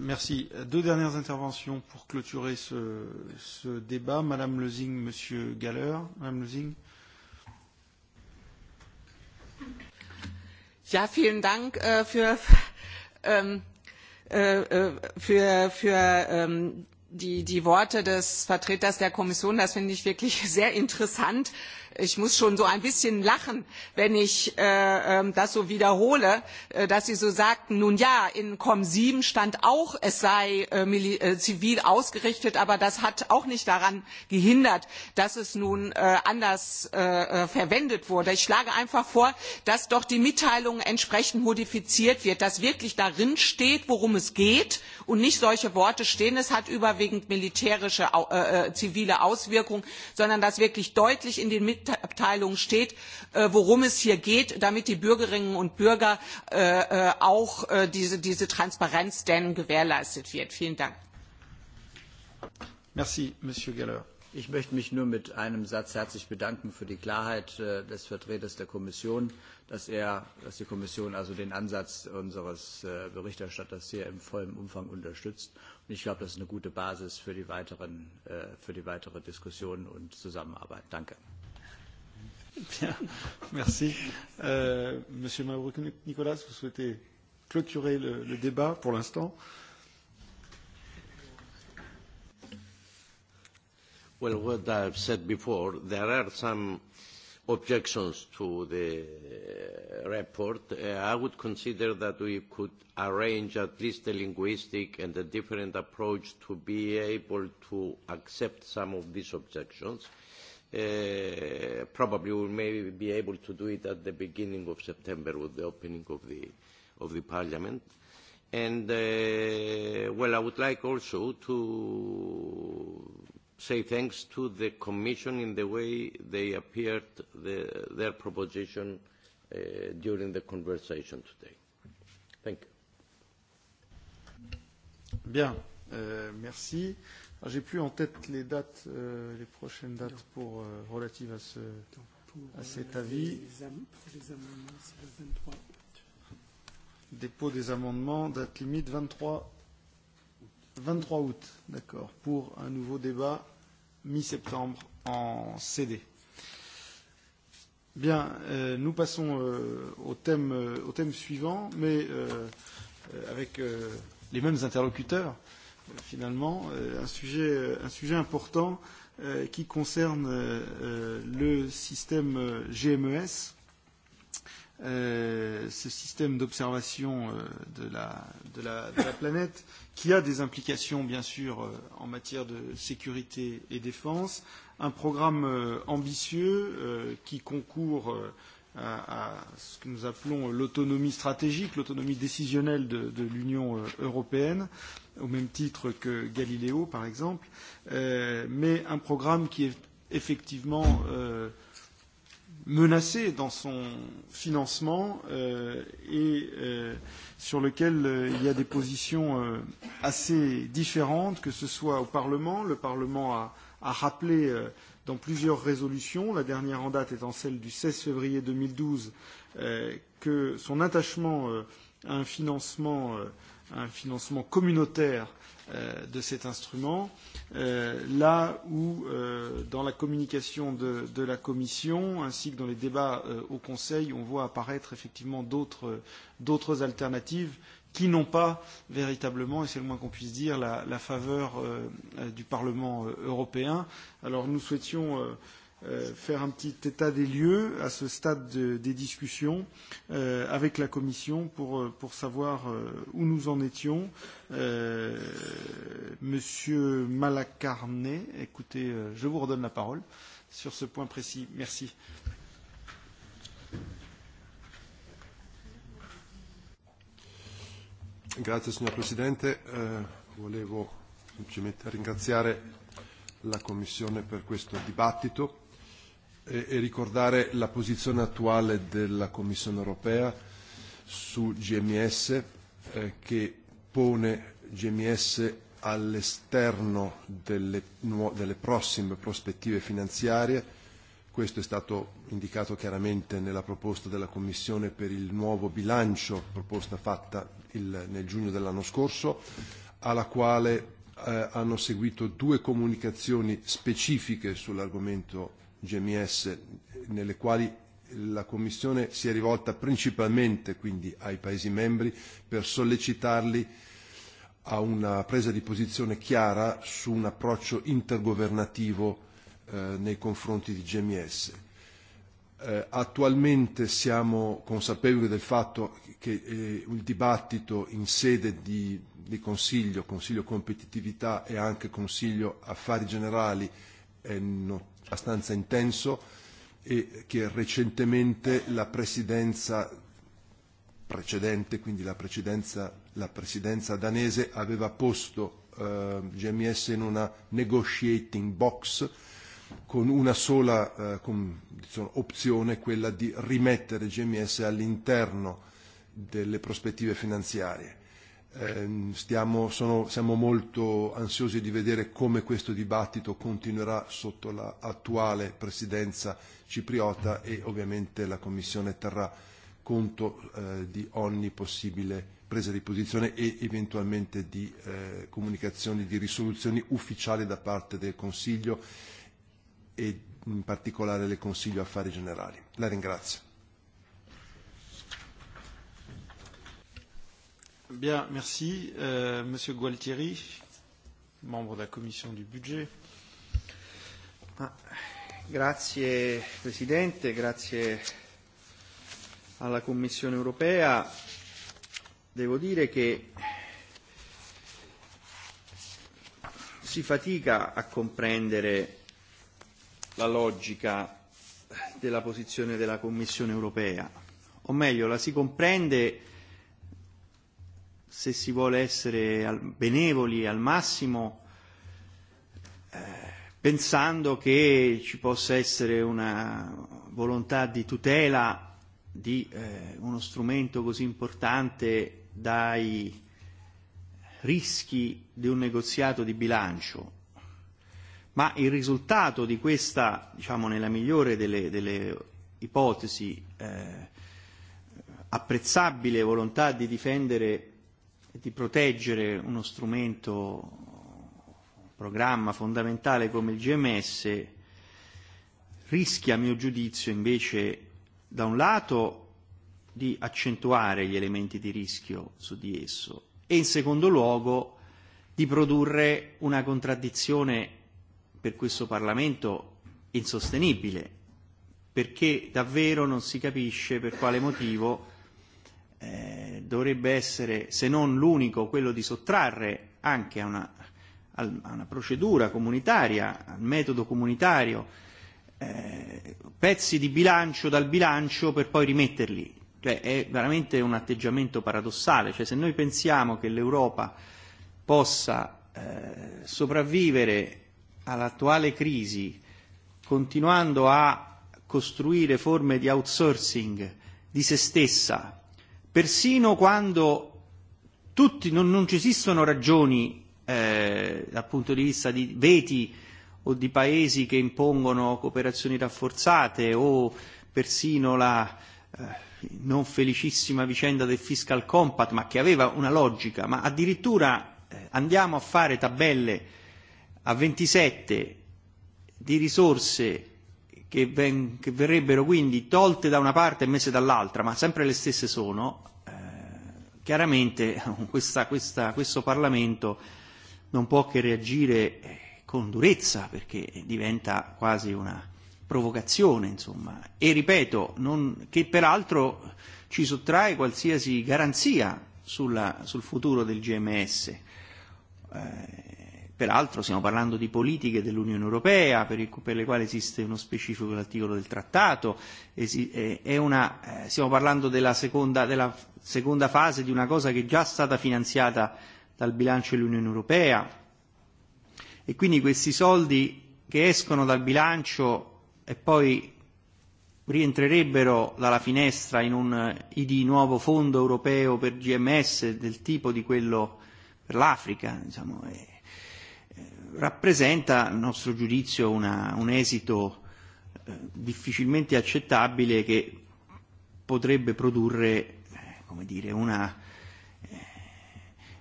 Merci. Deux dernières interventions pour clôturer ce, ce débat. Madame Lezing, Monsieur Galler. Madame Lezing. Ja, vielen Dank äh, für ähm, für, für die, die Worte des Vertreters der Kommission. Das finde ich wirklich sehr interessant ich muss schon so ein bisschen lachen, wenn ich das so wiederhole, dass Sie so sagten, nun ja, in COM sieben stand auch, es sei zivil ausgerichtet, aber das hat auch nicht daran gehindert, dass es nun anders verwendet wurde. Ich schlage einfach vor, dass doch die Mitteilung entsprechend modifiziert wird, dass wirklich darin steht, worum es geht und nicht solche Worte stehen. Es hat überwiegend militärische, zivile Auswirkungen, sondern dass wirklich deutlich in den Mitteilung steht, worum es hier geht, damit die Bürgerinnen und Bürger auch diese, Transparenz denn gewährleistet wird. Vielen Dank. Ich möchte mich nur mit einem Satz herzlich bedanken für die Klarheit des Vertreters der Kommission, dass, er, dass die Kommission also den Ansatz unseres Berichterstatters hier im vollen Umfang unterstützt. Und ich glaube, das ist eine gute Basis für die, weiteren, für die weitere Diskussion und Zusammenarbeit. Danke. Bien, merci. Euh, Monsieur Mavrouk Nicolas, vous souhaitez clôturer le, le débat pour l'instant Well, what I've said before, there are some objections to the report. Uh, I would consider that we could arrange at least a linguistic and a different approach to be able to accept some of these objections. Uh, Uh, probably we may be able to do it at the beginning of September with the opening of the, of the parliament. And, uh, well, I would like also to say thanks to the Commission in the way they appeared, the, their proposition uh, during the conversation today. Thank you. Bien, euh, merci. Euh, J'ai plus en tête les dates, euh, les prochaines dates pour, euh, relatives à, ce, à cet avis. Les, les le Dépôt des amendements, date limite 23, 23 août, d'accord, pour un nouveau débat mi-septembre en CD. Bien, euh, nous passons euh, au, thème, euh, au thème suivant, mais euh, avec euh, les mêmes interlocuteurs. Euh, finalement un sujet, un sujet important qui concerne le système GMES, ce système d'observation de la, de, la, de la planète, qui a des implications bien sûr en matière de sécurité et défense, un programme ambitieux qui concourt à, ce que nous appelons l'autonomie stratégique, l'autonomie décisionnelle de, de l'Union européenne, au même titre que Galiléo, par exemple, euh, mais un programme qui est effectivement euh, menacé dans son financement euh, et euh, sur lequel euh, il y a des positions euh, assez différentes, que ce soit au Parlement. Le Parlement a, a rappelé euh, dans plusieurs résolutions, la dernière en date étant celle du 16 février 2012, euh, que son attachement euh, à un financement euh, un financement communautaire de cet instrument, là où, dans la communication de, la Commission, ainsi que dans les débats au Conseil, on voit apparaître effectivement d'autres alternatives qui n'ont pas véritablement, et c'est le moins qu'on puisse dire, la, faveur du Parlement européen. Alors nous souhaitions faire un petit état des lieux à ce stade des discussions avec la Commission pour, savoir où nous en étions. Monsieur Malacarné, écoutez, je vous redonne la parole sur ce point précis. Merci. Grazie signor Presidente, volevo semplicemente ringraziare la Commissione per questo dibattito e, e ricordare la posizione attuale della Commissione europea su GMS eh, che pone GMS all'esterno delle, delle prossime prospettive finanziarie. Questo è stato indicato chiaramente nella proposta della Commissione per il nuovo bilancio, proposta fatta il, nel giugno dell'anno scorso, alla quale eh, hanno seguito due comunicazioni specifiche sull'argomento GMS nelle quali la Commissione si è rivolta principalmente quindi ai Paesi membri per sollecitarli a una presa di posizione chiara su un approccio intergovernativo eh, nei confronti di GMS. Eh, attualmente siamo consapevoli del fatto che eh, il dibattito in sede di, di Consiglio, Consiglio Competitività e anche Consiglio Affari Generali è not- abbastanza intenso e che recentemente la presidenza precedente, quindi la presidenza, la presidenza danese, aveva posto eh, GMS in una negotiating box con una sola eh, con, diciamo, opzione, quella di rimettere GMS all'interno delle prospettive finanziarie stiamo, sono, siamo molto ansiosi di vedere come questo dibattito continuerà sotto l'attuale presidenza cipriota e ovviamente la Commissione terrà conto eh, di ogni possibile presa di posizione e eventualmente di eh, comunicazioni, di risoluzioni ufficiali da parte del Consiglio e in particolare del Consiglio Affari Generali. La ringrazio. Bien, merci. Euh, Monsieur Gualtieri, membre de la commission du budget. Grazie Presidente, grazie alla Commissione europea. Devo dire che si fatica a comprendere la logica della posizione della Commissione europea, o meglio la si comprende se si vuole essere al, benevoli al massimo, eh, pensando che ci possa essere una volontà di tutela di eh, uno strumento così importante dai rischi di un negoziato di bilancio. Ma il risultato di questa, diciamo nella migliore delle, delle ipotesi, eh, apprezzabile volontà di difendere di proteggere uno strumento, un programma fondamentale come il GMS rischia, a mio giudizio, invece, da un lato di accentuare gli elementi di rischio su di esso e, in secondo luogo, di produrre una contraddizione per questo Parlamento insostenibile, perché davvero non si capisce per quale motivo dovrebbe essere, se non l'unico, quello di sottrarre anche a una, a una procedura comunitaria, al metodo comunitario, eh, pezzi di bilancio dal bilancio per poi rimetterli. Cioè, è veramente un atteggiamento paradossale. Cioè, se noi pensiamo che l'Europa possa eh, sopravvivere all'attuale crisi continuando a costruire forme di outsourcing di se stessa persino quando tutti, non, non ci esistono ragioni eh, dal punto di vista di veti o di paesi che impongono cooperazioni rafforzate o persino la eh, non felicissima vicenda del fiscal compact, ma che aveva una logica, ma addirittura eh, andiamo a fare tabelle a 27 di risorse che, ven- che verrebbero quindi tolte da una parte e messe dall'altra, ma sempre le stesse sono, eh, chiaramente questa, questa, questo Parlamento non può che reagire con durezza perché diventa quasi una provocazione, insomma. E ripeto, non, che peraltro ci sottrae qualsiasi garanzia sulla, sul futuro del GMS. Eh, Peraltro stiamo parlando di politiche dell'Unione Europea per, il, per le quali esiste uno specifico articolo del trattato, esi, è una, eh, stiamo parlando della seconda, della seconda fase di una cosa che è già stata finanziata dal bilancio dell'Unione Europea e quindi questi soldi che escono dal bilancio e poi rientrerebbero dalla finestra in un ID nuovo fondo europeo per GMS del tipo di quello per l'Africa, rappresenta, a nostro giudizio, una, un esito eh, difficilmente accettabile che potrebbe produrre come dire, una, eh,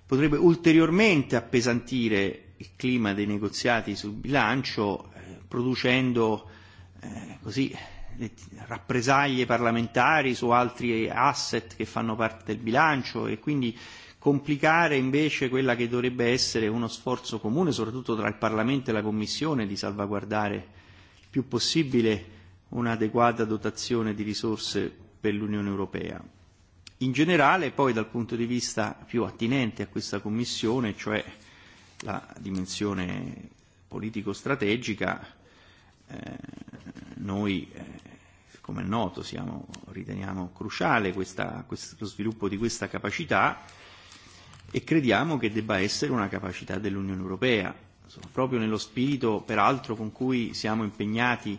potrebbe ulteriormente appesantire il clima dei negoziati sul bilancio, eh, producendo eh, così, rappresaglie parlamentari su altri asset che fanno parte del bilancio e quindi eh, complicare invece quella che dovrebbe essere uno sforzo comune, soprattutto tra il Parlamento e la Commissione, di salvaguardare il più possibile un'adeguata dotazione di risorse per l'Unione Europea. In generale, poi dal punto di vista più attinente a questa Commissione, cioè la dimensione politico-strategica, eh, noi, eh, come è noto, siamo, riteniamo cruciale questa, questo, lo sviluppo di questa capacità e crediamo che debba essere una capacità dell'Unione Europea. Insomma, proprio nello spirito, peraltro, con cui siamo impegnati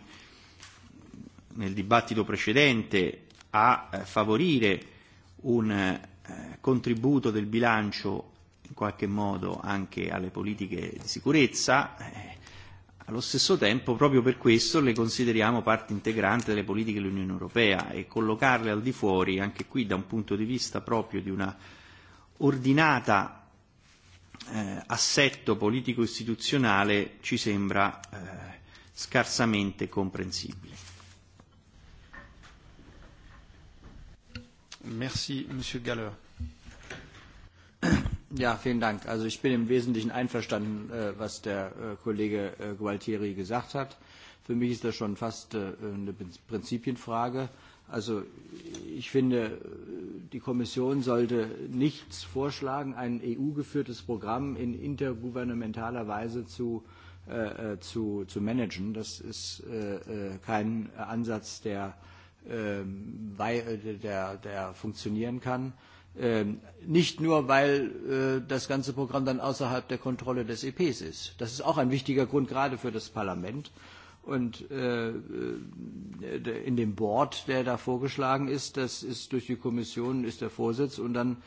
nel dibattito precedente a favorire un contributo del bilancio in qualche modo anche alle politiche di sicurezza, allo stesso tempo proprio per questo le consideriamo parte integrante delle politiche dell'Unione Europea e collocarle al di fuori, anche qui da un punto di vista proprio di una ordinata eh, assetto politico-istituzionale ci sembra eh, scarsamente comprensibile. Merci, Monsieur Galler. Ja, vielen Dank. Also ich bin im Wesentlichen einverstanden, was der Kollege Gualtieri gesagt hat. Für mich ist das schon fast eine Prinzipienfrage Also ich finde, die Kommission sollte nichts vorschlagen, ein EU-geführtes Programm in intergouvernementaler Weise zu, äh, zu, zu managen. Das ist äh, kein Ansatz, der, äh, der, der funktionieren kann. Nicht nur, weil das ganze Programm dann außerhalb der Kontrolle des EPs ist. Das ist auch ein wichtiger Grund, gerade für das Parlament Und äh, in dem Board, der da vorgeschlagen ist, das ist durch die Kommission ist der Vorsitz und dann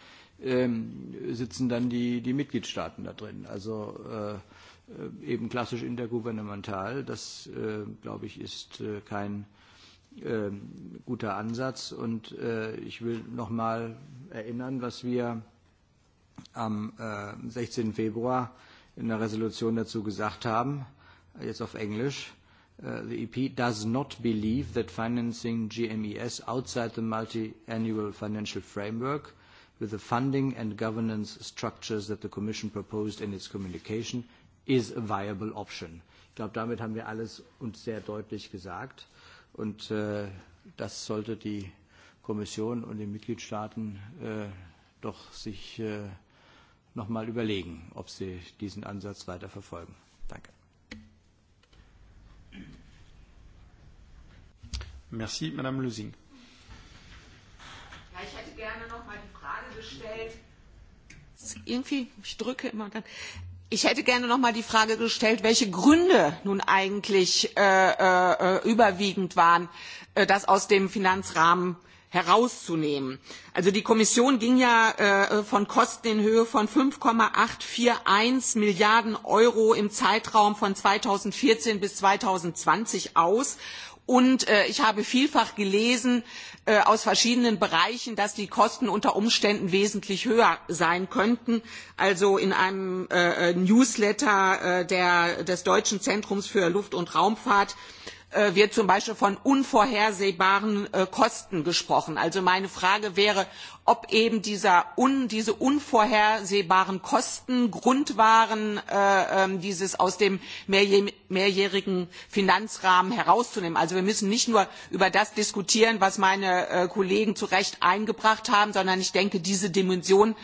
ähm, sitzen dann die, die Mitgliedstaaten da drin. Also äh, eben klassisch intergouvernemental, das äh, glaube ich ist äh, kein äh, guter Ansatz. Und äh, ich will nochmal erinnern, was wir am äh, 16. Februar in der Resolution dazu gesagt haben, jetzt auf Englisch the EP does not believe that financing GMES outside the multi-annual financial framework with the funding and governance structures that the Commission proposed in its communication is a viable option. Ich glaube, damit haben wir alles uns sehr deutlich gesagt. Und das sollte die Kommission und die Mitgliedstaaten doch sich noch mal überlegen, ob sie diesen Ansatz weiter verfolgen. Danke. Merci, Madame Lusing. Ja, ich hätte gerne noch mal die Frage gestellt. Irgendwie, ich drücke immer dann. Ich hätte gerne noch mal die Frage gestellt, welche Gründe nun eigentlich äh, äh, überwiegend waren, äh, das aus dem Finanzrahmen herauszunehmen. Also die Kommission ging ja von Kosten in Höhe von 5,841 Milliarden Euro im Zeitraum von 2014 bis 2020 aus Und ich habe vielfach gelesen aus verschiedenen Bereichen, dass die Kosten unter Umständen wesentlich höher sein könnten. Also in einem Newsletter des Deutschen Zentrums für Luft- und Raumfahrt wird zum Beispiel von unvorhersehbaren Kosten gesprochen. Also meine Frage wäre, ob eben diese unvorhersehbaren Kosten Grund waren, dieses aus dem mehrjährigen Finanzrahmen herauszunehmen. Also wir müssen nicht nur über das diskutieren, was meine Kollegen zu Recht eingebracht haben, sondern ich denke, diese Dimension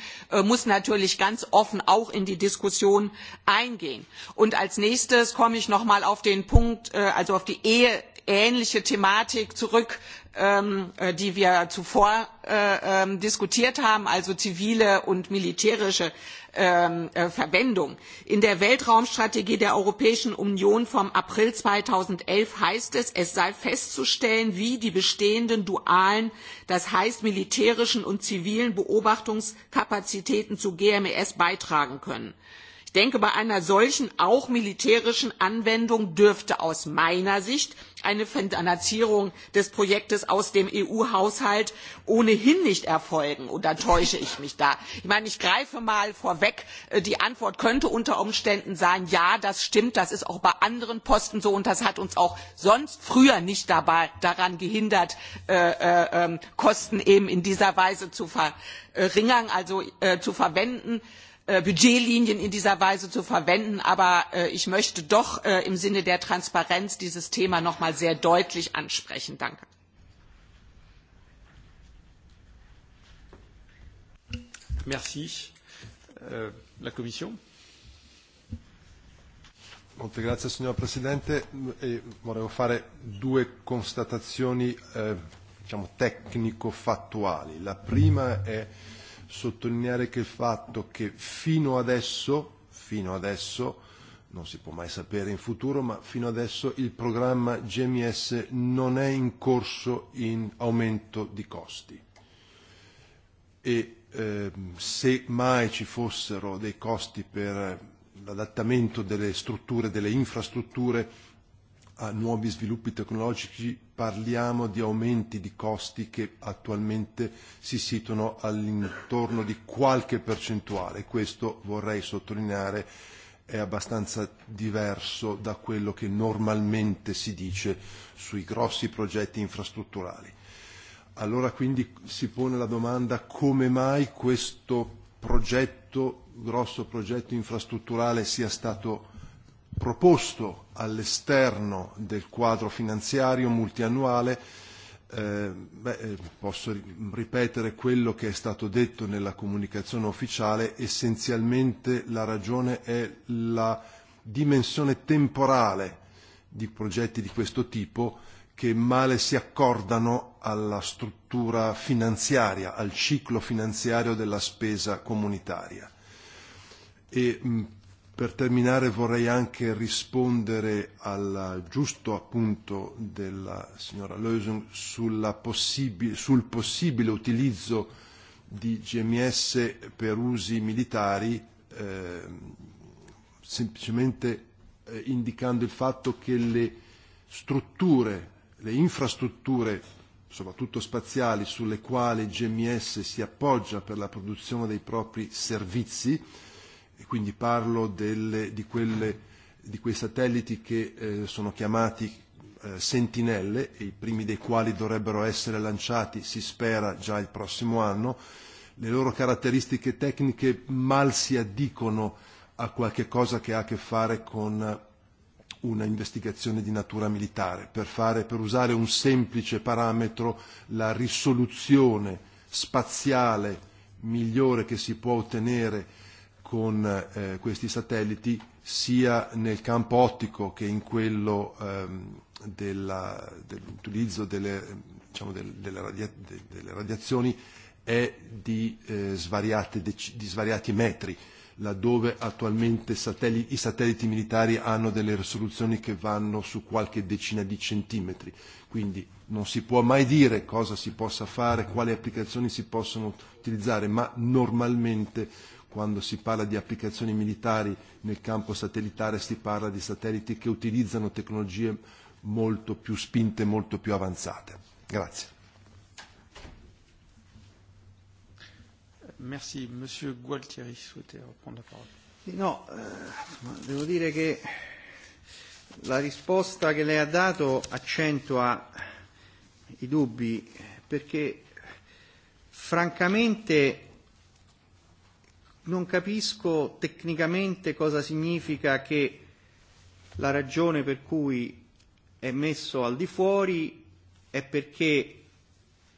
muss natürlich ganz offen auch in die Diskussion eingehen. Und als nächstes komme ich noch mal auf den Punkt, also auf die Ehe ähnliche Thematik zurück, die wir zuvor diskutiert haben, also zivile und militärische Verwendung. In der Weltraumstrategie der Europäischen Union vom April zweitausendelf heißt es, es sei festzustellen, wie die bestehenden dualen, das heißt militärischen und zivilen Beobachtungskapazitäten zu GMES beitragen können. Ich denke, bei einer solchen auch militärischen Anwendung dürfte aus meiner Sicht eine Finanzierung des Projektes aus dem EU-Haushalt ohnehin nicht erfolgen. Oder täusche ich mich da? Ich meine, ich greife mal vorweg. Die Antwort könnte unter Umständen sein, ja, das stimmt, das ist auch bei anderen Posten so und das hat uns auch sonst früher nicht daran gehindert, Kosten eben in dieser Weise zu verringern, also zu verwenden. Budgetlinien in dieser Weise zu verwenden. Aber ich möchte doch im Sinne der Transparenz dieses Thema noch mal sehr deutlich ansprechen. Danke. La Presidente. volevo fare due constatazioni tecnico-fattuali. La prima è sottolineare che il fatto che fino adesso, fino adesso, non si può mai sapere in futuro, ma fino adesso il programma GMS non è in corso in aumento di costi. E eh, se mai ci fossero dei costi per l'adattamento delle strutture, delle infrastrutture, a nuovi sviluppi tecnologici parliamo di aumenti di costi che attualmente si situano all'intorno di qualche percentuale. Questo vorrei sottolineare è abbastanza diverso da quello che normalmente si dice sui grossi progetti infrastrutturali. Allora quindi si pone la domanda come mai questo progetto, grosso progetto infrastrutturale sia stato proposto all'esterno del quadro finanziario multiannuale eh, beh, posso ripetere quello che è stato detto nella comunicazione ufficiale, essenzialmente la ragione è la dimensione temporale di progetti di questo tipo che male si accordano alla struttura finanziaria, al ciclo finanziario della spesa comunitaria. E Per terminare vorrei anche rispondere al giusto appunto della signora Leusung sulla possib- sul possibile utilizzo di GMS per usi militari, eh, semplicemente eh, indicando il fatto che le strutture, le infrastrutture, soprattutto spaziali, sulle quali GMS si appoggia per la produzione dei propri servizi, eh, e quindi parlo delle, di, quelle, di quei satelliti che eh, sono chiamati eh, sentinelle, i primi dei quali dovrebbero essere lanciati, si spera, già il prossimo anno, le loro caratteristiche tecniche mal si addicono a qualche cosa che ha a che fare con una investigazione di natura militare, per, fare, per usare un semplice parametro la risoluzione spaziale migliore che si può ottenere con eh, questi satelliti sia nel campo ottico che in quello ehm, della, dell'utilizzo delle, diciamo, del, delle, radia, de, delle radiazioni è di, eh, svariate, di svariati metri, laddove attualmente satelli- i satelliti militari hanno delle risoluzioni che vanno su qualche decina di centimetri. Quindi non si può mai dire cosa si possa fare, quali applicazioni si possono utilizzare, ma normalmente quando si parla di applicazioni militari nel campo satellitare si parla di satelliti che utilizzano tecnologie molto più spinte, molto più avanzate. Grazie. Merci. Monsieur Gualtieri souhaitez reprendre la parola. No, eh, devo dire che la risposta che lei ha dato accentua i dubbi perché francamente non capisco tecnicamente cosa significa che la ragione per cui è messo al di fuori è perché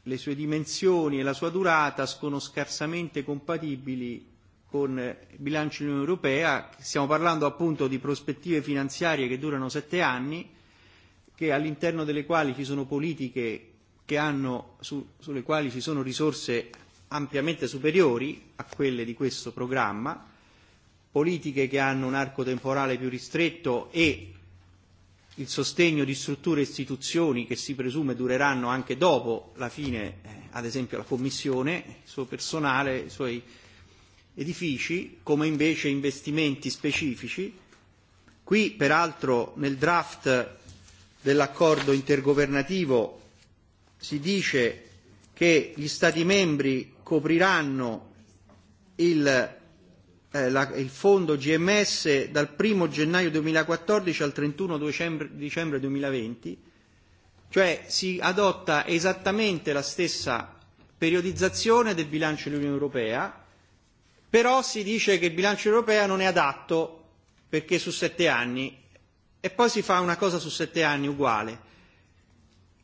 le sue dimensioni e la sua durata sono scarsamente compatibili con il bilancio dell'Unione Europea. Stiamo parlando appunto di prospettive finanziarie che durano sette anni, che all'interno delle quali ci sono politiche che hanno, su, sulle quali ci sono risorse ampiamente superiori a quelle di questo programma, politiche che hanno un arco temporale più ristretto e il sostegno di strutture e istituzioni che si presume dureranno anche dopo la fine, ad esempio la Commissione, il suo personale, i suoi edifici, come invece investimenti specifici. Qui, peraltro, nel draft dell'accordo intergovernativo si dice che gli Stati membri copriranno il, eh, la, il fondo GMS dal 1 gennaio 2014 al 31 dicembre, dicembre 2020, cioè si adotta esattamente la stessa periodizzazione del bilancio dell'Unione Europea, però si dice che il bilancio europeo non è adatto perché su sette anni e poi si fa una cosa su sette anni uguale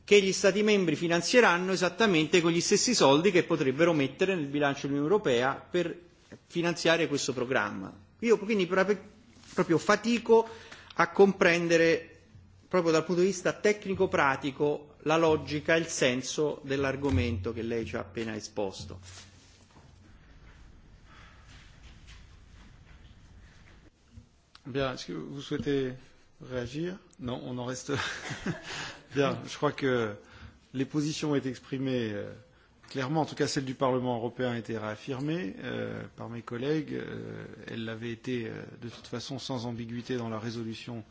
che gli Stati membri finanzieranno esattamente con gli stessi soldi che potrebbero mettere nel bilancio dell'Unione Europea per finanziare questo programma. Io quindi proprio fatico a comprendere, proprio dal punto di vista tecnico-pratico, la logica e il senso dell'argomento che lei ci ha appena esposto. Bien, est-ce que vous souhaitez réagir Non, on en reste Bien, je crois que les positions ont été exprimées clairement, en tout cas celle du Parlement européen a été réaffirmée par mes collègues. elle l'avait été de toute façon sans ambiguïté dans la résolution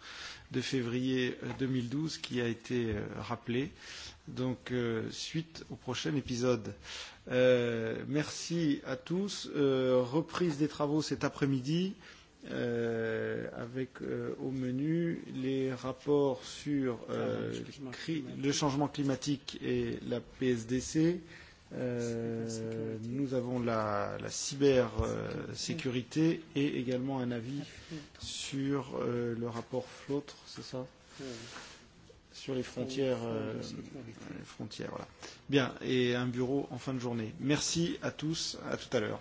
de février deux mille douze qui a été rappelée. Donc suite au prochain épisode. merci à tous. reprise des travaux cet après-midi avec au menu les rapports sur le changement climatique et la PSDC. nous avons la, cybersécurité et également un avis sur le rapport FLOTRE, c'est ça sur les frontières, euh, les frontières voilà. Bien, et un bureau en fin de journée. Merci à tous, à tout à l'heure.